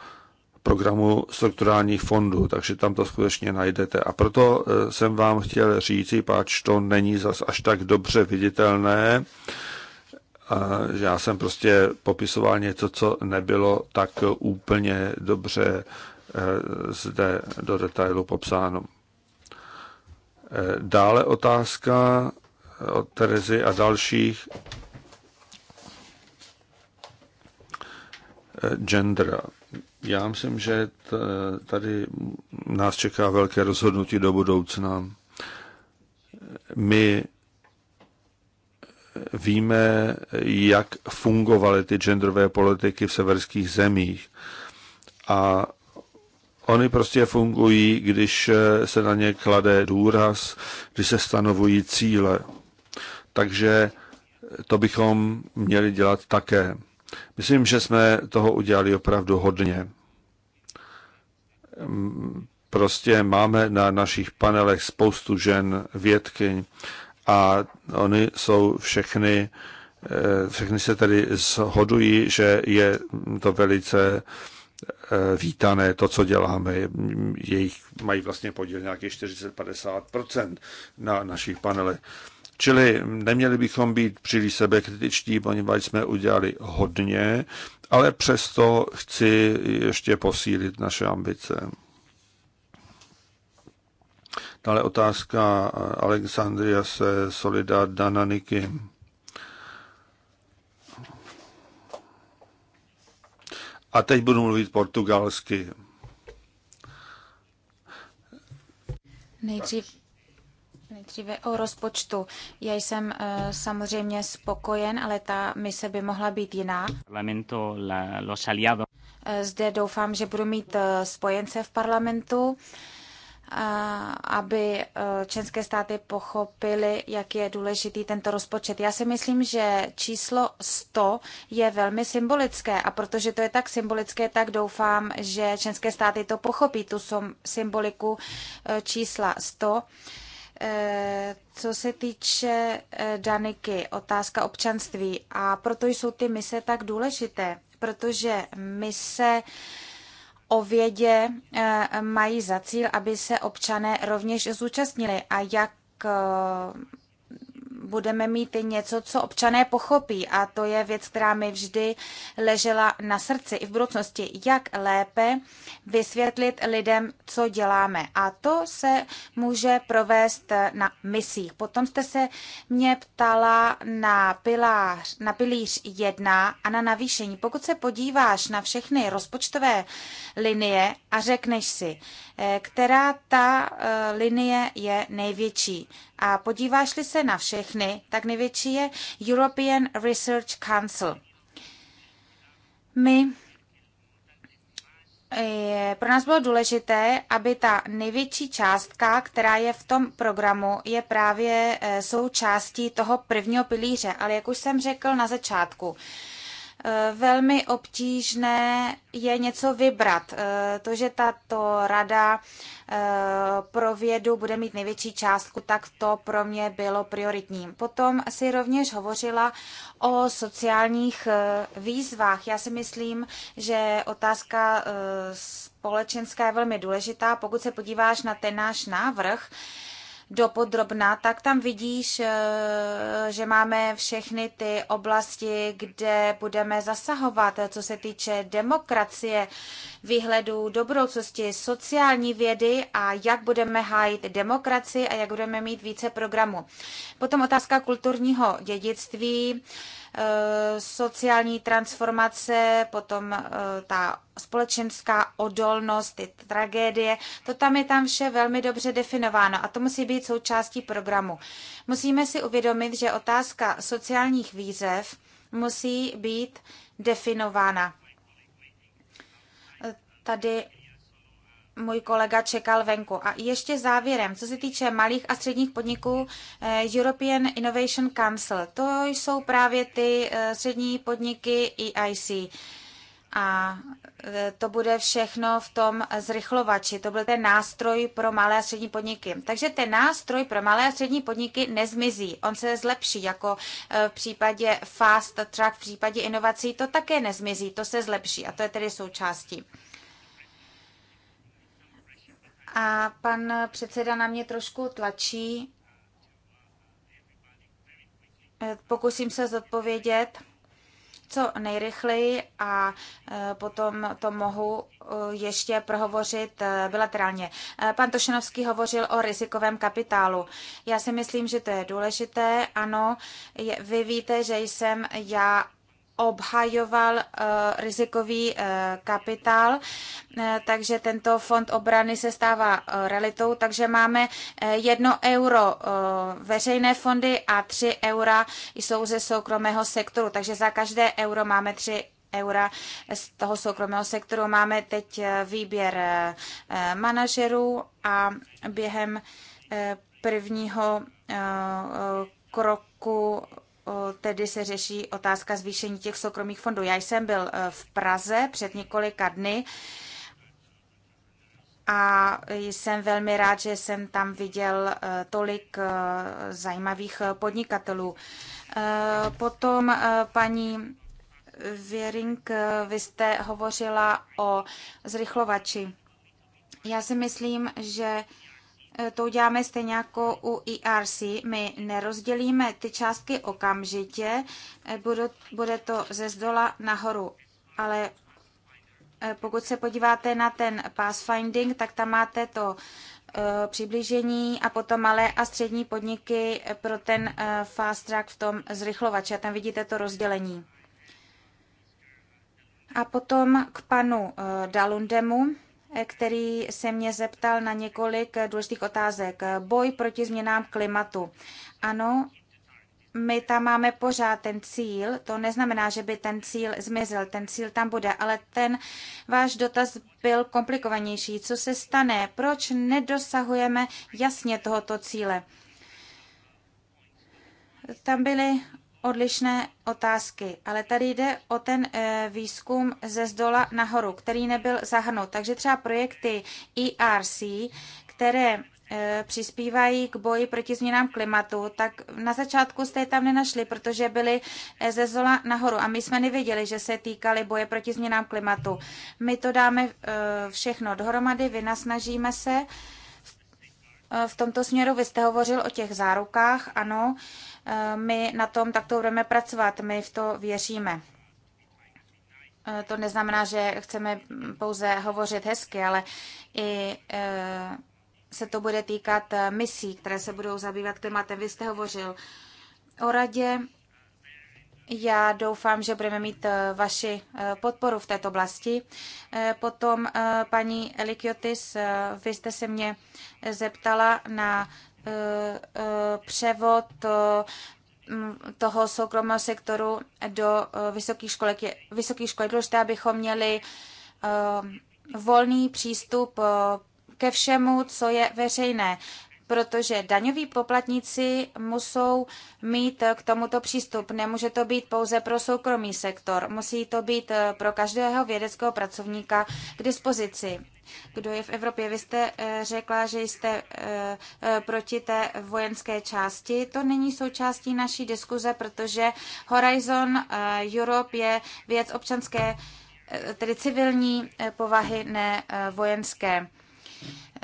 programu strukturálních fondů, takže tam to skutečně najdete. A proto eh, jsem vám chtěl říci, páč to není zas až tak dobře viditelné, že já jsem prostě popisoval něco, co nebylo tak úplně dobře eh, zde do detailu popsáno. Eh, dále otázka eh, od Terezy a dalších. Gender. Já myslím, že tady nás čeká velké rozhodnutí do budoucna. My víme, jak fungovaly ty genderové politiky v severských zemích. A Oni prostě fungují, když se na ně klade důraz, když se stanovují cíle. Takže to bychom měli dělat také. Myslím, že jsme toho udělali opravdu hodně. Prostě máme na našich panelech spoustu žen vědkyň a oni jsou všechny, eh, všechny se tedy shodují, že je to velice eh, vítané, to, co děláme. Jejich mají vlastně podíl nějakých 40-50% na našich panelech. Čili neměli bychom být příliš sebekritičtí, poněvadž jsme udělali hodně, ale přesto chci ještě posílit naše ambice. Dále otázka Alexandria se Solidar Dananiky. A teď budu mluvit portugalsky. Nejdřív, nejdříve o rozpočtu. Já jsem uh, samozřejmě spokojen, ale ta mise by mohla být jiná. Lamento la, los aliados. Eh, zde doufám, že budu mít eh, spojence v parlamentu. Uh, aby e, členské státy pochopily, jak je důležitý tento rozpočet. Já si myslím, že číslo 100 je velmi symbolické a protože to je tak symbolické, tak doufám, že členské státy to pochopí, tu symboliku e, čísla 100. E, co se týče Daniky, otázka občanství a proto jsou ty mise tak důležité, protože mise o vědě eh, mají za cíl, aby se občané rovněž zúčastnili a jak eh, budeme mít něco, co občané pochopí a to je věc, která mi vždy ležela na srdci i v budoucnosti, jak lépe vysvětlit lidem, co děláme. A to se může provést na misích. Potom jste se mě ptala na, pilář, na pilíř 1 a na navýšení. Pokud se podíváš na všechny rozpočtové linie a řekneš si, eh, která ta eh, linie je největší, a podíváš-li se na všechny, tak největší je European Research Council. My je, eh, pro nás bylo důležité, aby ta největší částka, která je v tom programu, je právě eh, součástí toho prvního pilíře. Ale jak už jsem řekl na začátku, Eh, velmi obtížné je něco vybrat. Eh, to, že tato rada eh, pro vědu bude mít největší částku, tak to pro mě bylo prioritním. Potom si rovněž hovořila o sociálních výzvách. Já si myslím, že otázka společenská je velmi důležitá. Pokud se podíváš na ten náš návrh, dopodrobna tak tam vidíš, eh, že máme všechny ty oblasti, kde budeme zasahovat, co se týče demokracie, výhledu do budoucnosti, sociální vědy a jak budeme hájit demokracii a jak budeme mít více programů. Potom otázka kulturního dědictví Eh, sociální transformace, potom eh, ta společenská odolnost, ty tragédie, to tam je tam vše velmi dobře definováno a to musí být součástí programu. Musíme si uvědomit, že otázka sociálních výzev musí být definována. Eh, tady můj kolega čekal venku. A ještě závěrem, co se týče malých a středních podniků, eh, European Innovation Council, to jsou právě ty eh, střední podniky EIC. A eh, to bude všechno v tom zrychlovači. To byl ten nástroj pro malé a střední podniky. Takže ten nástroj pro malé a střední podniky nezmizí. On se zlepší, jako v případě fast track, v případě inovací, to také nezmizí, to se zlepší. A to je tedy součástí a pan předseda na mě trošku tlačí. Eh, pokusím se zodpovědět co nejrychleji a eh, potom to mohu eh, ještě prohovořit bilaterálně. Pan Tošenovský hovořil o rizikovém kapitálu. Já si myslím, že to je důležité. Ano, vy víte, že jsem já obhajoval eh, rizikový eh, kapitál, eh, takže tento fond obrany se stává realitou, takže máme jedno euro veřejné fondy a tři eura jsou ze soukromého sektoru, takže za každé euro máme tři eura z toho soukromého sektoru. Máme teď výběr manažerů a během prvního kroku tedy se řeší otázka zvýšení těch soukromých fondů. Já jsem byl e, v Praze před několika dny a jsem velmi rád, že jsem tam viděl e, tolik e, zajímavých podnikatelů. Potom paní Věring, vy jste hovořila o zrychlovači. Já si myslím, že Eh, to uděláme stejně jako u ERC. My nerozdělíme ty částky okamžitě, eh, bude to ze zdola nahoru, ale eh, pokud se podíváte na ten pathfinding, tak tam máte to přiblížení a potom malé a střední podniky pro ten fast track v tom zrychlovači. A tam vidíte to rozdělení. A potom k panu Dalundemu který se mě zeptal na několik důležitých otázek. Boj proti změnám klimatu. Ano, my tam máme pořád ten cíl, to neznamená, že by ten cíl zmizel, ten cíl tam bude, ale ten váš dotaz byl komplikovanější. Co se stane? Proč nedosahujeme jasně tohoto cíle? Tam byly odlišné otázky, ale tady jde o ten eh, výzkum ze zdola nahoru, který nebyl zahrnut. Takže třeba projekty ERC, které eh, přispívají k boji proti změnám klimatu, tak na začátku jste je tam nenašli, protože byly eh, ze zola nahoru a my jsme nevěděli, že se týkaly boje proti změnám klimatu. My to dáme všechno dohromady, vynasnažíme se. V tomto směru vy jste hovořil o těch zárukách, ano. Eh, my na tom takto budeme pracovat, my v to věříme. Eh, to neznamená, že chceme pouze hovořit hezky, ale i eh, se to bude týkat misí, které se budou zabývat klimatem. Vy jste hovořil o radě. Já doufám, že budeme mít vaši podporu v této oblasti. Potom, paní Elikiotis, vy jste se mě zeptala na Eh, eh, převod eh, toho soukromého sektoru do vysokých školek. Vysokých školek důležité, abychom měli volný přístup ke všemu, co je veřejné protože daňoví poplatníci musou mít k tomuto přístup. Nemůže to být pouze pro soukromý sektor, musí to být eh, pro každého vědeckého pracovníka k dispozici. Kdo je v Evropě? Vy jste eh, řekla, že jste eh, proti té vojenské části. To není součástí naší diskuze, protože Horizon Europe je věc občanské, tedy civilní povahy, ne vojenské.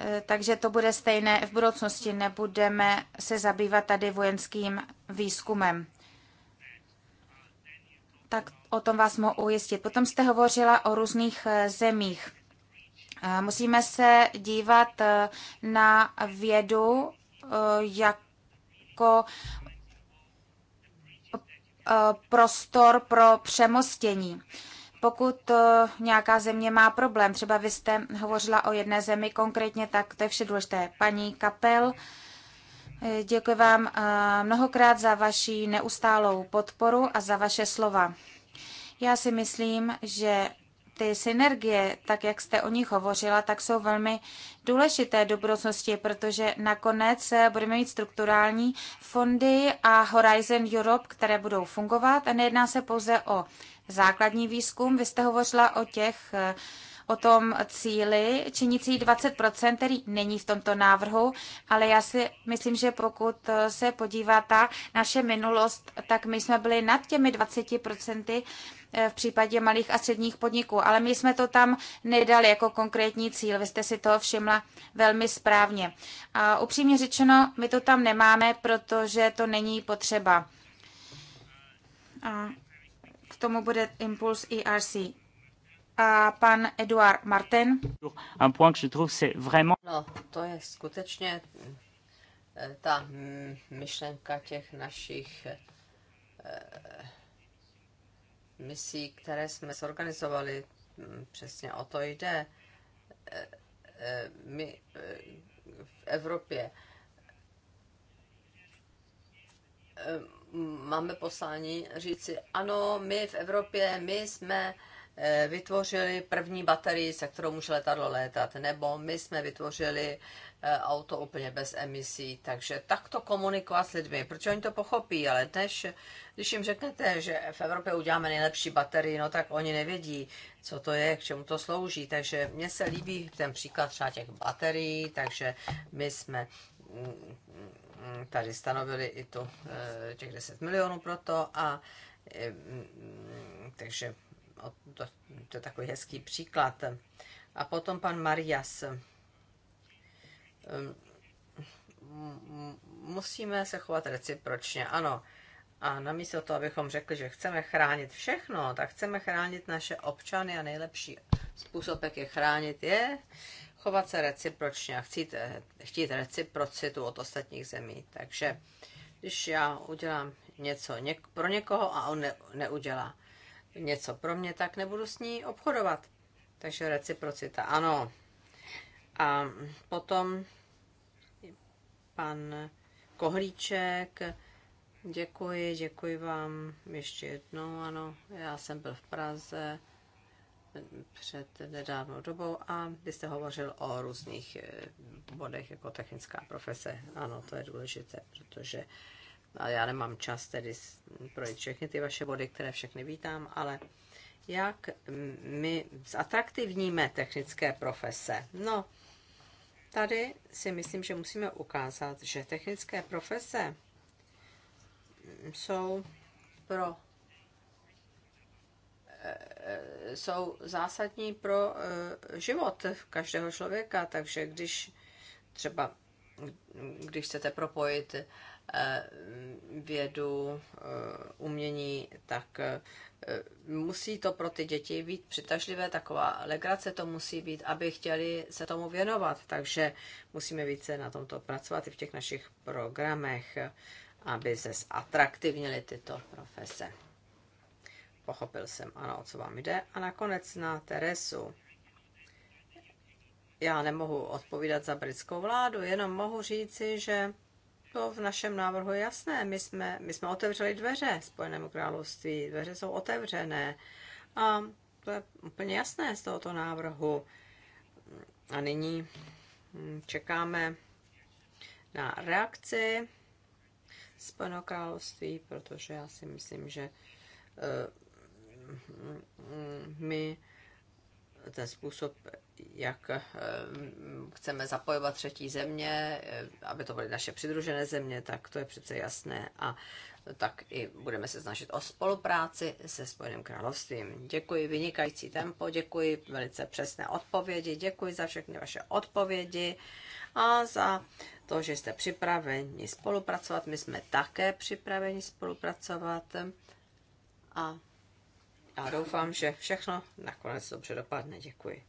Eh, takže to bude stejné v budoucnosti. Nebudeme se zabývat tady vojenským výzkumem. Tak o tom vás mohu ujistit. Potom jste hovořila o různých eh, zemích. Eh, musíme se dívat na vědu jako prostor pro přemostění pokud eh, nějaká země má problém, třeba vy jste hovořila o jedné zemi konkrétně, tak to je vše důležité. Paní Kapel, eh, děkuji vám eh, mnohokrát za vaši neustálou podporu a za vaše slova. Já si myslím, že ty synergie, tak jak jste o nich hovořila, tak jsou velmi důležité do budoucnosti, protože nakonec eh, budeme mít strukturální fondy a Horizon Europe, které budou fungovat a nejedná se pouze o základní výzkum. Vy jste hovořila o těch eh, o tom cíli činící 20%, který není v tomto návrhu, ale já si myslím, že pokud eh, se podívá ta naše minulost, tak my jsme byli nad těmi 20% eh, v případě malých a středních podniků, ale my jsme to tam nedali jako konkrétní cíl. Vy jste si toho všimla velmi správně. A upřímně řečeno, my to tam nemáme, protože to není potřeba. A k tomu bude impuls ERC a pan Eduard Martin. Un point que je trouve c'est vraiment... No, to je skutečně eh, ta mm, myšlenka těch našich eh, eh, misí, které jsme zorganizovali, mm, přesně o to jde. My v Evropě máme poslání říci, ano, my v Evropě, my jsme vytvořili první baterii, se kterou může letadlo létat, nebo my jsme vytvořili eh, auto úplně bez emisí. Takže takto komunikovat s lidmi, protože oni to pochopí, ale než, když jim řeknete, že v Evropě uděláme nejlepší baterii, no tak oni nevědí, co to je, k čemu to slouží. Takže mně se líbí ten příklad třeba těch baterií, takže my jsme mm, mm, tady stanovili i tu eh, těch 10 milionů pro to a eh, mm, takže to, to je takový hezký příklad. A potom pan Marias. Ehm, musíme se chovat recipročně, ano. A namísto toho, abychom řekli, že chceme chránit všechno, tak chceme chránit naše občany a nejlepší způsob, jak je chránit, je chovat se recipročně a chcít, chtít reciprocitu od ostatních zemí. Takže když já udělám něco něk- pro někoho a on ne- neudělá, něco pro mě, tak nebudu s ní obchodovat. Takže reciprocita, ano. A potom pan Kohlíček, děkuji, děkuji vám ještě jednou, ano. Já jsem byl v Praze před nedávnou dobou a vy jste hovořil o různých eh, bodech jako technická profese. Ano, to je důležité, protože ale já nemám čas tedy projít všechny ty vaše body, které všechny vítám, ale jak my zatraktivníme technické profese? No, tady si myslím, že musíme ukázat, že technické profese jsou pro eh, jsou zásadní pro eh, život každého člověka, takže když třeba když chcete propojit Eh, vědu, eh, umění, tak eh, musí to pro ty děti být přitažlivé, taková legrace to musí být, aby chtěli se tomu věnovat, takže musíme více na tomto pracovat i v těch našich programech, aby se zatraktivnili tyto profese. Pochopil jsem, ano, o co vám jde. A nakonec na Teresu. Já nemohu odpovídat za britskou vládu, jenom mohu říci, že to v našem návrhu je jasné. My jsme, my jsme otevřeli dveře Spojenému království. Dveře jsou otevřené. A to je úplně jasné z tohoto návrhu. A nyní hm, čekáme na reakci Spojeného království, protože já si myslím, že eh, hm, hm, my ten způsob, jak eh, chceme zapojovat třetí země, eh, aby to byly naše přidružené země, tak to je přece jasné. A tak i budeme se snažit o spolupráci se Spojeným královstvím. Děkuji, vynikající tempo, děkuji, velice přesné odpovědi, děkuji za všechny vaše odpovědi a za to, že jste připraveni spolupracovat. My jsme také připraveni spolupracovat a a doufám, že všechno nakonec dobře dopadne. Děkuji.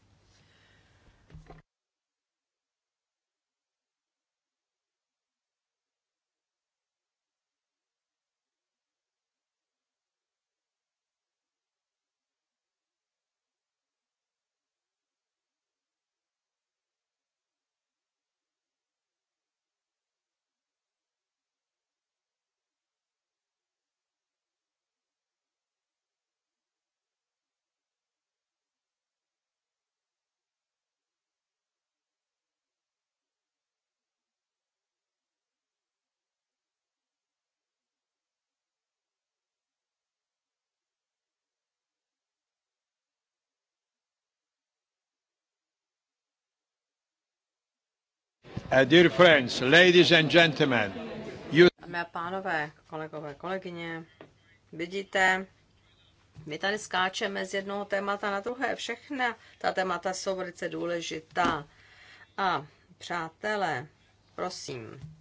Uh, dear friends, ladies and gentlemen, you... Dámy a pánové, kolegové, kolegyně, vidíte, my tady skáčeme z jednoho témata na druhé. Všechna ta témata jsou velice důležitá. A přátelé, prosím,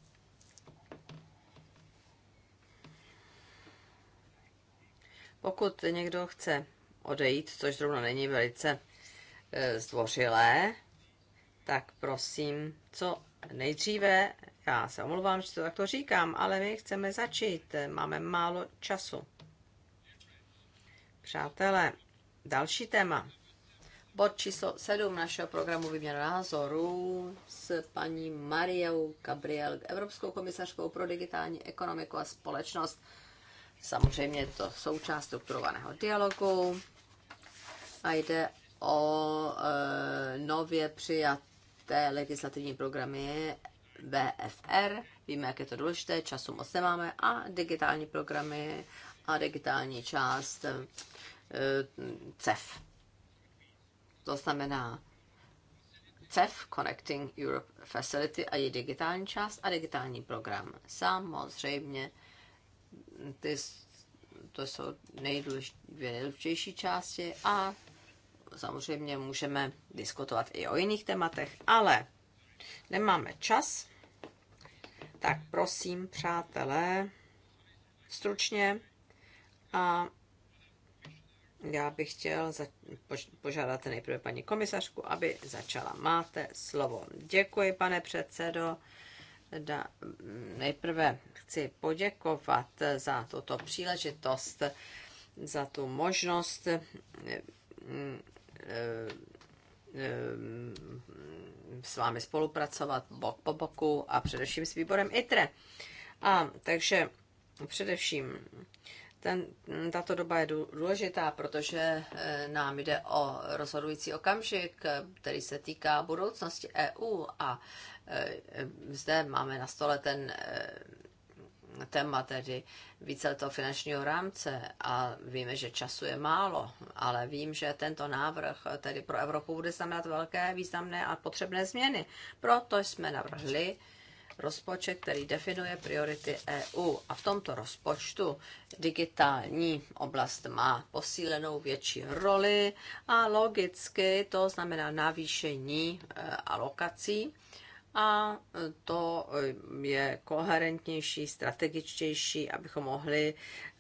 pokud někdo chce odejít, což zrovna není velice eh, zdvořilé, tak prosím, co nejdříve, já se omlouvám, že to takto říkám, ale my chceme začít, máme málo času. Přátelé, další téma. Bod číslo 7 našeho programu Výměna názorů s paní Mariou Gabriel, Evropskou komisařkou pro digitální ekonomiku a společnost. Samozřejmě to součást strukturovaného dialogu a jde o e, nově přijat té legislativní programy BFR, víme, jak je to důležité, času moc nemáme, a digitální programy a digitální část eh, CEF. To znamená CEF, Connecting Europe Facility, a její digitální část a digitální program. Samozřejmě ty, to jsou nejdůležitější části a samozřejmě můžeme diskutovat i o jiných tématech, ale nemáme čas. Tak prosím, přátelé, stručně a já bych chtěl požádat nejprve paní komisařku, aby začala. Máte slovo. Děkuji, pane předsedo. Da, nejprve chci poděkovat za tuto příležitost, za tu možnost Eh, eh, s vámi spolupracovat bok po boku a především s výborem ITRE. A takže především ten, tato doba je důležitá, protože eh, nám jde o rozhodující okamžik, který se týká budoucnosti EU a zde máme na stole ten téma tedy více toho finančního rámce a víme, že času je málo, ale vím, že tento návrh tedy pro Evropu bude znamenat velké, významné a potřebné změny. Proto jsme navrhli rozpočet, který definuje priority EU. A v tomto rozpočtu digitální oblast má posílenou větší roli a logicky to znamená navýšení eh, alokací a to je koherentnější, strategičtější, abychom mohli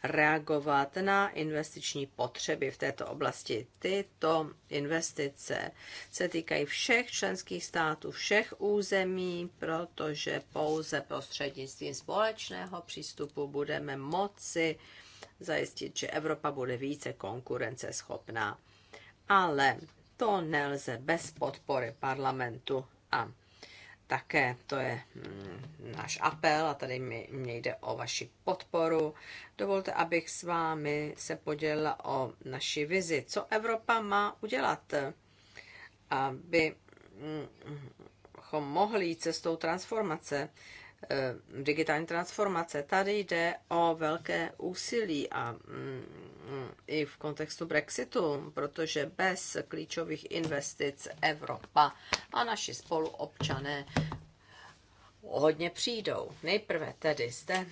reagovat na investiční potřeby v této oblasti. Tyto investice se týkají všech členských států, všech území, protože pouze prostřednictvím společného přístupu budeme moci zajistit, že Evropa bude více konkurenceschopná. Ale to nelze bez podpory parlamentu a také. To je mm, náš apel a tady mi, mě jde o vaši podporu. Dovolte, abych s vámi se podělila o naši vizi, co Evropa má udělat, aby mm, mohli jít cestou transformace. Eh, digitální transformace. Tady jde o velké úsilí a mm, i v kontextu Brexitu, protože bez klíčových investic Evropa a naši spoluobčané hodně přijdou. Nejprve tedy zde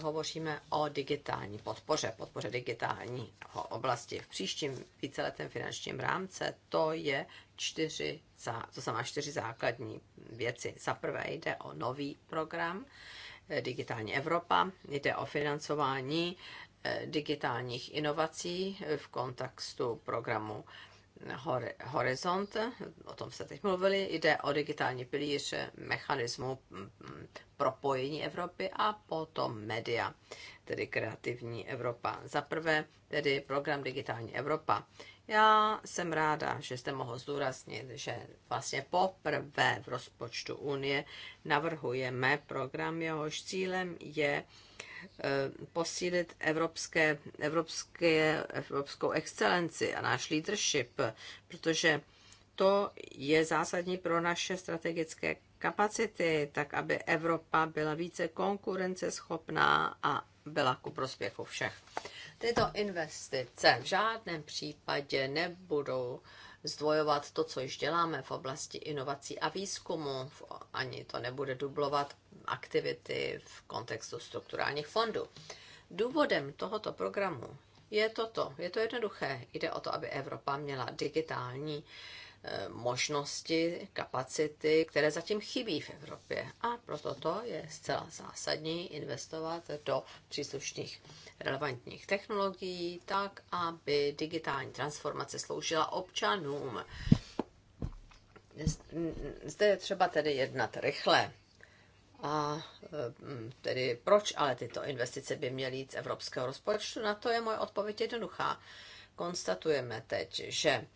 hovoříme o digitální podpoře, podpoře digitální oblasti. V příštím víceletém finančním rámce to je čtyři, to znamená čtyři základní věci. Za prvé jde o nový program eh, Digitální Evropa, jde o financování eh, digitálních inovací eh, v kontextu programu Horizont, o tom se teď mluvili, jde o digitální pilíř mechanismu mm, mm, propojení Evropy a potom média, tedy kreativní Evropa. Za prvé, tedy program Digitální Evropa. Já jsem ráda, že jste mohl zdůraznit, že vlastně poprvé v rozpočtu Unie navrhujeme program, jehož cílem je eh, posílit evropské, evropské, evropskou excelenci a náš leadership, protože to je zásadní pro naše strategické kapacity, tak aby Evropa byla více konkurenceschopná a byla ku prospěchu všech. Tyto investice v žádném případě nebudou zdvojovat to, co již děláme v oblasti inovací a výzkumu, ani to nebude dublovat aktivity v kontextu strukturálních fondů. Důvodem tohoto programu je toto. Je to jednoduché. Jde o to, aby Evropa měla digitální Eh, možnosti, kapacity, které zatím chybí v Evropě. A proto to je zcela zásadní investovat do příslušných relevantních technologií, tak aby digitální transformace sloužila občanům. Zde je třeba tedy jednat rychle. A mm, tedy proč ale tyto investice by měly jít z evropského rozpočtu? Na to je moje odpověď jednoduchá. Konstatujeme teď, že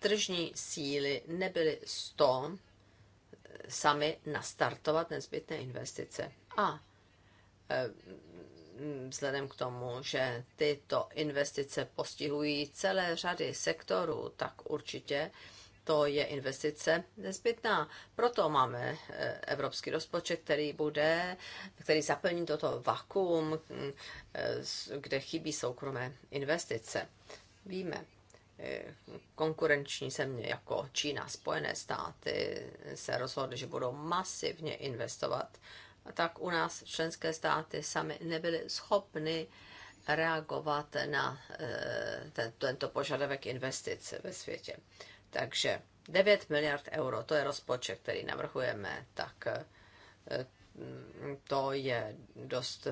tržní síly nebyly 100 eh, sami nastartovat nezbytné investice. A eh, mm, vzhledem k tomu, že tyto investice postihují celé řady sektorů, tak určitě to je investice nezbytná. Proto máme eh, evropský rozpočet, který bude, který zaplní toto vakuum, mm, kde chybí soukromé investice. Víme, konkurenční země jako Čína, Spojené státy se rozhodly, že budou masivně investovat, tak u nás členské státy sami nebyly schopny reagovat na eh, tento požadavek investic ve světě. Takže 9 miliard euro, to je rozpočet, který navrhujeme, tak eh, to je dost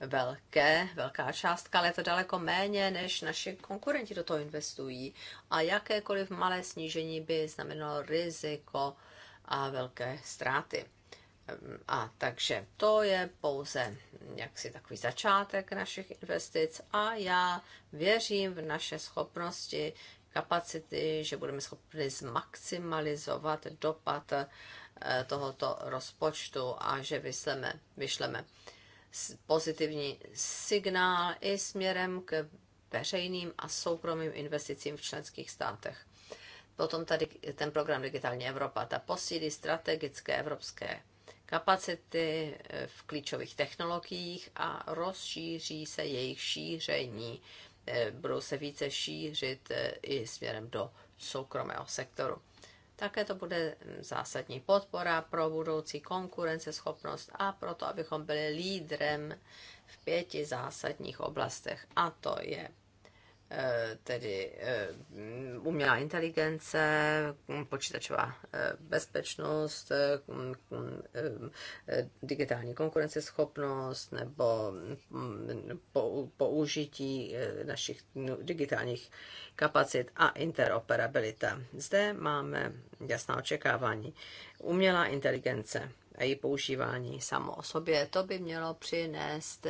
velké, velká částka, ale je to daleko méně, než naši konkurenti do toho investují. A jakékoliv malé snížení by znamenalo riziko a velké ztráty. A takže to je pouze jaksi takový začátek našich investic a já věřím v naše schopnosti, kapacity, že budeme schopni zmaximalizovat dopad Eh, tohoto rozpočtu a že vysleme, vyšleme pozitivní signál i směrem k veřejným a soukromým investicím v členských státech. Potom tady ten program Digitální Evropa, ta posílí strategické evropské kapacity eh, v klíčových technologiích a rozšíří se jejich šíření. Eh, budou se více šířit i směrem do soukromého sektoru. Také to bude zásadní podpora pro budoucí konkurenceschopnost a proto, abychom byli lídrem v pěti zásadních oblastech. A to je Eh, tedy eh, umělá inteligence, počítačová eh, bezpečnost, digitální konkurenceschopnost nebo mm, použití našich no, digitálních kapacit a interoperabilita. Zde máme jasná očekávání. Umělá inteligence a její používání samo o sobě, to by mělo přinést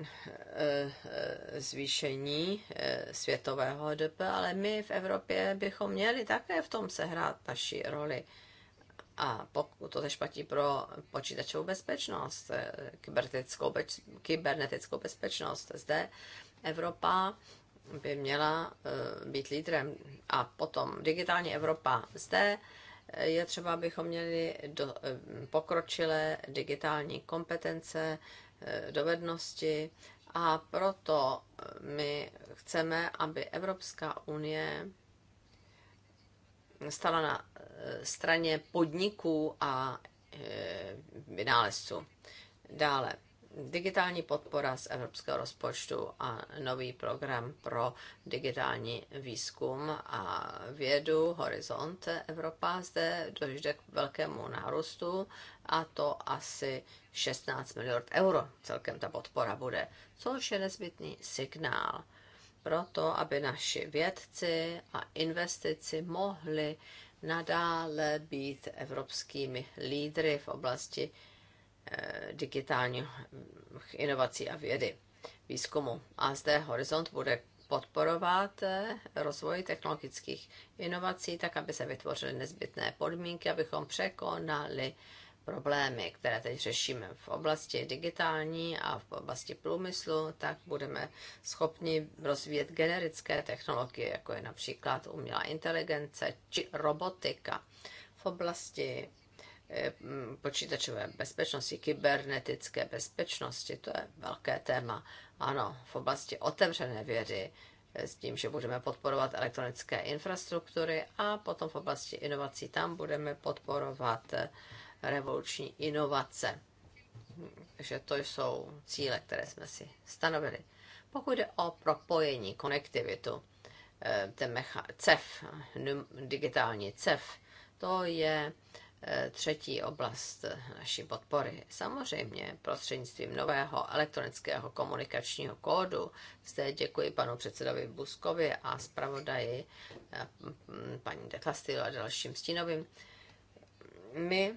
Eh, zvýšení eh, světového HDP, ale my v Evropě bychom měli také v tom sehrát naši roli. A pokud to tež platí pro počítačovou bezpečnost, eh, kybernetickou, bez, kybernetickou bezpečnost, zde Evropa by měla být lídrem. A potom digitální Evropa zde je třeba, abychom měli do, pokročilé digitální kompetence, Eh, dovednosti a proto eh, my chceme, aby Evropská unie stala na eh, straně podniků a vynálezců. Dále digitální podpora z evropského rozpočtu a nový program pro digitální výzkum a vědu Horizont Evropa. Zde dojde k velkému nárůstu a to asi 16 miliard euro celkem ta podpora bude, což je nezbytný signál pro to, aby naši vědci a investici mohli nadále být evropskými lídry v oblasti Eh, digitálních inovací a vědy, výzkumu. A zde Horizont bude podporovat eh, rozvoj technologických inovací, tak aby se vytvořily nezbytné podmínky, abychom překonali problémy, které teď řešíme v oblasti digitální a v oblasti průmyslu, tak budeme schopni rozvíjet generické technologie, jako je například umělá inteligence či robotika. V oblasti Eh, počítačové bezpečnosti, kybernetické bezpečnosti, to je velké téma. Ano, v oblasti otevřené vědy, eh, s tím, že budeme podporovat elektronické infrastruktury a potom v oblasti inovací tam budeme podporovat eh, revoluční inovace. Takže to jsou cíle, které jsme si stanovili. Pokud jde o propojení, konektivitu, ten mecha- CEF, digitální CEF, to je Eh, třetí oblast naší podpory. Samozřejmě prostřednictvím nového elektronického komunikačního kódu. Zde děkuji panu předsedovi Buskovi a zpravodaji eh, mm, paní De Castillo a dalším stínovým. My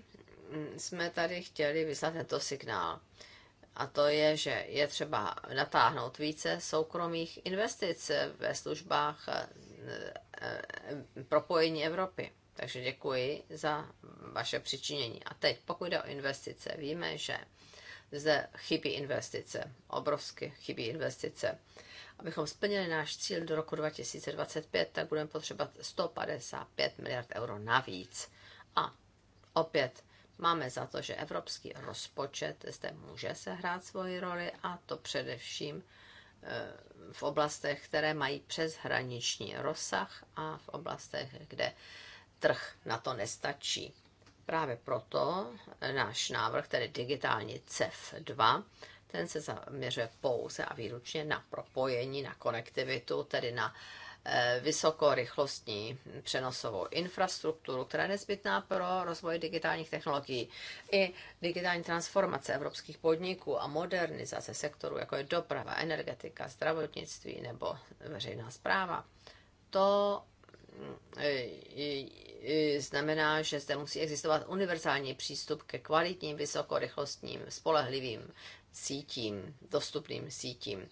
mm, jsme tady chtěli vyslat tento signál. A to je, že je třeba natáhnout více soukromých investic ve službách eh, propojení Evropy takže děkuji za vaše přičinění. A teď, pokud jde o investice, víme, že zde chybí investice, obrovsky chybí investice. Abychom splnili náš cíl do roku 2025, tak budeme potřebovat 155 miliard euro navíc. A opět máme za to, že evropský rozpočet zde může sehrát svoji roli a to především eh, v oblastech, které mají přeshraniční rozsah a v oblastech, kde trh na to nestačí. Právě proto náš návrh, tedy digitální CEF 2, ten se zaměřuje pouze a výručně na propojení, na konektivitu, tedy na eh, vysokorychlostní přenosovou infrastrukturu, která je nezbytná pro rozvoj digitálních technologií i digitální transformace evropských podniků a modernizace sektorů, jako je doprava, energetika, zdravotnictví nebo veřejná zpráva. To eh, znamená, že zde musí existovat univerzální přístup ke kvalitním, vysokorychlostním, spolehlivým sítím, dostupným sítím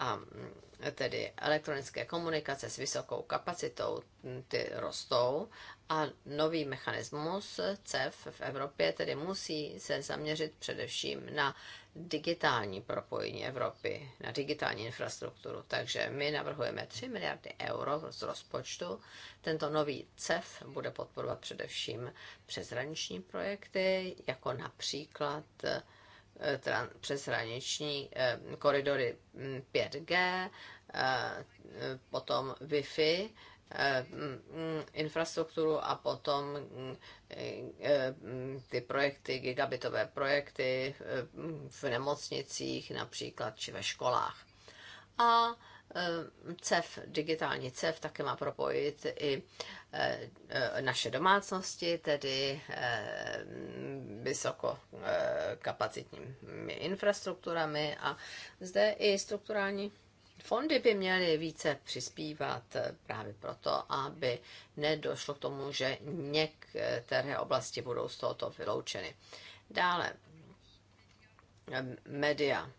a mm, tedy elektronické komunikace s vysokou kapacitou, mm, ty rostou a nový mechanismus CEF v Evropě tedy musí se zaměřit především na digitální propojení Evropy, na digitální infrastrukturu. Takže my navrhujeme 3 miliardy euro z rozpočtu. Tento nový CEF bude podporovat především přeshraniční projekty, jako například Eh, přeshraniční eh, koridory 5G, mm, eh, potom Wi-Fi, mm, infrastrukturu a potom mm, ty projekty, gigabitové projekty v nemocnicích například či ve školách. A Ehm, CEF, digitální CEF, také má propojit i eh, e, naše domácnosti, tedy ehm, vysokokapacitními infrastrukturami a zde i strukturální fondy by měly více přispívat eh, právě proto, aby nedošlo k tomu, že některé oblasti budou z tohoto vyloučeny. Dále, média ehm,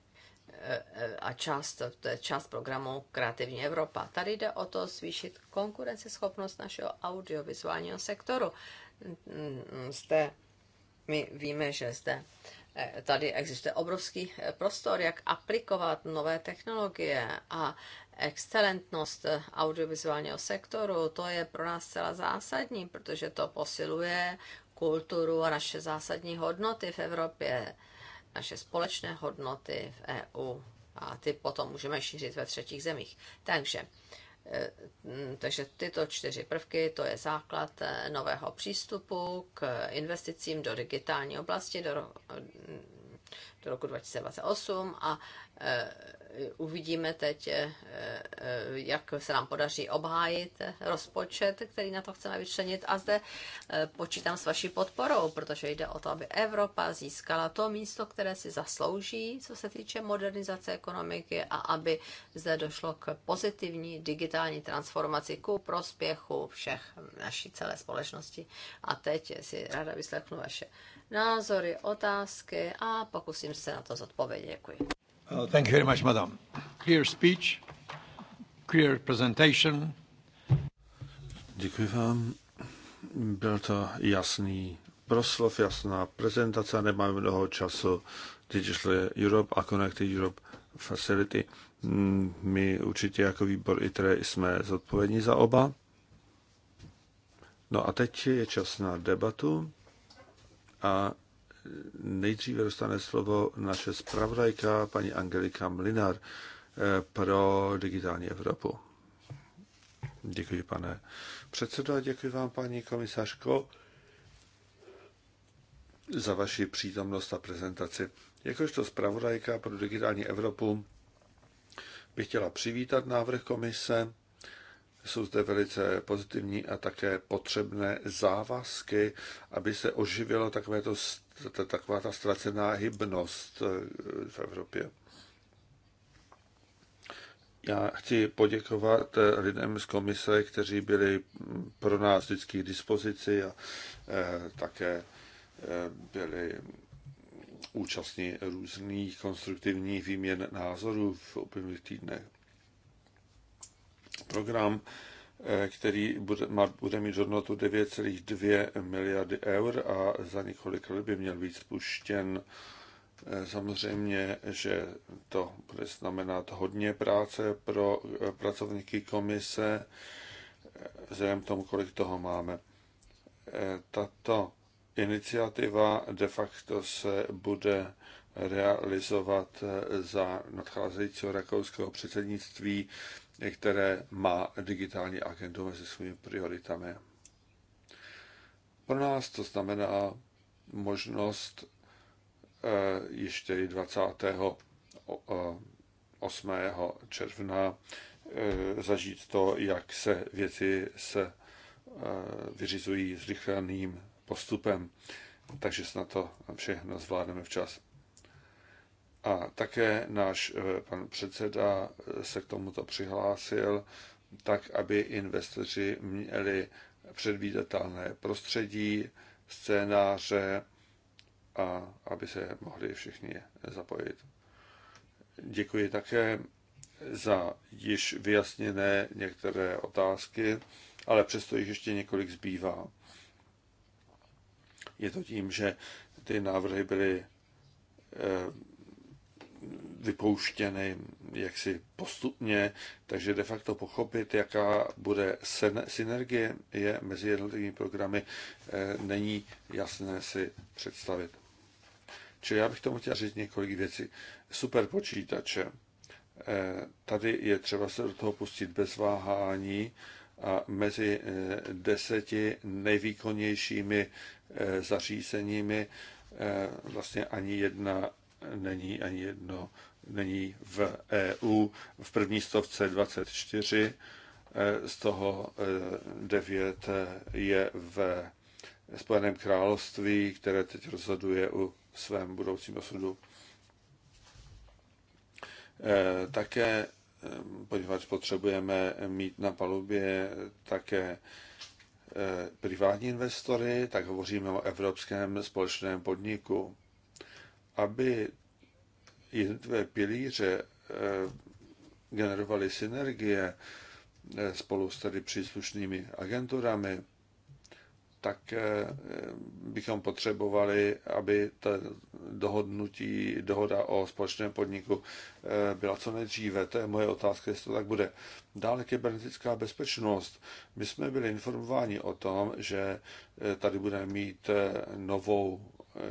a část, to je část programu Kreativní Evropa. Tady jde o to zvýšit konkurenceschopnost našeho audiovizuálního sektoru. Zde my víme, že zde eh, tady existuje obrovský eh, prostor, jak aplikovat nové technologie a excelentnost eh, audiovizuálního sektoru. To je pro nás celá zásadní, protože to posiluje kulturu a naše zásadní hodnoty v Evropě naše společné hodnoty v EU a ty potom můžeme šířit ve třetích zemích. Takže, e, takže tyto čtyři prvky, to je základ e, nového přístupu k investicím do digitální oblasti do, do roku 2028 a Eh, uvidíme teď, eh, eh, jak se nám podaří obhájit rozpočet, který na to chceme vyčlenit. A zde počítám s vaší podporou, protože jde o to, aby Evropa získala to místo, které si zaslouží, co se týče modernizace ekonomiky a aby zde došlo k pozitivní digitální transformaci ku prospěchu všech naší celé společnosti. A teď si ráda vyslechnu vaše názory, otázky a pokusím se na to zodpovědět. Děkuji. Uh, thank you very much, madam. Clear speech, clear presentation. Děkuji vám. Byl to jasný proslov, jasná prezentace, nemáme mnoho času. Digital Europe a Connected Europe Facility. Mm, my určitě jako výbor ITRE jsme zodpovědní za oba. No a teď je čas na debatu a nejdříve dostane slovo naše zpravodajka, paní Angelika Mlinar eh, pro digitální Evropu. Děkuji, pane předsedo, a děkuji vám, paní komisařko, za vaši přítomnost a prezentaci. Jakožto zpravodajka pro digitální Evropu bych chtěla přivítat návrh komise. Jsou zde velice pozitivní a také potřebné závazky, aby se oživilo takovéto to je taková ta ztracená hybnost eh, v Evropě. Já chci poděkovat eh, lidem z komise, kteří byli mm, pro nás vždycky k dispozici a eh, také byli účastní různých konstruktivních výměn názorů v uplynulých týdnech. Program Eh, který bude, bude mít hodnotu 9,2 miliardy eur a za několik let by měl být spuštěn. Eh, samozřejmě, že to bude znamenat hodně práce pro eh, pracovníky komise, vzhledem k tomu, kolik toho máme. Tato iniciativa de facto se bude realizovat za nadcházejícího rakouského předsednictví které má digitální agendu mezi svými prioritami. Pro nás to znamená možnost eh, ještě 28. června eh, zažít to, jak se věci se eh, vyřizují zrychleným postupem. Takže snad to všechno zvládneme včas. A také náš eh, pan předseda eh, se k tomuto přihlásil, tak aby investoři měli předvídatelné prostředí, scénáře a aby se mohli všichni zapojit. Děkuji také za již vyjasněné některé otázky, ale přesto jich ještě několik zbývá. Je to tím, že ty návrhy byly eh, vypouštěny jaksi postupně, takže de facto pochopit, jaká bude synergie je mezi jednotlivými programy, eh, není jasné si představit. Čili já bych tomu chtěl říct několik věcí. Super počítače. Eh, tady je třeba se do toho pustit bez váhání a mezi eh, deseti nejvýkonnějšími zařízeními vlastně ani jedna není, ani jedno nyní v EU v první stovce 24, eh, z toho 9 eh, eh, je v Spojeném království, které teď rozhoduje o svém budoucím osudu. Také, poněvadž potřebujeme mít na palubě také privátní investory, tak hovoříme o evropském společném podniku. Aby jednotlivé pilíře eh, generovaly synergie eh, spolu s tady příslušnými agenturami, tak eh, bychom potřebovali, aby ta dohodnutí, dohoda o společném podniku byla co nejdříve. To je moje otázka, jestli to tak bude. Dále kybernetická bezpečnost. My jsme byli informováni o tom, že tady budeme mít novou,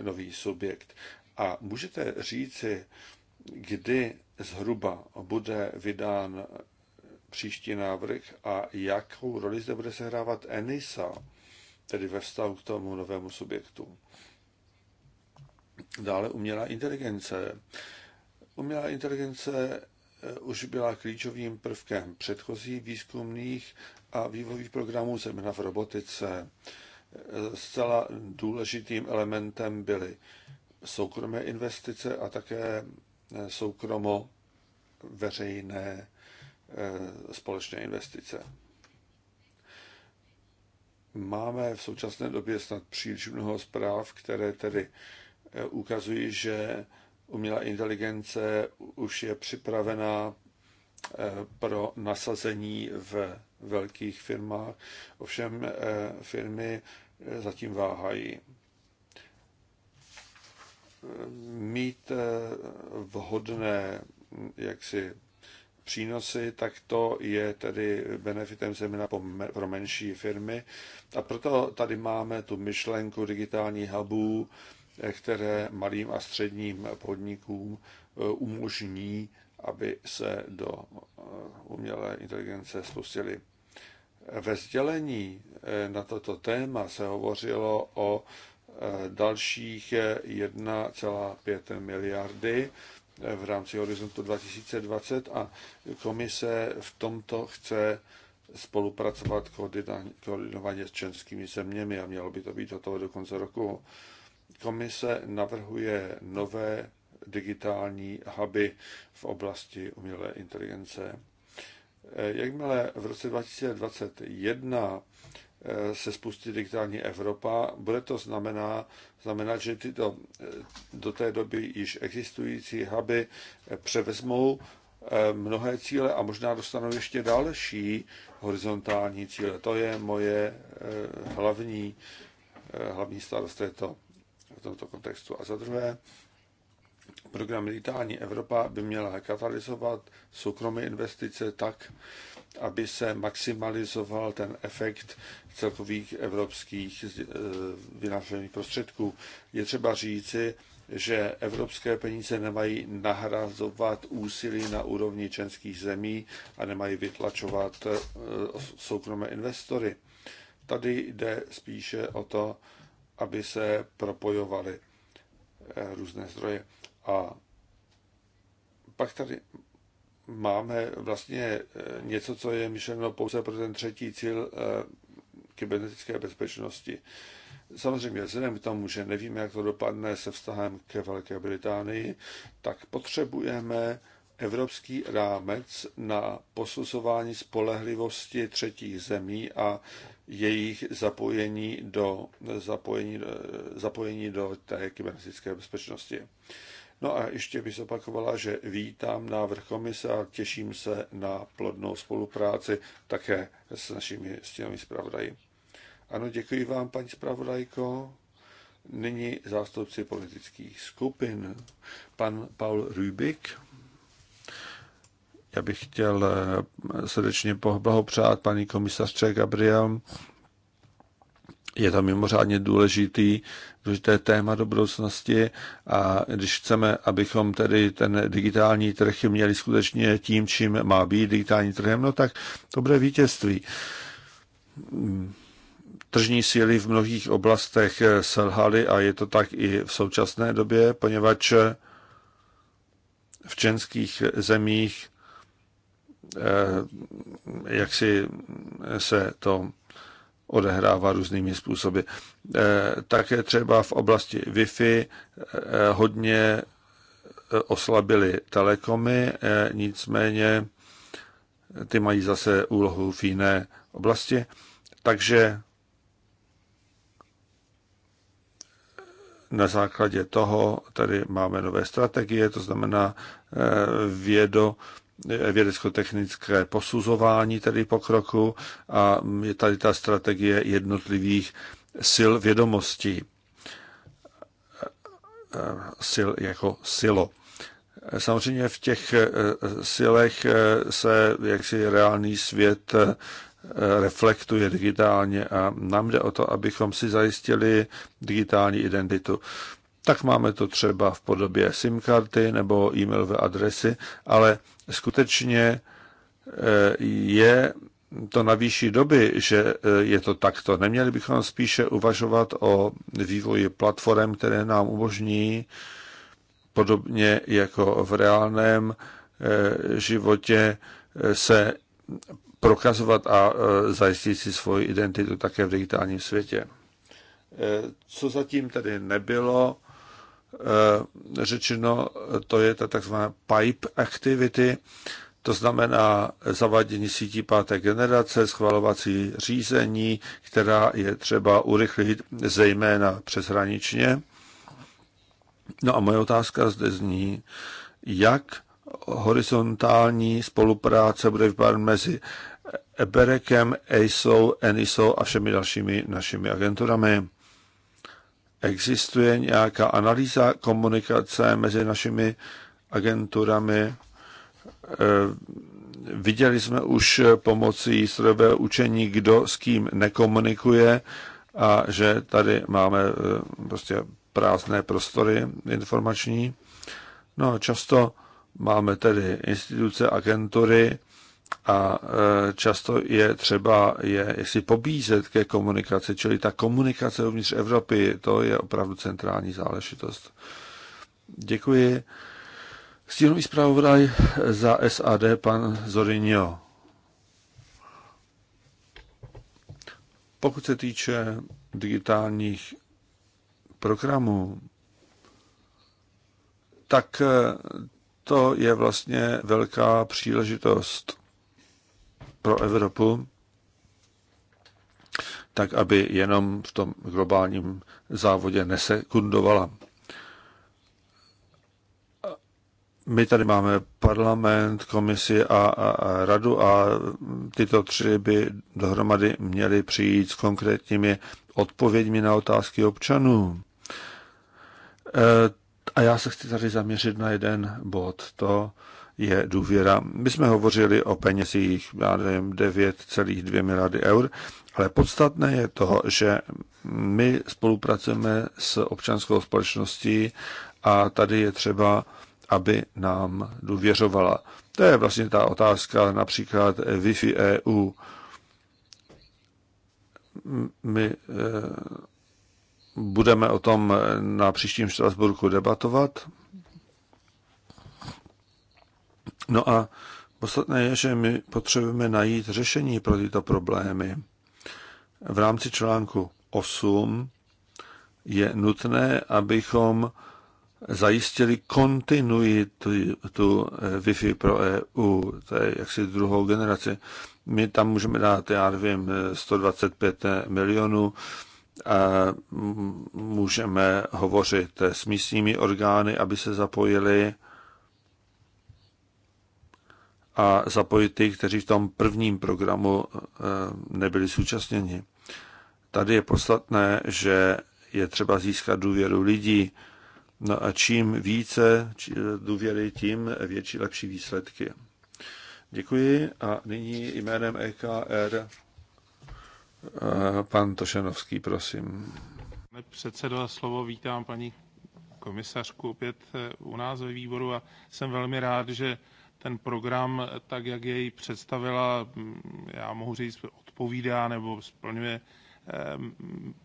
nový subjekt. A můžete říci, kdy zhruba bude vydán příští návrh a jakou roli zde bude sehrávat ENISA, tedy ve vztahu k tomu novému subjektu. Dále umělá inteligence. Umělá inteligence eh, už byla klíčovým prvkem předchozích výzkumných a vývojových programů zejména v robotice. Eh, zcela důležitým elementem byly soukromé investice a také eh, soukromo veřejné eh, společné investice. Máme v současné době snad příliš mnoho zpráv, které tedy eh, ukazují, že umělá inteligence už je připravená pro nasazení v velkých firmách. Ovšem firmy zatím váhají mít eh, vhodné hm, jaksi přínosy, tak to je tedy benefitem zejména pro menší firmy. A proto tady máme tu myšlenku digitálních hubů, eh, které malým a středním podnikům eh, umožní, aby se do umělé inteligence spustili. Ve sdělení na toto téma se hovořilo o Eh, dalších 1,5 miliardy eh, v rámci horizontu 2020 a komise v tomto chce spolupracovat koordinovaně s českými zeměmi a mělo by to být hotovo do konce roku. Komise navrhuje nové digitální huby v oblasti umělé inteligence. Eh, jakmile v roce 2021 Eh, se spustí digitální Evropa. Bude to znamená, znamenat, že tyto eh, do té doby již existující huby eh, převezmou mnohé cíle a možná dostanou ještě další horizontální cíle. To je moje hlavní, hlavní starost této, v tomto kontextu. A za druhé, program Digitální Evropa by měla katalyzovat soukromé investice tak, aby se maximalizoval ten efekt celkových evropských eh, vynášených prostředků. Je třeba říci, že evropské peníze nemají nahrazovat úsilí na úrovni členských zemí a nemají vytlačovat eh, soukromé investory. Tady jde spíše o to, aby se propojovaly eh, různé zdroje. A pak tady máme vlastně eh, něco, co je myšleno pouze pro ten třetí cíl eh, kybernetické bezpečnosti. Samozřejmě vzhledem k tomu, že nevíme, jak to dopadne se vztahem k Velké Británii, tak potřebujeme evropský rámec na posuzování spolehlivosti třetích zemí a jejich zapojení do, zapojení, eh, zapojení do té kybernetické bezpečnosti. No a ještě bych zopakovala, že vítám návrh komise a těším se na plodnou spolupráci také s našimi stěnovými zpravodaji. Ano, děkuji vám, paní zpravodajko. Nyní zástupci politických skupin. Pan Paul Rubik. Já bych chtěl eh, srdečně poblahopřát paní komisařce Gabriel je to mimořádně důležitý, důležité téma do budoucnosti a když chceme, abychom tedy ten digitální trh měli skutečně tím, čím má být digitální trhem, no tak to bude vítězství. Tržní síly v mnohých oblastech selhaly a je to tak i v současné době, poněvadž v českých zemích eh, jak si se to odehrává různými způsoby. Eh, také třeba v oblasti Wi-Fi eh, hodně eh, oslabili telekomy, nicméně ty mají zase úlohu v jiné oblasti. Takže na základě toho tady máme nové strategie, to znamená eh, vědo, eh, vědecko-technické posuzování tady pokroku a je tady ta strategie jednotlivých sil vědomostí. Eh, sil jako silo. Samozřejmě v těch silech se jaksi reálný svět reflektuje digitálně a nám jde o to, abychom si zajistili digitální identitu. Tak máme to třeba v podobě SIM karty nebo e-mailové adresy, ale skutečně e, je to na výšší doby, že e, je to takto. Neměli bychom spíše uvažovat o vývoji platform, které nám umožní podobně jako v reálném e, životě se prokazovat a e, zajistit si svoji identitu také v digitálním světě. E, co zatím tedy nebylo e, řečeno, to je ta takzvaná pipe activity, to znamená zavádění sítí páté generace, schvalovací řízení, která je třeba urychlit zejména přeshraničně. No a moje otázka zde zní, jak horizontální spolupráce bude vypadat mezi Eberekem, ESO, ENISO a všemi dalšími našimi agenturami. Existuje nějaká analýza komunikace mezi našimi agenturami? Eh, viděli jsme už pomocí strojového učení, kdo s kým nekomunikuje a že tady máme eh, prostě prázdné prostory informační. No a často máme tedy instituce, agentury, a e, často je třeba je, jestli pobízet ke komunikaci, čili ta komunikace uvnitř Evropy, to je opravdu centrální záležitost. Děkuji. Stínový zpravodaj za SAD, pan Zorinio. Pokud se týče digitálních programů, tak e, to je vlastně velká příležitost pro Evropu, tak aby jenom v tom globálním závodě nesekundovala. My tady máme parlament, komisi a, a, a radu a tyto tři by dohromady měly přijít s konkrétními odpověďmi na otázky občanů. E, a já se chci tady zaměřit na jeden bod, to, je důvěra. My jsme hovořili o penězích, já nevím, 9,2 miliardy eur, ale podstatné je to, že my spolupracujeme s občanskou společností a tady je třeba, aby nám důvěřovala. To je vlastně ta otázka například Wi-Fi EU. My eh, budeme o tom na příštím Štrasburku debatovat No a podstatné je, že my potřebujeme najít řešení pro tyto problémy. V rámci článku 8 je nutné, abychom zajistili kontinuitu tu eh, Wi-Fi pro EU, to je jaksi druhou generaci. My tam můžeme dát, já nevím, 125 milionů, a můžeme hovořit s místními orgány, aby se zapojili, a zapojit ty, kteří v tom prvním programu eh, nebyli současněni. Tady je podstatné, že je třeba získat důvěru lidí. No a čím více důvěry, tím větší lepší výsledky. Děkuji a nyní jménem EKR eh, pan Tošenovský, prosím. Pane předsedo, slovo vítám paní komisařku opět eh, u nás ve výboru a jsem velmi rád, že ten program, eh, tak jak jej představila, mm, já mohu říct, odpovídá nebo splňuje ehm,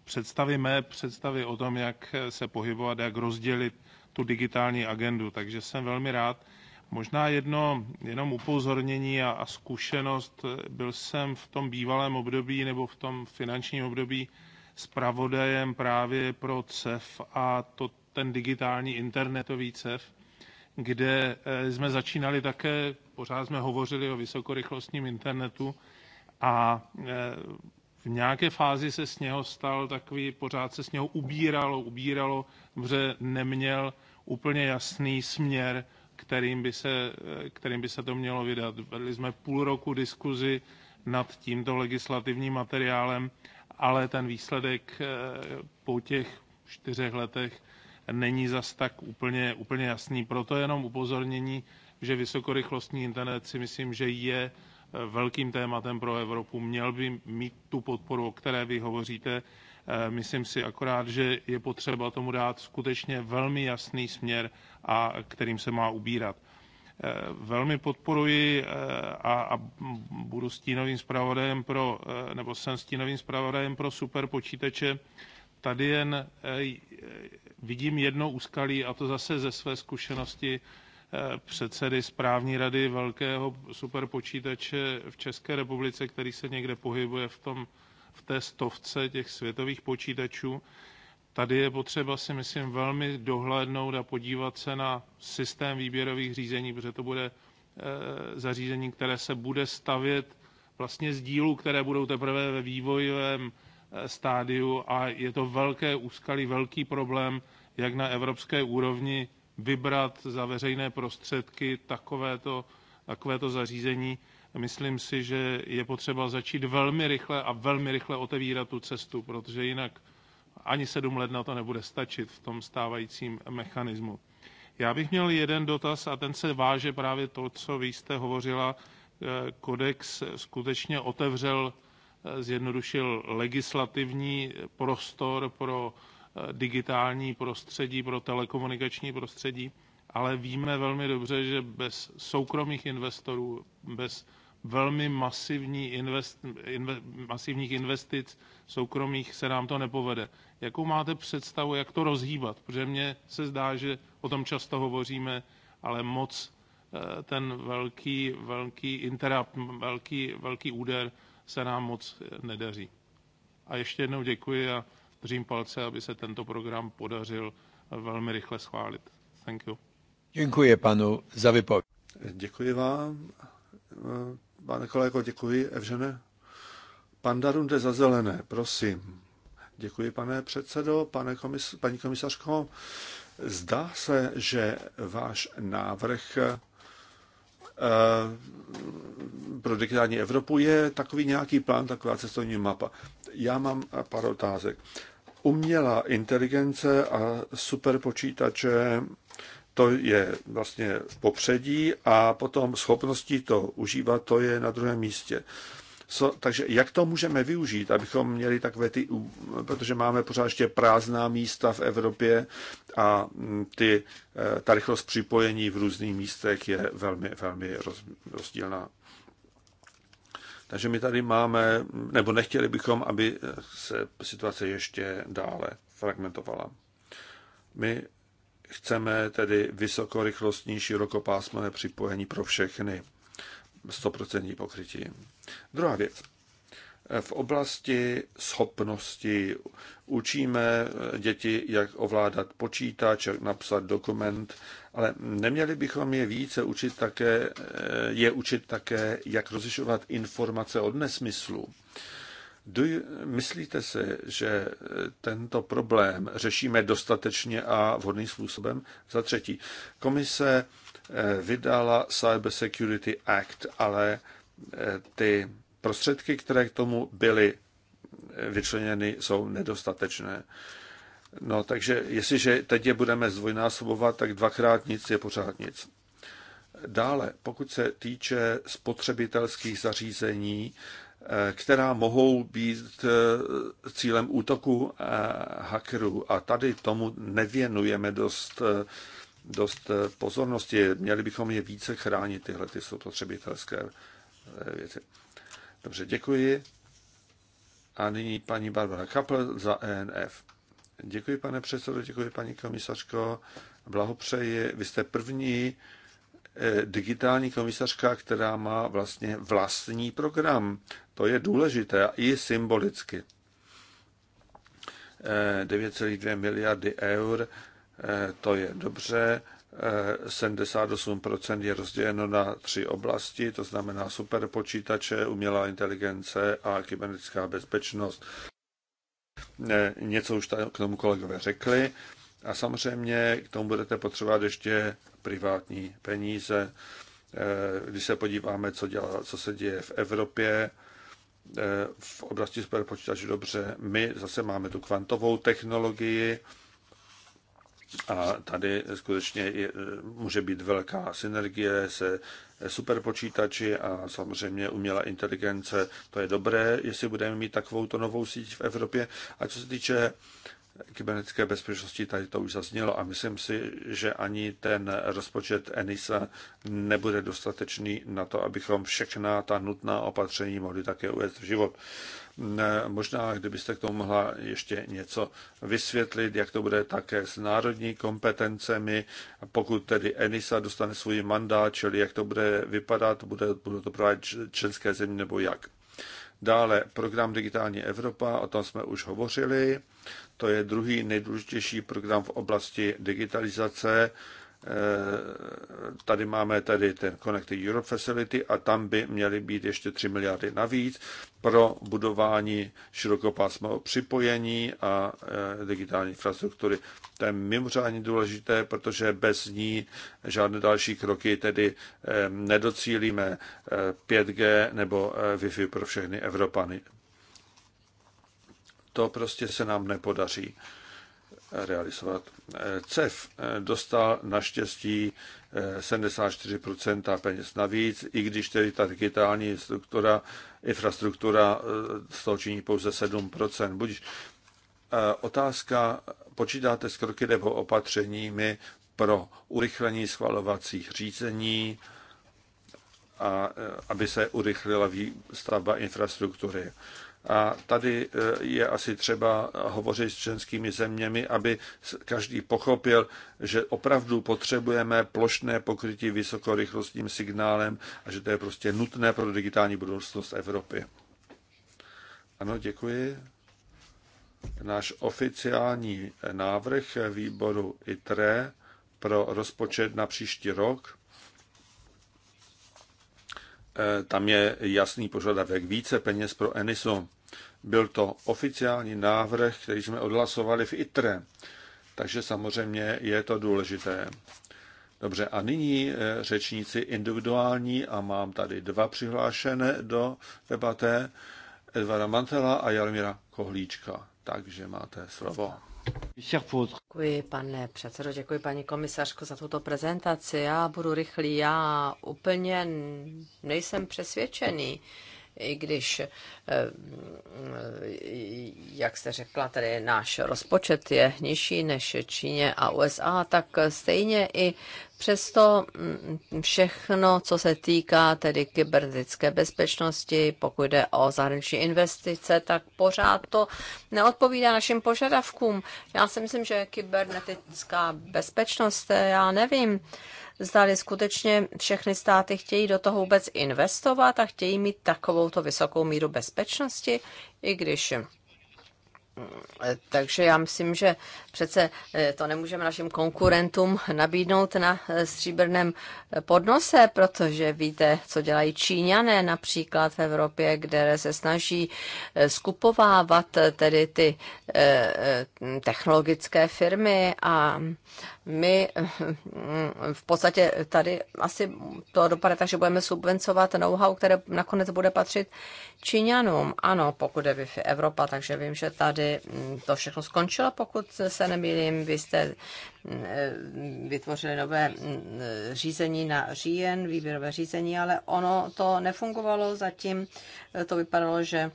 představy mé, představy o tom, jak eh, se pohybovat, jak rozdělit tu digitální agendu. Takže jsem velmi rád. Možná jedno jenom upozornění a, a zkušenost. Byl jsem v tom bývalém období nebo v tom finančním období spravodajem právě pro CEF a to ten digitální internetový CEF kde eh, jsme začínali také, pořád jsme hovořili o vysokorychlostním internetu a eh, v nějaké fázi se z něho stal takový, pořád se z něho ubíralo, ubíralo, protože neměl úplně jasný směr, kterým by se, eh, kterým by se to mělo vydat. Vedli jsme půl roku diskuzi nad tímto legislativním materiálem, ale ten výsledek po těch čtyřech letech není zas tak úplně, úplně jasný. Proto jenom upozornění, že vysokorychlostní internet si myslím, že je eh, velkým tématem pro Evropu. Měl by mít tu podporu, o které vy hovoříte. Eh, myslím si akorát, že je potřeba tomu dát skutečně velmi jasný směr, a kterým se má ubírat. Eh, velmi podporuji a, a budu stínovým zpravodajem pro, nebo jsem stínovým zpravodajem pro superpočítače počítače tady jen eh, vidím jedno úskalí, a to zase ze své zkušenosti eh, předsedy správní rady velkého superpočítače v České republice, který se někde pohybuje v, tom, v té stovce těch světových počítačů. Tady je potřeba si myslím velmi dohlédnout a podívat se na systém výběrových řízení, protože to bude eh, zařízení, které se bude stavět vlastně z dílů, které budou teprve ve vývojovém stádiu a je to velké úskalí, velký problém, jak na evropské úrovni vybrat za veřejné prostředky takovéto, takovéto zařízení. Myslím si, že je potřeba začít velmi rychle a velmi rychle otevírat tu cestu, protože jinak ani sedm let na to nebude stačit v tom stávajícím mechanismu. Já bych měl jeden dotaz a ten se váže právě to, co vy jste hovořila. Kodex skutečně otevřel zjednodušil legislativní prostor pro eh, digitální prostředí, pro telekomunikační prostředí, ale víme velmi dobře, že bez soukromých investorů, bez velmi masivní invest, inve, masivních investic soukromých se nám to nepovede. Jakou máte představu, jak to rozhýbat? Protože mně se zdá, že o tom často hovoříme, ale moc eh, ten velký, velký interrupt, velký, velký úder se nám moc eh, nedaří. A ještě jednou děkuji a držím palce, aby se tento program podařil eh, velmi rychle schválit. Thank you. Děkuji panu za vypověď. Děkuji vám. Eh, pane kolego, děkuji. Evžene? Pan Darunde za zelené, prosím. Děkuji, pane předsedo, pane komis- paní komisařko. Zdá se, že váš návrh Eh, pro digitální Evropu je takový nějaký plán, taková cestovní mapa. Já mám pár otázek. Umělá inteligence a superpočítače, to je vlastně v popředí a potom schopnosti to užívat, to je na druhém místě. Uh, So, takže jak to můžeme využít, abychom měli takové ty, protože máme pořád ještě prázdná místa v Evropě a mm, ty, eh, ta rychlost připojení v různých místech je velmi, velmi roz, rozdílná. Takže my tady máme, nebo nechtěli bychom, aby eh, se situace ještě dále fragmentovala. My chceme tedy vysokorychlostní širokopásmové připojení pro všechny. 100% pokrytí. Druhá věc. V oblasti schopnosti učíme děti, jak ovládat počítač, jak napsat dokument, ale neměli bychom je více učit také, je učit také, jak rozlišovat informace od nesmyslu. myslíte si, že tento problém řešíme dostatečně a vhodným způsobem? Za třetí, komise Eh, vydala Cyber Security Act, ale eh, ty prostředky, které k tomu byly eh, vyčleněny, jsou nedostatečné. No, takže jestliže teď je budeme zdvojnásobovat, tak dvakrát nic je pořád nic. Dále, pokud se týče spotřebitelských zařízení, která mohou být cílem útoku hackerů. A tady tomu nevěnujeme dost dost eh, pozornosti. Měli bychom je více chránit, tyhle ty spotřebitelské eh, věci. Dobře, děkuji. A nyní paní Barbara Kapl za ENF. Děkuji, pane předsedo, děkuji, paní komisařko. Blahopřeji. Vy jste první eh, digitální komisařka, která má vlastně vlastní program. To je důležité i symbolicky. 9,2 miliardy eur Eh, to je dobře. 78% eh, je rozděleno na tři oblasti, to znamená superpočítače, umělá inteligence a kybernetická bezpečnost. Eh, něco už k tomu kolegové řekli. A samozřejmě k tomu budete potřebovat ještě privátní peníze. Když se podíváme, co, dělá, co se děje v Evropě, v oblasti superpočítačů dobře, my zase máme tu kvantovou technologii, a tady skutečně je, e, může být velká synergie se superpočítači a samozřejmě umělá inteligence. To je dobré, jestli budeme mít takovou to novou síť v Evropě. A co se týče kybernetické bezpečnosti, tady to už zaznělo a myslím si, že ani ten rozpočet ENISA nebude dostatečný na to, abychom všechna ta nutná opatření mohli také uvést v život. Možná, kdybyste k tomu mohla ještě něco vysvětlit, jak to bude také s národní kompetencemi, pokud tedy ENISA dostane svůj mandát, čili jak to bude vypadat, bude, budou to provádět členské země nebo jak. Dále program Digitální Evropa, o tom jsme už hovořili. To je druhý nejdůležitější program v oblasti digitalizace Eh, tady máme tady ten Connected Europe Facility a tam by měly být ještě 3 miliardy navíc pro budování širokopásmového připojení a eh, digitální infrastruktury. To je mimořádně důležité, protože bez ní žádné další kroky tedy eh, nedocílíme 5G nebo Wi-Fi pro všechny Evropany. To prostě se nám nepodaří realizovat. Eh, CEF eh, dostal naštěstí 74% eh, peněz navíc, i když tedy ta digitální struktura, infrastruktura z toho činí pouze 7%. Budiž otázka, počítáte s kroky nebo opatřeními pro urychlení schvalovacích řízení, a aby se urychlila výstavba infrastruktury. A tady eh, je asi třeba hovořit s členskými zeměmi, aby každý pochopil, že opravdu potřebujeme plošné pokrytí vysokorychlostním signálem a že to je prostě nutné pro digitální budoucnost Evropy. Ano, děkuji. Náš oficiální eh, návrh eh, výboru ITRE pro rozpočet na příští rok Eh, tam je jasný požadavek více peněz pro Eniso. Byl to oficiální návrh, který jsme odhlasovali v ITRE, takže samozřejmě je to důležité. Dobře, a nyní eh, řečníci individuální a mám tady dva přihlášené do debaté, Edvara Mantela a Jaromíra Kohlíčka. Takže máte slovo. Děkuji, pane předsedo, děkuji, paní komisařko, za tuto prezentaci. Já budu rychlý, já úplně nejsem přesvědčený i když, eh, mm, jak jste řekla, tady náš rozpočet je nižší než Číně a USA, tak stejně i přesto mm, všechno, co se týká tedy kybernetické bezpečnosti, pokud jde o zahraniční investice, tak pořád to neodpovídá našim požadavkům. Já si myslím, že kybernetická bezpečnost, eh, já nevím, zdali skutečně všechny státy chtějí do toho vůbec investovat a chtějí mít takovouto vysokou míru bezpečnosti, i když hm, takže já myslím, že přece eh, to nemůžeme našim konkurentům nabídnout na eh, stříbrném eh, podnose, protože víte, co dělají Číňané například v Evropě, kde se snaží skupovávat tedy ty technologické firmy a my v podstatě tady asi to dopadne tak, že budeme subvencovat know-how, které nakonec bude patřit Číňanům. Ano, pokud je Wi-Fi Evropa, takže vím, že tady to všechno skončilo, pokud se nemýlím. Vy jste eh, vytvořili nové eh, řízení na říjen, výběrové řízení, ale ono to nefungovalo zatím. To vypadalo, že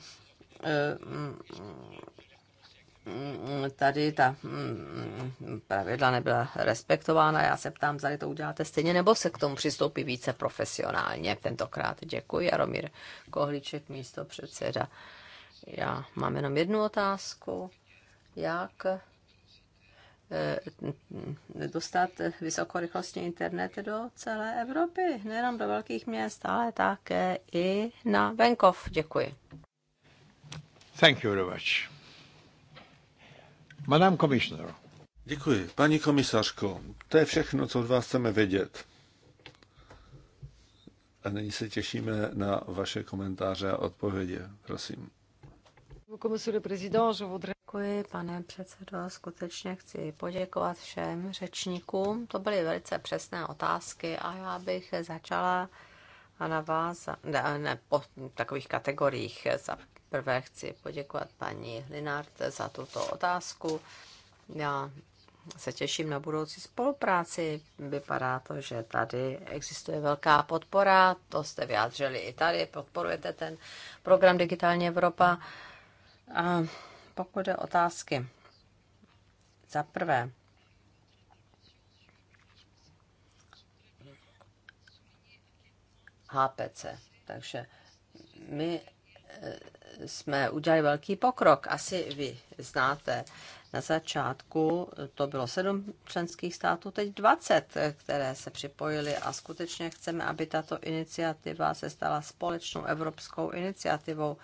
eh, Mm, tady ta mm, pravidla nebyla respektována. Já se ptám, zda to uděláte stejně, nebo se k tomu přistoupí více profesionálně. Tentokrát děkuji, Jaromír Kohlíček místo předseda. Já mám jenom jednu otázku. Jak eh, dostat vysokorychlostní internet do celé Evropy, nejenom do velkých měst, ale také i na venkov. Děkuji. Thank you very much. Madame Commissioner. Děkuji. Paní komisařko, to je všechno, co od vás chceme vědět. A nyní se těšíme na vaše komentáře a odpovědi. Prosím. Děkuji, pane předsedo. Skutečně chci poděkovat všem řečníkům. To byly velice přesné otázky a já bych začala a na vás, ne, ne, po takových kategoriích. Prvé chci poděkovat paní Linard za tuto otázku. Já se těším na budoucí spolupráci. Vypadá to, že tady existuje velká podpora, to jste vyjádřili i tady, podporujete ten program Digitální Evropa. A pokud je otázky, za prvé, HPC, takže my jsme udělali velký pokrok. Asi vy znáte, na začátku to bylo sedm členských států, teď 20, které se připojily a skutečně chceme, aby tato iniciativa se stala společnou evropskou iniciativou.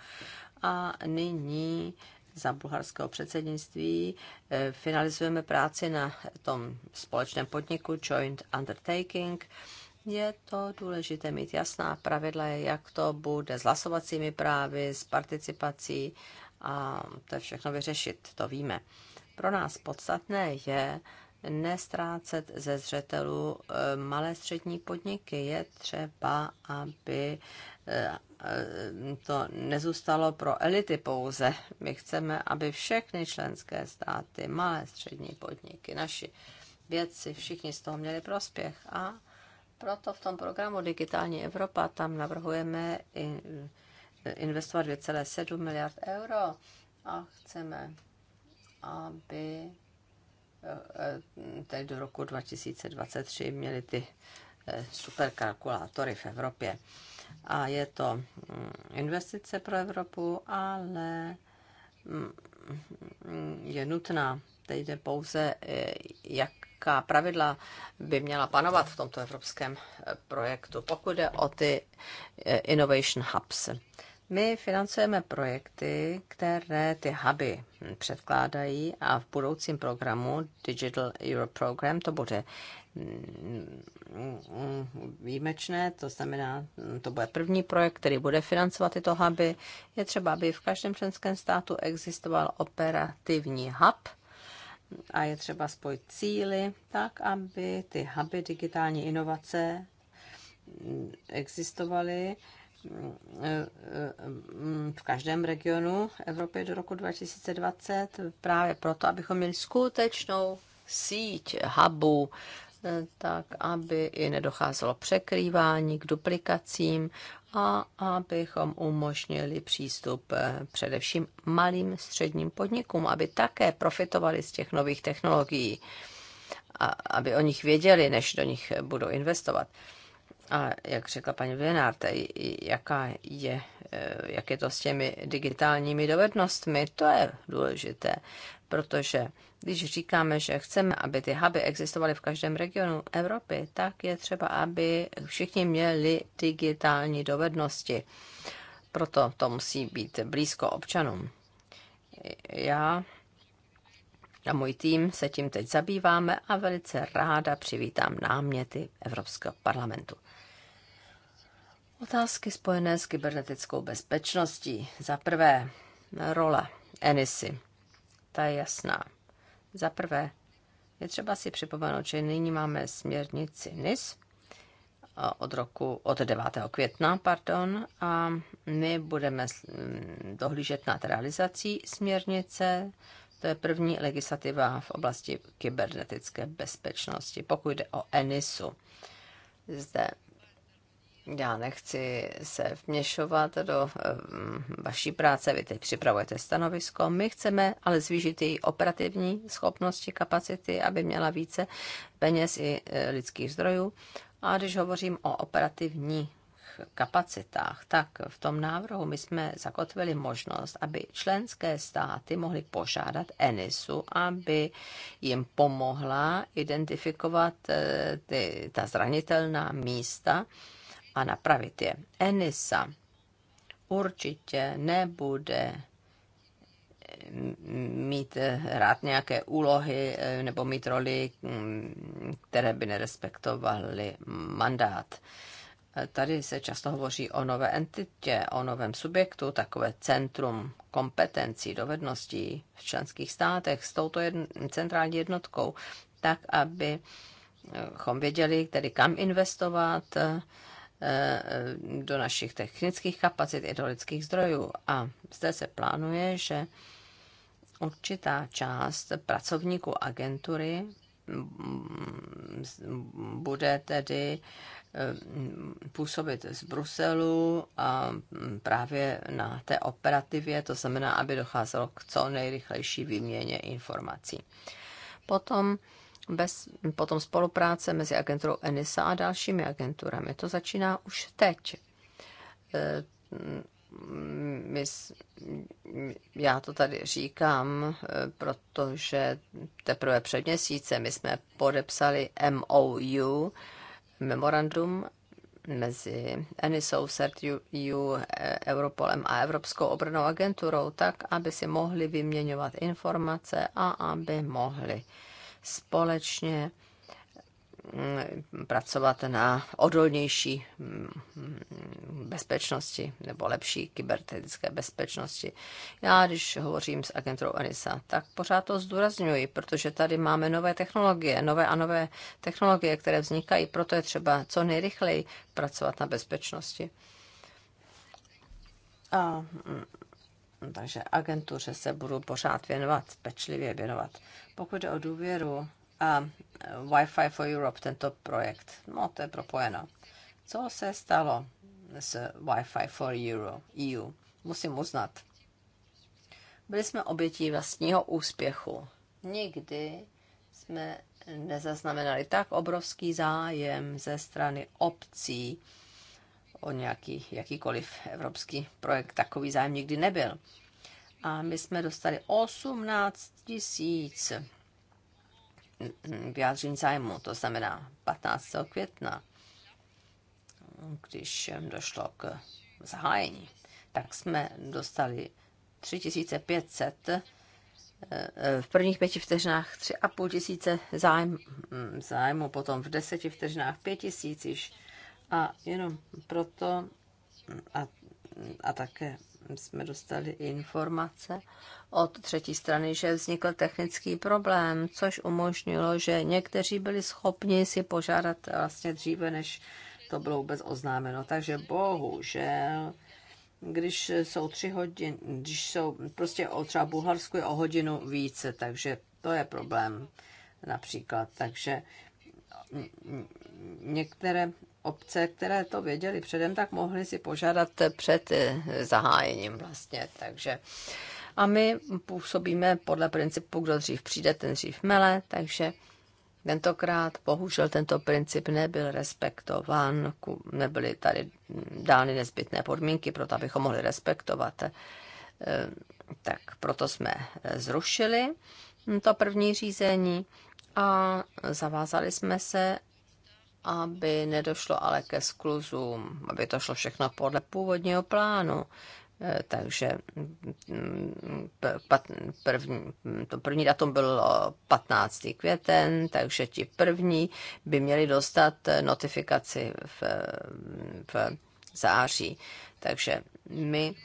A nyní za bulharského předsednictví eh, finalizujeme práci na tom společném podniku Joint Undertaking je to důležité mít jasná pravidla, jak to bude s hlasovacími právy, s participací a to je všechno vyřešit, to víme. Pro nás podstatné je nestrácet ze zřetelu eh, malé střední podniky. Je třeba, aby eh, eh, to nezůstalo pro elity pouze. My chceme, aby všechny členské státy, malé střední podniky, naši vědci, všichni z toho měli prospěch a proto v tom programu Digitální Evropa tam navrhujeme investovat 2,7 miliard euro a chceme, aby eh, eh, tedy do roku 2023 měli ty eh, superkalkulátory v Evropě. A je to mm, investice pro Evropu, ale mm, mm, je nutná. Teď jde pouze, jak jaká pravidla by měla panovat v tomto evropském eh, projektu, pokud jde o ty eh, Innovation Hubs. My financujeme projekty, které ty huby předkládají a v budoucím programu Digital Europe Program to bude mm, mm, výjimečné, to znamená, to bude první projekt, který bude financovat tyto huby. Je třeba, aby v každém členském státu existoval operativní hub, a je třeba spojit cíly tak, aby ty huby digitální inovace existovaly mm, v každém regionu Evropy do roku 2020 právě proto, abychom měli skutečnou síť hubů, eh, tak aby i nedocházelo překrývání k duplikacím a abychom umožnili přístup eh, především malým středním podnikům, aby také profitovali z těch nových technologií, a aby o nich věděli, než do nich budou investovat. A jak řekla paní Vienard, jaká je, eh, jak je to s těmi digitálními dovednostmi, to je důležité protože když říkáme, že chceme, aby ty huby existovaly v každém regionu Evropy, tak je třeba, aby všichni měli digitální dovednosti. Proto to musí být blízko občanům. Já a můj tým se tím teď zabýváme a velice ráda přivítám náměty Evropského parlamentu. Otázky spojené s kybernetickou bezpečností. Za prvé, role Enisy ta je jasná. Za prvé, je třeba si připomenout, že nyní máme směrnici NIS od roku, od 9. května, pardon, a my budeme mm, dohlížet nad realizací směrnice. To je první legislativa v oblasti kybernetické bezpečnosti, pokud jde o ENISu. Zde já nechci se vměšovat do eh, vaší práce, vy teď připravujete stanovisko. My chceme ale zvýšit její operativní schopnosti, kapacity, aby měla více peněz i eh, lidských zdrojů. A když hovořím o operativní kapacitách, tak v tom návrhu my jsme zakotvili možnost, aby členské státy mohly požádat ENISu, aby jim pomohla identifikovat eh, ty, ta zranitelná místa, a napravit je. Enisa určitě nebude eh, mít eh, rád nějaké úlohy eh, nebo mít roli, mm, které by nerespektovaly mandát. Tady se často hovoří o nové entitě, o novém subjektu, takové centrum kompetencí, dovedností v členských státech s touto jedn- centrální jednotkou, tak abychom věděli, tedy kam investovat, Eh, do našich technických kapacit i do lidských zdrojů. A zde se plánuje, že určitá část pracovníků agentury mm, bude tedy eh, působit z Bruselu a mm, právě na té operativě, to znamená, aby docházelo k co nejrychlejší výměně informací. Potom bez potom spolupráce mezi agenturou ENISA a dalšími agenturami. To začíná už teď. E, mm, my, mm, já to tady říkám, e, protože teprve před měsícem my jsme podepsali MOU, memorandum mezi Enisou, CERT-EU, Europolem a Evropskou obranou agenturou, tak, aby si mohli vyměňovat informace a aby mohli uh, společně mm, pracovat na odolnější mm, bezpečnosti nebo lepší kybernetické bezpečnosti. Já, když hovořím s agentou Anisa, tak pořád to zdůrazňuji, protože tady máme nové technologie, nové a nové technologie, které vznikají, proto je třeba co nejrychleji pracovat na bezpečnosti. A mm, takže agentuře se budu pořád věnovat, pečlivě věnovat. Pokud jde o důvěru a Wi-Fi for Europe, tento projekt, no to je propojeno. Co se stalo s Wi-Fi for Euro, EU? Musím uznat. Byli jsme obětí vlastního úspěchu. Nikdy jsme nezaznamenali tak obrovský zájem ze strany obcí, o nějaký, jakýkoliv evropský projekt. Takový zájem nikdy nebyl. A my jsme dostali 18 tisíc vyjádření zájmu, to znamená 15. května, když došlo k zahájení, tak jsme dostali 3500 eh, eh, v prvních pěti vteřinách 3,5 tisíce zájem, mm, zájmu, potom v deseti vteřinách 5 tisíc již a jenom proto, a, a také jsme dostali informace od třetí strany, že vznikl technický problém, což umožnilo, že někteří byli schopni si požádat vlastně dříve, než to bylo vůbec oznámeno. Takže bohužel, když jsou tři hodiny, když jsou prostě o třeba Bulharsku je o hodinu více, takže to je problém například. Takže některé obce, které to věděli předem, tak mohli si požádat před eh, zahájením vlastně. Takže a my působíme podle principu, kdo dřív přijde, ten dřív mele, takže tentokrát bohužel tento princip nebyl respektován, nebyly tady dány nezbytné podmínky pro to, abychom mohli respektovat. Eh, tak proto jsme eh, zrušili to první řízení a zavázali jsme se, aby nedošlo ale ke skluzům, aby to šlo všechno podle původního plánu. Eh, takže mm, mm, první, mm, to první datum bylo 15. květen, takže ti první by měli dostat eh, notifikaci v, eh, v září. Takže my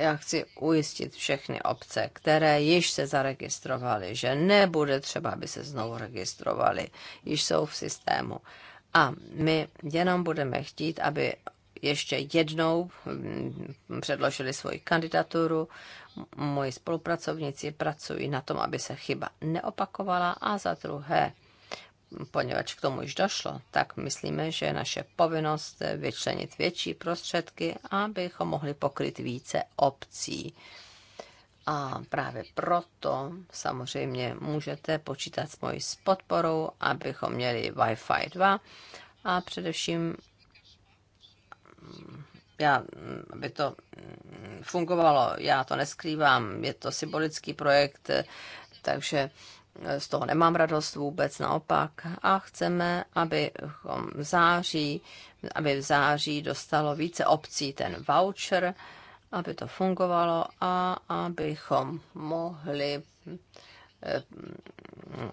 já chci ujistit všechny obce, které již se zaregistrovaly, že nebude třeba, aby se znovu registrovaly, již jsou v systému. A my jenom budeme chtít, aby ještě jednou mm, předložili svoji kandidaturu. Moji spolupracovníci pracují na tom, aby se chyba neopakovala a za druhé, poněvadž k tomu již došlo, tak myslíme, že je naše povinnost vyčlenit větší prostředky, abychom mohli pokryt více obcí. A právě proto samozřejmě můžete počítat s mojí s podporou, abychom měli Wi-Fi 2 a především mm, já, mm, aby to mm, fungovalo, já to neskrývám, je to symbolický projekt, takže z toho nemám radost vůbec, naopak. A chceme, aby v září, aby v září dostalo více obcí ten voucher, aby to fungovalo a abychom mohli eh,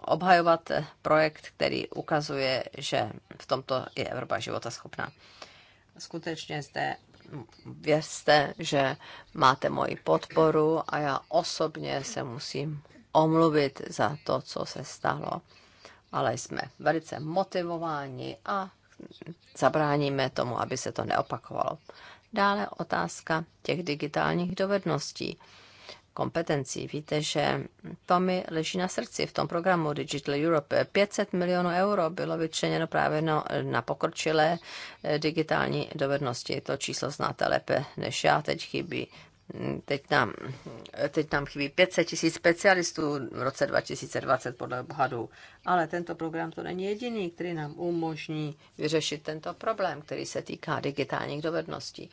obhajovat projekt, který ukazuje, že v tomto je Evropa života schopná. Skutečně zde věřte, že máte moji podporu a já osobně se musím omluvit za to, co se stalo. Ale jsme velice motivováni a zabráníme tomu, aby se to neopakovalo. Dále otázka těch digitálních dovedností, kompetencí. Víte, že to mi leží na srdci v tom programu Digital Europe. 500 milionů euro bylo vyčleněno právě na, na pokročilé eh, digitální dovednosti. To číslo znáte lépe než já, teď chybí Teď nám, teď nám chybí 500 tisíc specialistů v roce 2020 podle obhadu. ale tento program to není jediný, který nám umožní vyřešit tento problém, který se týká digitálních dovedností.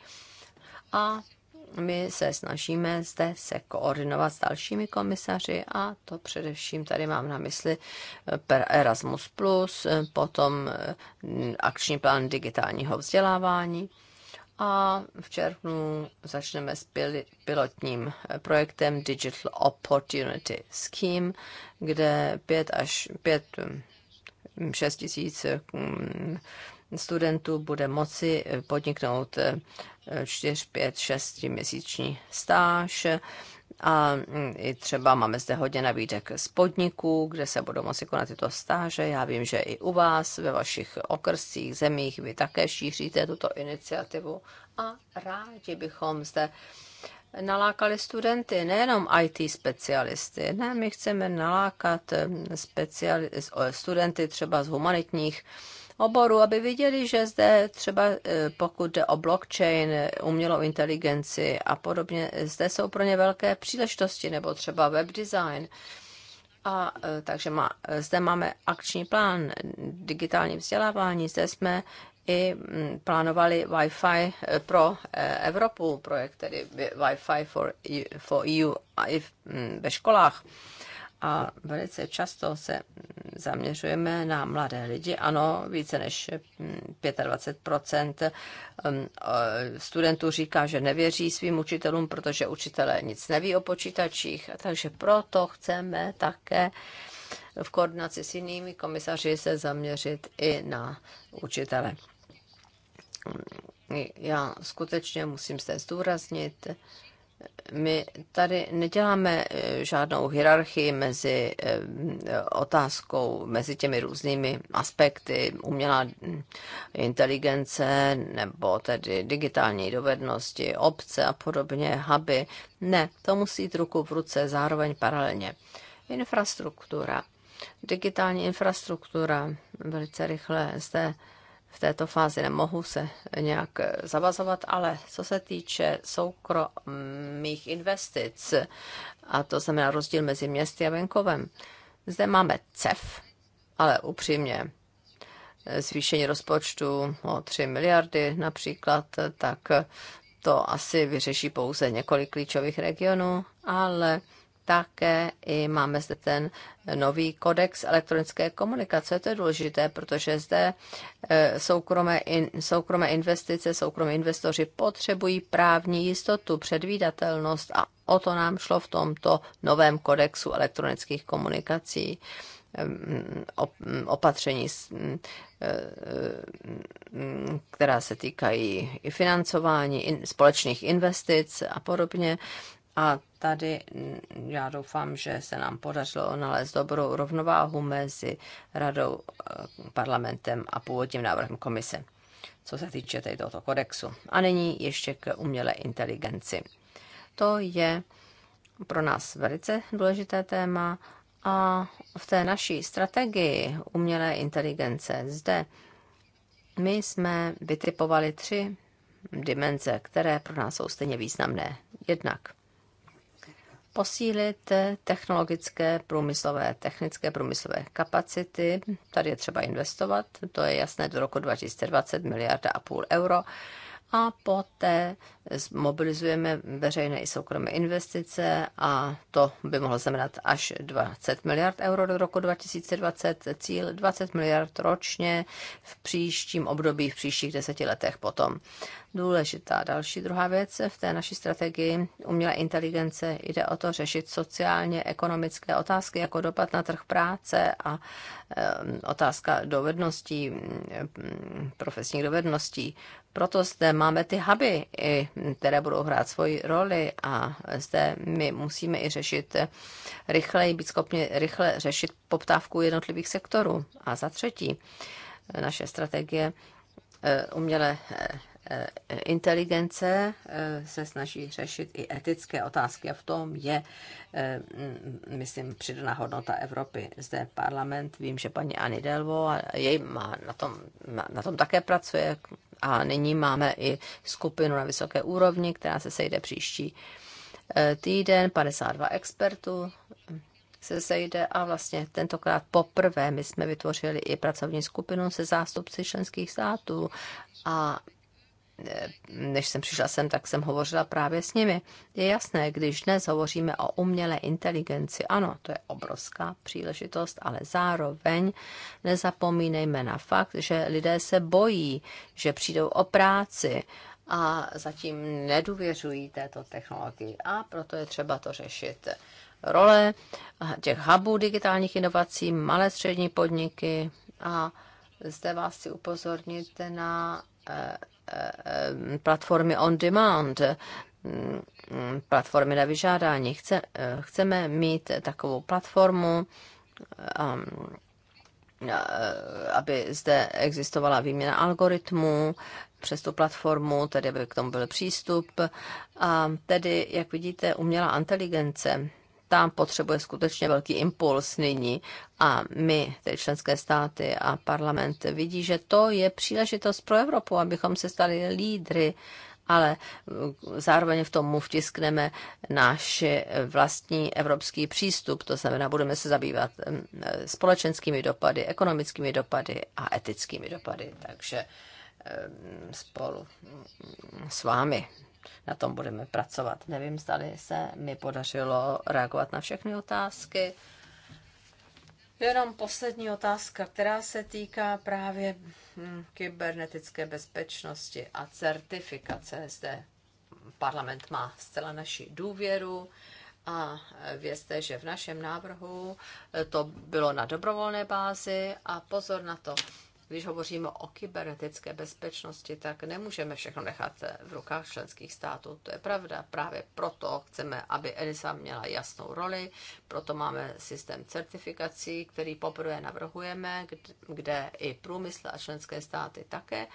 A my se snažíme zde se koordinovat s dalšími komisaři a to především tady mám na mysli eh, Erasmus+, eh, potom mm, akční plán digitálního vzdělávání a v červnu začneme s pilotním eh, projektem Digital Opportunity Scheme, kde 5 až 5, 6 hm, tisíc hm, studentů bude moci eh, podniknout 4, 5, 6 měsíční stáž a mm, i třeba máme zde hodně nabídek z podniků, kde se budou moci konat tyto stáže. Já vím, že i u vás, ve vašich okrscích, zemích, vy také šíříte tuto iniciativu a rádi bychom zde nalákali studenty, nejenom IT specialisty. Ne, my chceme nalákat mm, speciali- studenty třeba z humanitních oboru, aby viděli, že zde třeba e, pokud jde o blockchain, umělou inteligenci a podobně, zde jsou pro ně velké příležitosti, nebo třeba web design. A e, takže má, zde máme akční plán digitální vzdělávání, zde jsme i mm, plánovali Wi-Fi pro e, Evropu, projekt tedy Wi-Fi for, for EU i mm, ve školách a velice často se zaměřujeme na mladé lidi. Ano, více než 25 hm, hm, studentů říká, že nevěří svým učitelům, protože učitelé nic neví o počítačích, takže proto chceme také v koordinaci s jinými komisaři se zaměřit i na učitele. Já skutečně musím se zdůraznit, my tady neděláme eh, žádnou hierarchii mezi eh, otázkou, mezi těmi různými aspekty umělá hm, inteligence nebo tedy digitální dovednosti, obce a podobně, huby. Ne, to musí jít ruku v ruce, zároveň paralelně. Infrastruktura, digitální infrastruktura, velice rychle zde v této fázi nemohu se nějak eh, zavazovat, ale co se týče soukromých investic, a to znamená rozdíl mezi městy a venkovem, zde máme CEF, ale upřímně eh, zvýšení rozpočtu o 3 miliardy například, eh, tak to asi vyřeší pouze několik klíčových regionů, ale také i máme zde ten nový kodex elektronické komunikace. To je důležité, protože zde eh, soukromé, in, soukromé investice, soukromí investoři potřebují právní jistotu, předvídatelnost a o to nám šlo v tomto novém kodexu elektronických komunikací opatření, eh, která se týkají i financování, společných investic a podobně. A tady mm, já doufám, že se nám podařilo nalézt dobrou rovnováhu mezi radou, eh, parlamentem a původním návrhem komise, co se týče tohoto kodexu. A nyní ještě k umělé inteligenci. To je pro nás velice důležité téma a v té naší strategii umělé inteligence zde my jsme vytipovali tři dimenze, které pro nás jsou stejně významné. Jednak posílit technologické, průmyslové, technické, průmyslové kapacity. Tady je třeba investovat, to je jasné, do roku 2020 miliarda a půl euro. A poté mobilizujeme veřejné i soukromé investice a to by mohlo znamenat až 20 miliard euro do roku 2020, cíl 20 miliard ročně v příštím období, v příštích deseti letech potom. Důležitá další druhá věc v té naší strategii umělé inteligence jde o to řešit sociálně ekonomické otázky jako dopad na trh práce a otázka dovedností, mm, profesních dovedností. Proto zde máme ty huby i které budou hrát svoji roli a zde my musíme i řešit rychleji, být schopni rychle řešit poptávku jednotlivých sektorů. A za třetí, naše strategie eh, umělé eh, Eh, inteligence eh, se snaží řešit i etické otázky a v tom je, eh, myslím, přidaná hodnota Evropy. Zde parlament, vím, že paní Ani Delvo, a její má, na, tom, na tom také pracuje a nyní máme i skupinu na vysoké úrovni, která se sejde příští týden, 52 expertů se sejde a vlastně tentokrát poprvé my jsme vytvořili i pracovní skupinu se zástupci členských států a než jsem přišla sem, tak jsem hovořila právě s nimi. Je jasné, když dnes hovoříme o umělé inteligenci, ano, to je obrovská příležitost, ale zároveň nezapomínejme na fakt, že lidé se bojí, že přijdou o práci a zatím nedůvěřují této technologii a proto je třeba to řešit. Role těch hubů digitálních inovací, malé střední podniky a zde vás chci upozornit na eh, platformy on demand, platformy na vyžádání. Chce, chceme mít takovou platformu, um, aby zde existovala výměna algoritmů přes tu platformu, tedy aby k tomu byl přístup. A tedy, jak vidíte, umělá inteligence tam potřebuje skutečně velký impuls nyní. A my, tedy členské státy a parlament, vidí, že to je příležitost pro Evropu, abychom se stali lídry ale eh, zároveň v tom vtiskneme náš eh, vlastní evropský přístup, to znamená, budeme se zabývat mm, eh, společenskými dopady, ekonomickými dopady a etickými dopady. Takže spolu mm, s vámi na tom budeme pracovat. Nevím, zda se mi podařilo reagovat na všechny otázky. Jenom poslední otázka, která se týká právě hm, kybernetické bezpečnosti a certifikace. Zde parlament má zcela naši důvěru a vězte, že v našem návrhu to bylo na dobrovolné bázi a pozor na to, když hovoříme o kybernetické bezpečnosti, tak nemůžeme všechno nechat v rukách členských států. To je pravda. Právě proto chceme, aby ELISA měla jasnou roli, proto máme systém certifikací, který poprvé navrhujeme, kde i průmysl a členské státy také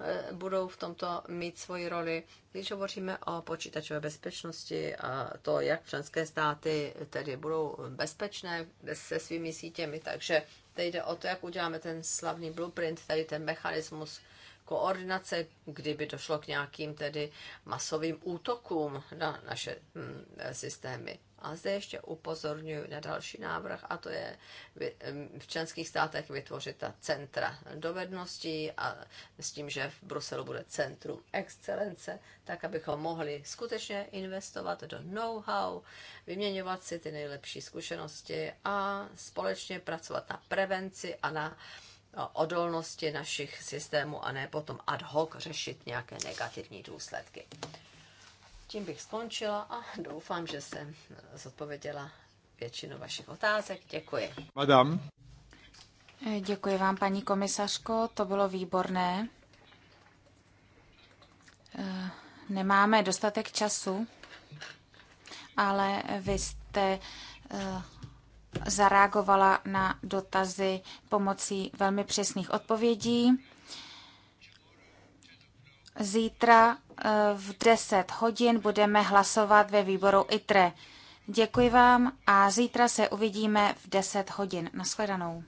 e, budou v tomto mít svoji roli. Když hovoříme o počítačové bezpečnosti a to, jak členské státy tedy budou bezpečné se svými sítěmi, takže Teď jde o to, jak uděláme ten slavný blueprint, tady ten mechanismus koordinace, kdyby došlo k nějakým tedy masovým útokům na naše mm, systémy. A zde ještě upozorňuji na další návrh, a to je v členských státech vytvořit ta centra dovedností a s tím, že v Bruselu bude centrum excelence, tak abychom mohli skutečně investovat do know-how, vyměňovat si ty nejlepší zkušenosti a společně pracovat na prevenci a na no, odolnosti našich systémů a ne potom ad hoc řešit nějaké negativní důsledky. Tím bych skončila a doufám, že jsem zodpověděla většinu vašich otázek. Děkuji. Madam. Eh, děkuji vám, paní komisařko, to bylo výborné. Eh, nemáme dostatek času, ale vy jste eh, zareagovala na dotazy pomocí velmi přesných odpovědí. Zítra eh, v 10 hodin budeme hlasovat ve výboru ITRE. Děkuji vám a zítra se uvidíme v 10 hodin. Naschledanou.